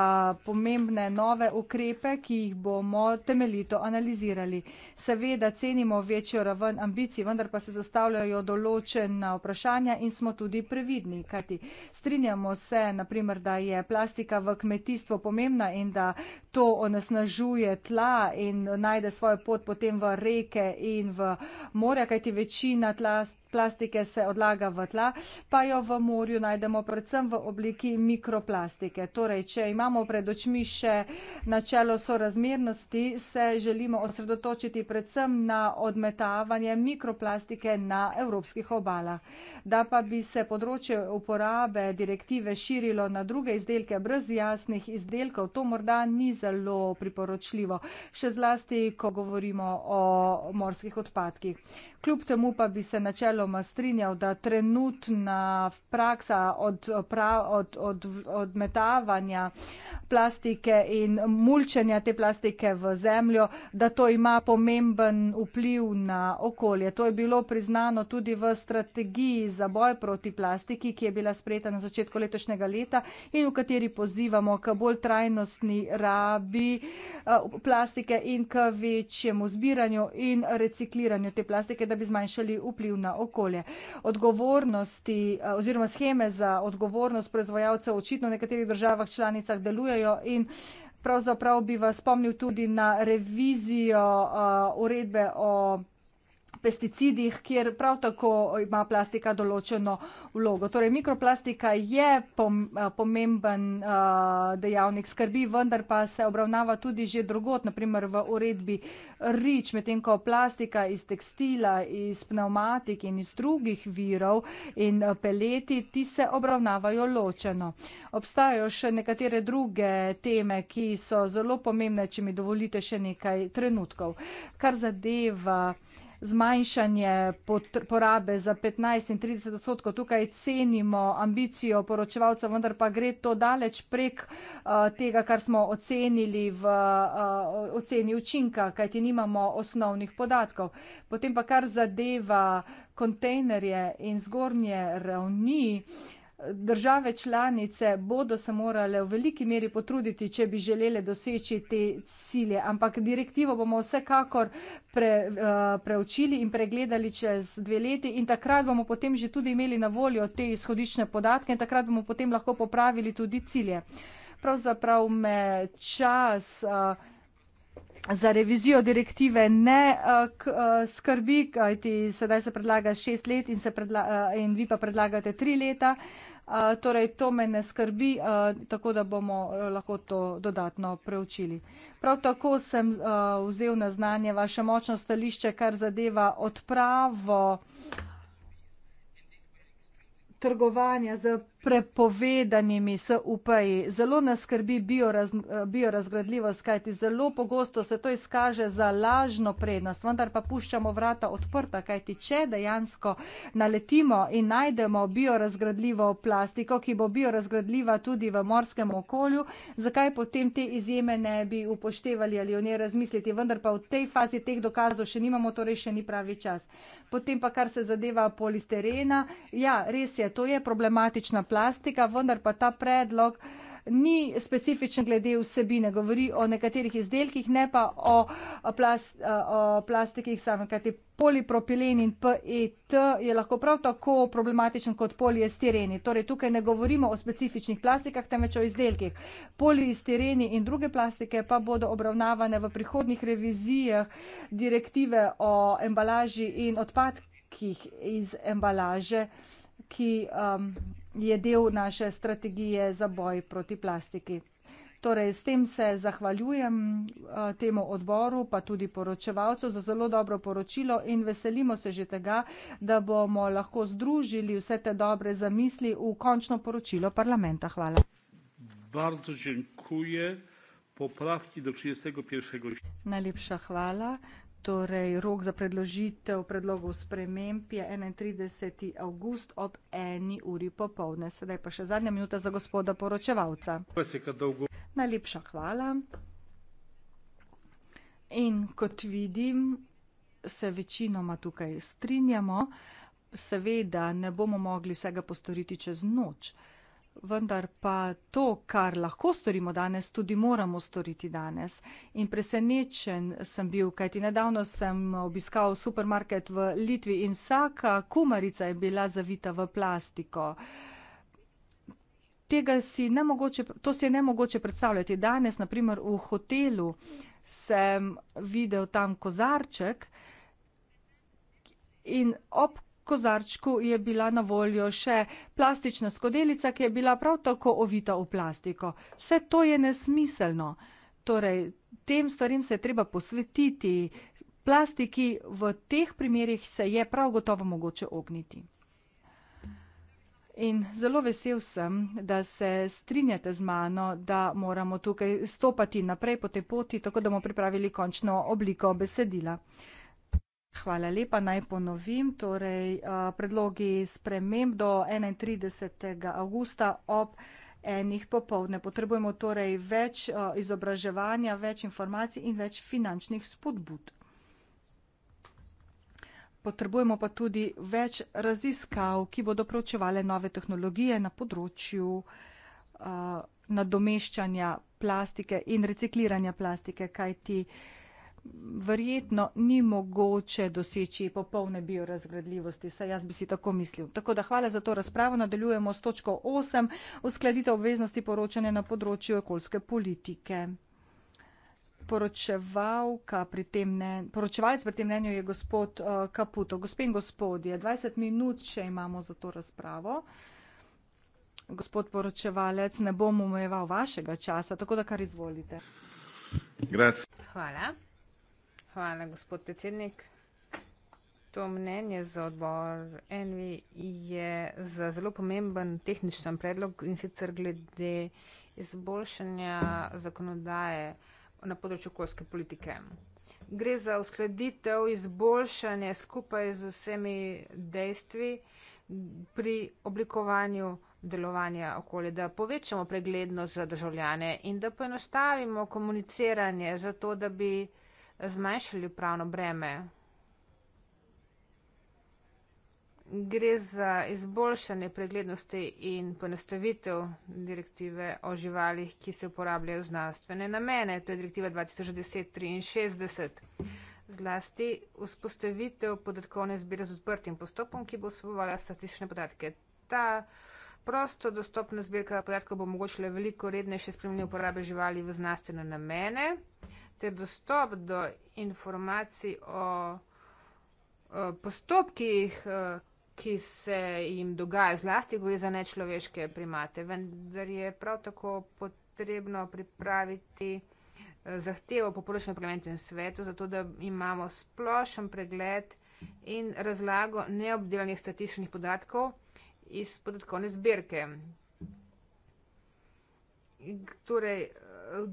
pomembne nove ukrepe, ki jih bomo temeljito analizirali. Seveda cenimo večjo raven ambicij, vendar pa se zastavljajo določena vprašanja in smo tudi previdni. Kajti strinjamo se, naprimer, da je plastika v kmetijstvu pomembna in da to onesnažuje tla in najde svojo pot potem v reke in v morja, kajti večina tla plastike se odlaga v tla, pa jo v morju najdemo predvsem v obliki mikroplastike. Torej, če imamo pred očmi še načelo sorazmernosti, se želimo osredotočiti predvsem na odmetavanje mikroplastike na evropskih obalah. Da pa bi se področje uporabe direktive širilo na druge izdelke brez jasnih izdelkov, to morda ni zelo priporočljivo, še zlasti, ko govorimo o morskih odpadkih. Kljub temu pa bi se načeloma strinjal, da trenutna praksa od, od, od, odmetavanja plastike in mulčenja te plastike v zemljo, da to ima pomemben vpliv na okolje. To je bilo priznano tudi v strategiji za boj proti plastiki, ki je bila sprejeta na začetku letošnjega leta in v kateri pozivamo k bolj trajnostni rabi eh, plastike in k večjemu zbiranju in recikliranju te plastike da bi zmanjšali vpliv na okolje. Odgovornosti eh, oziroma scheme za odgovornost proizvajalcev očitno v nekaterih državah članicah delujejo in pravzaprav bi vas spomnil tudi na revizijo uh, uredbe o pesticidih, kjer prav tako ima plastika določeno vlogo. Torej, mikroplastika je pom, eh, pomemben uh, dejavnik skrbi, vendar pa se obravnava tudi že drugot, naprimer v uredbi rič, medtem ko plastika iz tekstila, iz pneumatik in iz drugih virov in eh, peleti, ti se obravnavajo ločeno. Obstajajo še nekatere druge teme, ki so zelo pomembne, če mi dovolite še nekaj trenutkov. Kar zadeva zmanjšanje porabe za 15 in 30 odstotkov. Tukaj cenimo ambicijo poročevalca, vendar pa gre to daleč prek eh, tega, kar smo ocenili v eh, oceni učinka, kajti nimamo osnovnih podatkov. Potem pa kar zadeva kontejnerje in zgornje ravni države članice bodo se morale v veliki meri potruditi, če bi želele doseči te cilje, ampak direktivo bomo vsekakor pre, uh, preučili in pregledali čez dve leti in takrat bomo potem že tudi imeli na voljo te izhodišne podatke in takrat bomo potem lahko popravili tudi cilje. Pravzaprav me čas uh, Za revizijo direktive ne eh, k, skrbi, kajti sedaj se predlaga šest let in, se predla, in vi pa predlagate tri leta. Uh, torej to me ne skrbi, tako da bomo eh, lahko to dodatno preučili. Prav tako sem eh, vzel na znanje vaše močno stališče, kar zadeva odpravo trgovanja z prepovedanimi s UPI. Zelo nas skrbi bioraz, biorazgradljivost, kajti zelo pogosto se to izkaže za lažno prednost, vendar pa puščamo vrata odprta, kajti če dejansko naletimo in najdemo biorazgradljivo plastiko, ki bo biorazgradljiva tudi v morskem okolju, zakaj potem te izjeme ne bi upoštevali ali o nje razmisliti, vendar pa v tej fazi teh dokazov še nimamo, torej še ni pravi čas. Potem pa kar se zadeva polisterena, ja, res je, to je problematična plastika, vendar pa ta predlog ni specifičen glede vsebine, govori o nekaterih izdelkih, ne pa o, plast, o plastikih samo, kajti polipropilen in PET je lahko prav tako problematičen kot poliestireni. Torej tukaj ne govorimo o specifičnih plastikah, temveč o izdelkih. Poliestireni in druge plastike pa bodo obravnavane v prihodnih revizijah direktive o embalaži in odpadkih iz embalaže, ki. Um, je del naše strategije za boj proti plastiki. Torej, s tem se zahvaljujem eh, temu odboru, pa tudi poročevalcu za zelo dobro poročilo in veselimo se že tega, da bomo lahko združili vse te dobre zamisli v končno poročilo parlamenta. Hvala. Bardzo dziękuję. Popravki do 31. Najlepša hvala. Torej, rok za predložitev predlogov sprememb je 31. avgust ob eni uri popovdne. Sedaj pa še zadnja minuta za gospoda poročevalca. Najlepša hvala. In kot vidim, se večinoma tukaj strinjamo. Seveda ne bomo mogli vsega postoriti čez noč. Vendar pa to, kar lahko storimo danes, tudi moramo storiti danes. In presenečen sem bil, kajti nedavno sem obiskal supermarket v Litvi in vsaka kumarica je bila zavita v plastiko. Tega si ne mogoče, to si je ne mogoče predstavljati. Danes, naprimer, v hotelu sem videl tam kozarček in ob kozarčku je bila na voljo še plastična skodelica, ki je bila prav tako ovita v plastiko. Vse to je nesmiselno. Torej, tem stvarem se je treba posvetiti. Plastiki v teh primerjih se je prav gotovo mogoče ogniti. In zelo vesel sem, da se strinjate z mano, da moramo tukaj stopati naprej po tej poti, tako da bomo pripravili končno obliko besedila. Hvala lepa, naj ponovim. Torej, eh, predlogi sprememb do 31. augusta ob enih popovdne. Potrebujemo torej več eh, izobraževanja, več informacij in več finančnih spodbud. Potrebujemo pa tudi več raziskav, ki bodo preučevale nove tehnologije na področju eh, nadomeščanja plastike in recikliranja plastike, kajti verjetno ni mogoče doseči popolne biorazgradljivosti, saj jaz bi si tako mislil. Tako da hvala za to razpravo, nadaljujemo s točko 8, uskladitev obveznosti poročanja na področju okoljske politike. Poročevalka pri tem ne, poročevalec pri tem mnenju je gospod Kaputo. Eh, Gospe in gospodje, 20 minut še imamo za to razpravo. Gospod poročevalec, ne bom omejeval vašega časa, tako da kar izvolite. Grazie. Hvala. Hvala, gospod predsednik. To mnenje za odbor NVI je za zelo pomemben tehničen predlog in sicer glede izboljšanja zakonodaje na področju okoljske politike. Gre za uskladitev, izboljšanje skupaj z vsemi dejstvi pri oblikovanju delovanja okolje, da povečamo preglednost za državljane in da poenostavimo komuniciranje za to, da bi zmanjšali upravno breme. Gre za izboljšanje preglednosti in ponestavitev direktive o živalih, ki se uporabljajo v znanstvene namene. To je direktiva 2010-63. Zlasti vzpostavitev podatkovne zbire z odprtim postopom, ki bo osebovala statistične podatke. Ta prosto dostopna zbirka podatkov bo omogočila veliko rednejše spremljanje uporabe živali v znanstvene namene. Uh, ter dostop do informacij o postopkih, ki se jim dogaja zlasti, gre za nečloveške primate, vendar je prav tako potrebno pripraviti eh, zahtevo po poročnem preventivnem svetu, zato da imamo splošen pregled in razlago neobdelanih statističnih podatkov iz podatkovne zbirke. Torej, eh,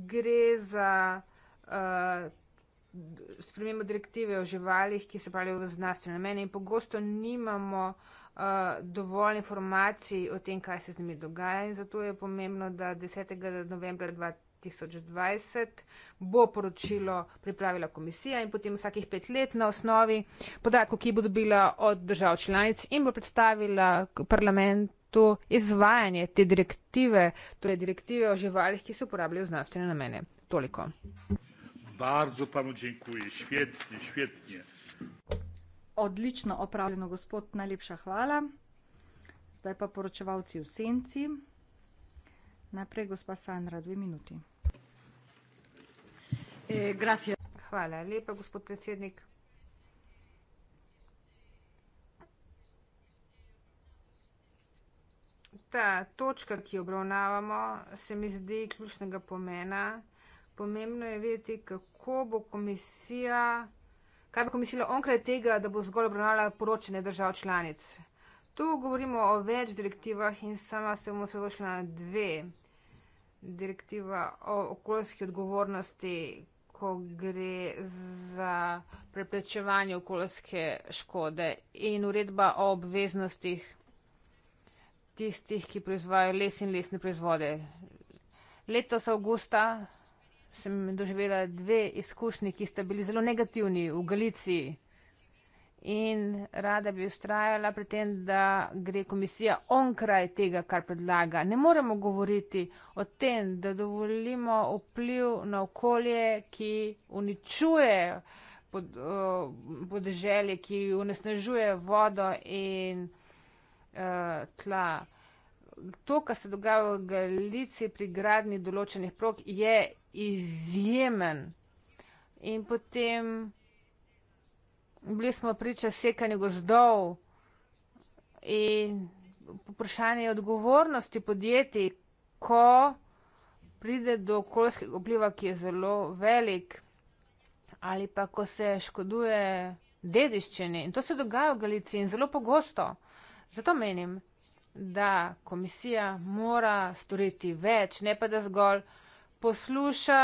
gre za uh, spremembo direktive o živalih, ki se pravijo v znanstvene namene in pogosto nimamo uh, dovolj informacij o tem, kaj se z njimi dogaja in zato je pomembno, da 10. novembra 2020 bo poročilo pripravila komisija in potem vsakih pet let na osnovi podatkov, ki bo dobila od držav članic in bo predstavila parlamentu. To izvajanje te direktive, torej direktive o živalih, ki se uporabljajo v znanstvene namene. Toliko. Bardzo panu dziękuję. Świetnie, świetnie. Odlično opravljeno, gospod, najlepša hvala. Zdaj pa poročevalci v senci. Najprej gospa Sandra, dve minuti. Eh, hvala lepa, gospod predsednik. Ta točka, ki jo obravnavamo, se mi zdi ključnega pomena, pomembno je vedeti, kako bo komisija, kaj bo komisija onkraj tega, da bo zgolj obravnala poročene držav članic. Tu govorimo o več direktivah in sama se bomo osredotočila na dve. Direktiva o okoljski odgovornosti, ko gre za preprečevanje okoljske škode in uredba o obveznostih tistih, ki proizvajajo les in lesne proizvode. Letos avgusta sem doživela dve izkušnji, ki sta bili zelo negativni v Galiciji. In rada bi ustrajala pri tem, da gre komisija onkraj tega, kar predlaga. Ne moremo govoriti o tem, da dovolimo vpliv na okolje, ki uničuje pod, podeželje, ki unesnažuje vodo in uh, tla. To, kar se dogaja v Galici pri gradni določenih prog, je izjemen. In potem bili smo priča sekanju gozdov in vprašanje odgovornosti podjetij, ko pride do okoljskega vpliva, ki je zelo velik, ali pa ko se škoduje dediščini. In to se dogaja v Galiciji in zelo pogosto. Zato menim, da komisija mora storiti več, ne pa da zgolj posluša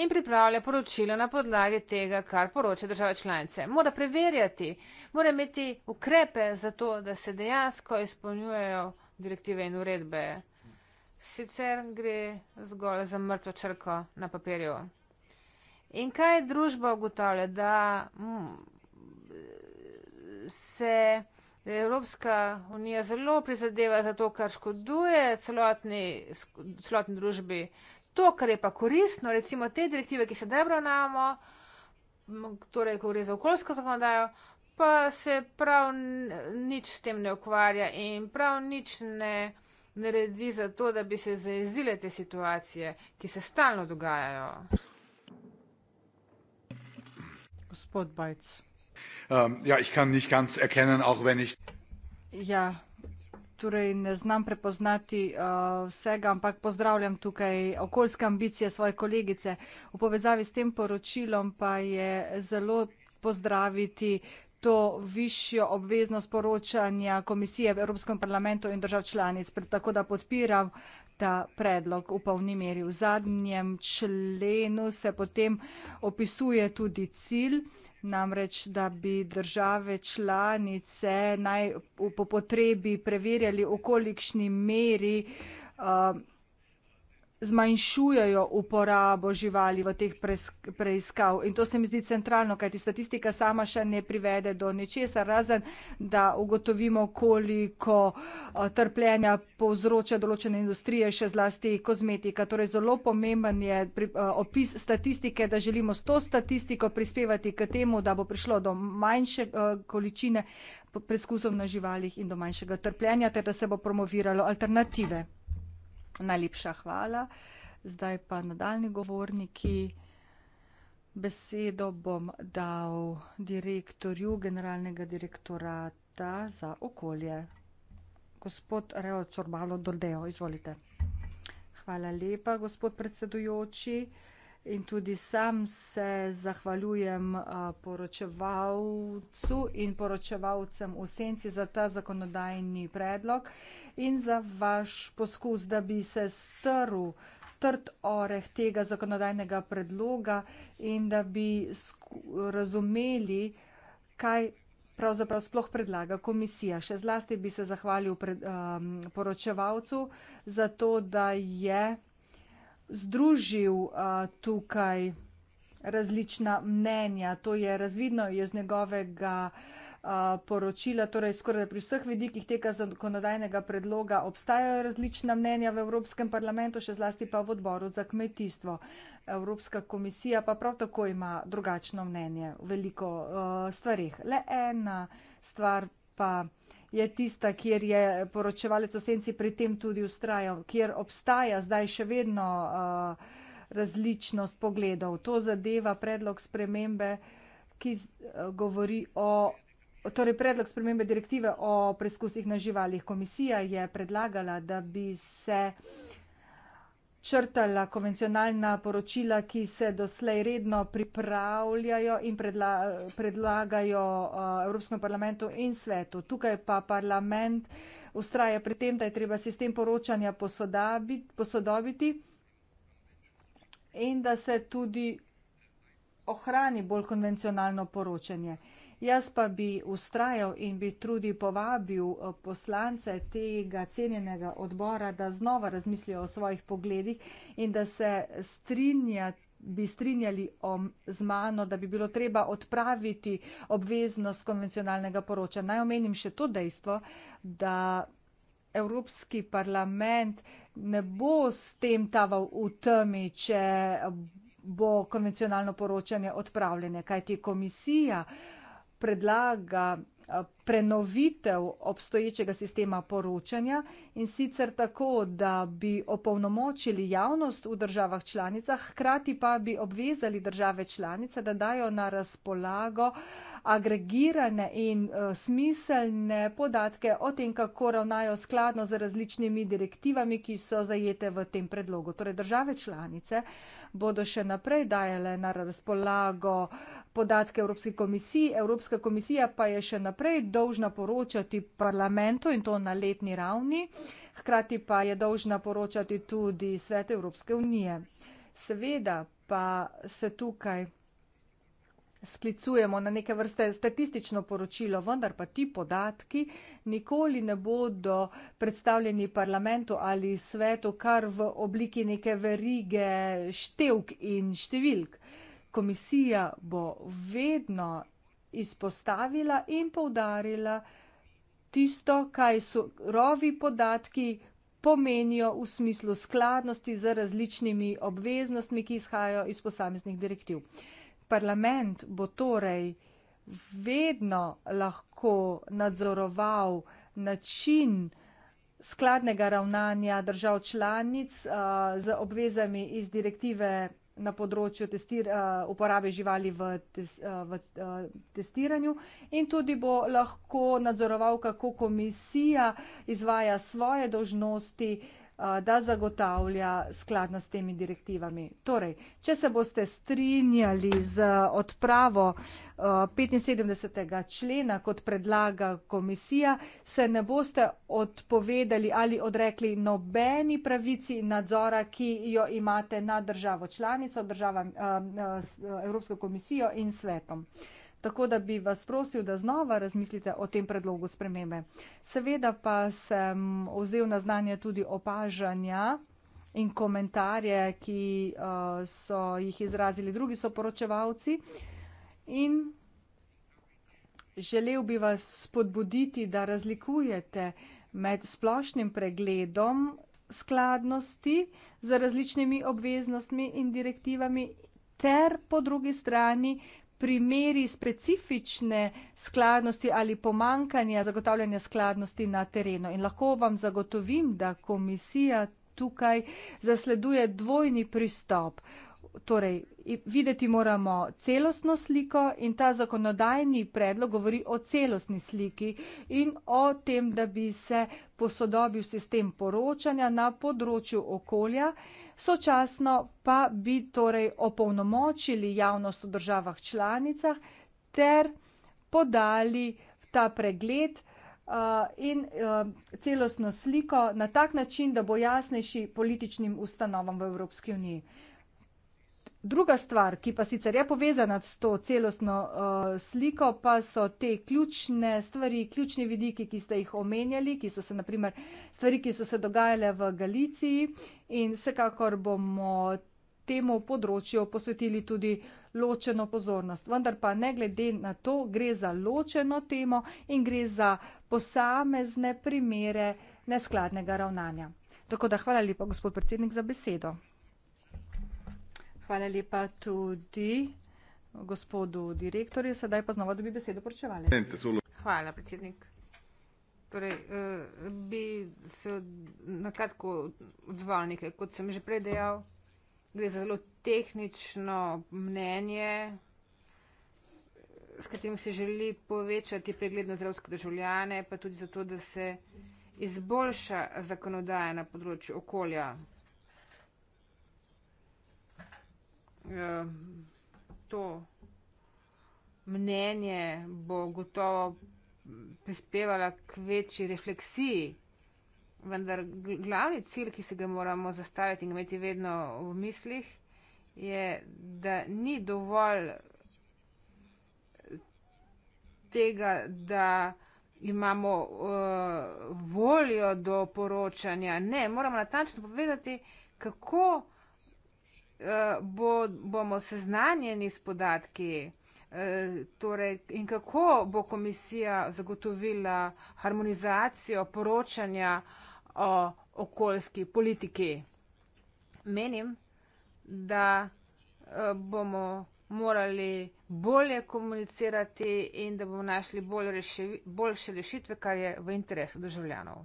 in pripravlja poročila na podlagi tega, kar poroča država članice. Mora preverjati, mora imeti ukrepe za to, da se dejansko izpolnjujejo direktive in uredbe. Sicer gre zgolj za mrtvo črko na papirju. In kaj družba ugotavlja, da mm, se Evropska unija zelo prizadeva za to, kar škoduje celotni, celotni družbi, uh, To, kar je pa koristno, recimo te direktive, ki se dobro namo, torej, ko gre za okoljsko zakonodajo, pa se prav nič s tem ne ukvarja in prav nič ne naredi za to, da bi se zaezile te situacije, ki se stalno dogajajo. Gospod Bajc. Um, ja, ich kann nicht ganz erkennen, auch wenn ich. Ja, torej ne znam prepoznati uh, vsega, ampak pozdravljam tukaj okoljske ambicije svoje kolegice. V povezavi s tem poročilom pa je zelo pozdraviti to višjo obveznost poročanja komisije v Evropskem parlamentu in držav članic, tako da podpiram ta predlog v polni meri. V zadnjem členu se potem opisuje tudi cilj namreč da bi države članice naj po potrebi preverjali, v kolikšni meri, uh, zmanjšujejo uporabo živali v teh preiskav. In to se mi zdi centralno, kajti statistika sama še ne privede do ničesar, razen da ugotovimo, koliko eh, trpljenja povzroča določene industrije, še zlasti kozmetika. Torej, zelo pomemben je eh, opis statistike, da želimo s to statistiko prispevati k temu, da bo prišlo do manjše eh, količine preizkusov na živalih in do manjšega trpljenja, ter da se bo promoviralo alternative. Najlepša hvala. Zdaj pa nadaljni govorniki. Besedo bom dal direktorju Generalnega direktorata za okolje. Gospod Reo Čorbalo Doldejo, izvolite. Hvala lepa, gospod predsedujoči. In tudi sam se zahvaljujem poročevalcu in poročevalcem v senci za ta zakonodajni predlog in za vaš poskus, da bi se strl trd oreh tega zakonodajnega predloga in da bi razumeli, kaj pravzaprav sploh predlaga komisija. Še zlasti bi se zahvalil pred, um, poročevalcu za to, da je združil uh, tukaj različna mnenja. To je razvidno iz njegovega uh, poročila, torej skoraj pri vseh vidikih tega zakonodajnega predloga obstajajo različna mnenja v Evropskem parlamentu, še zlasti pa v odboru za kmetijstvo. Evropska komisija pa prav tako ima drugačno mnenje v veliko uh, stvarih. Le ena stvar pa je tista, kjer je poročevalec o senci pri tem tudi ustrajal, kjer obstaja zdaj še vedno uh, različnost pogledov. To zadeva predlog spremembe, ki z, uh, govori o. Torej, predlog spremembe direktive o preskusih na živalih. Komisija je predlagala, da bi se uh, črtala konvencionalna poročila, ki se doslej redno pripravljajo in predla predlagajo uh, Evropskem parlamentu in svetu. Tukaj pa parlament ustraja pri tem, da je treba sistem poročanja posodobiti in da se tudi ohrani bolj konvencionalno poročanje. Uh, Jaz pa bi ustrajal in bi tudi povabil eh, poslance tega cenjenega odbora, da znova razmislijo o svojih pogledih in da se strinjate bi strinjali o, z mano, da bi bilo treba odpraviti obveznost konvencionalnega poroča. Naj omenim še to dejstvo, da Evropski parlament ne bo s tem taval v temi, če bo konvencionalno poročanje odpravljene, kajti komisija uh, predlaga eh, prenovitev obstoječega sistema poročanja in sicer tako, da bi opolnomočili javnost v državah članicah, hkrati pa bi obvezali države članice, da dajo na razpolago agregirane in eh, smiselne podatke o tem, kako ravnajo skladno z različnimi direktivami, ki so zajete v tem predlogu. Torej, države članice bodo še naprej dajale na razpolago uh, podatke Evropske komisije, Evropska komisija pa je še naprej dolžna poročati parlamentu in to na letni ravni, hkrati pa je dolžna poročati tudi svet Evropske unije. Seveda pa se tukaj sklicujemo na neke vrste statistično poročilo, vendar pa ti podatki nikoli ne bodo predstavljeni parlamentu ali svetu kar v obliki neke verige števk in številk. Uh, komisija bo vedno izpostavila in poudarila tisto, kaj so rovi podatki pomenijo v smislu skladnosti z različnimi obveznostmi, ki izhajajo iz posameznih direktiv. Parlament bo torej vedno lahko nadzoroval način skladnega ravnanja držav članic uh, z obvezami iz direktive na področju testir, uh, eh, uporabe živali v, tes, uh, v uh, testiranju in tudi bo lahko nadzoroval, kako komisija izvaja svoje dožnosti uh, Eh, da zagotavlja skladno s temi direktivami. Torej, če se boste strinjali z odpravo 75. Eh, člena, kot predlaga komisija, se ne boste odpovedali ali odrekli nobeni pravici nadzora, ki jo imate nad državo članico, državam, eh, Evropsko komisijo in svetom. Tako da bi vas prosil, da znova razmislite o tem predlogu spremembe. Seveda pa sem vzel na znanje tudi opažanja in komentarje, ki uh, so jih izrazili drugi soporočevalci. In želel bi vas spodbuditi, da razlikujete med splošnim pregledom skladnosti z različnimi obveznostmi in direktivami ter po drugi strani primeri specifične skladnosti ali pomankanja zagotavljanja skladnosti na terenu. In lahko vam zagotovim, da komisija tukaj zasleduje dvojni pristop. Torej, videti moramo celostno sliko in ta zakonodajni predlog govori o celostni sliki in o tem, da bi se posodobil sistem poročanja na področju okolja sočasno pa bi torej opolnomočili javnost v državah članicah ter podali ta pregled uh, in uh, celostno sliko na tak način, da bo jasnejši političnim ustanovam v Evropski uniji. Druga stvar, ki pa sicer je povezana s to celostno uh, sliko, pa so te ključne stvari, ključni vidiki, ki ste jih omenjali, ki so se naprimer stvari, ki so se dogajale v Galiciji in vsekakor bomo temu področju posvetili tudi ločeno pozornost. Vendar pa ne glede na to, gre za ločeno temo in gre za posamezne primere neskladnega ravnanja. Tako da hvala lepa, gospod predsednik, za besedo. Hvala lepa tudi gospodu direktorju. Sedaj pa znova dobi besedo poročevalec. Hvala, predsednik. Torej, eh, bi se na kratko odzval nekaj. Kot sem že prej dejal, gre za zelo tehnično mnenje, s katerim se želi povečati preglednost za evropske državljane, pa tudi zato, da se izboljša zakonodaja na področju okolja Ehm, to mnenje bo gotovo prispevala k večji refleksiji. Vendar glavni cilj, ki se ga moramo zastaviti in ga imeti vedno v mislih, je, da ni dovolj tega, da imamo uh, voljo do poročanja. Ne, moramo natančno povedati, kako Eh, bo, bomo seznanjeni s podatki, eh, torej in kako bo komisija zagotovila harmonizacijo poročanja o okoljski politiki. Menim, da eh, bomo morali bolje komunicirati in da bomo našli bolj reši, boljše rešitve, kar je v interesu državljanov.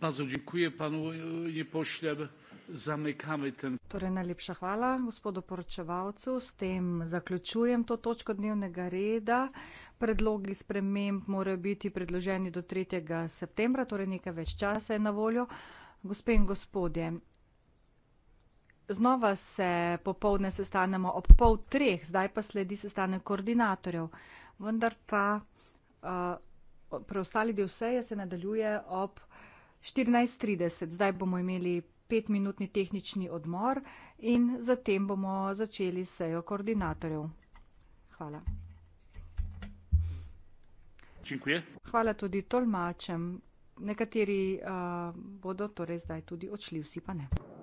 Bardzo dziękuję panu nie pośle zamekamo tem. Torej, najlepša hvala gospodu poročevalcu. S tem zaključujem to točko dnevnega reda. Predlogi sprememb morajo biti predloženi do 3. septembra, torej nekaj več časa je na voljo. Gospe in gospodje, znova se popovdne sestanemo ob pol treh, zdaj pa sledi sestanek koordinatorjev. Vendar pa uh, preostali del seje se nadaljuje ob 14.30. Zdaj bomo imeli petminutni tehnični odmor in zatem bomo začeli sejo koordinatorjev. Hvala. Hvala tudi tolmačem. Nekateri eh, bodo torej zdaj tudi odšli, vsi pa ne.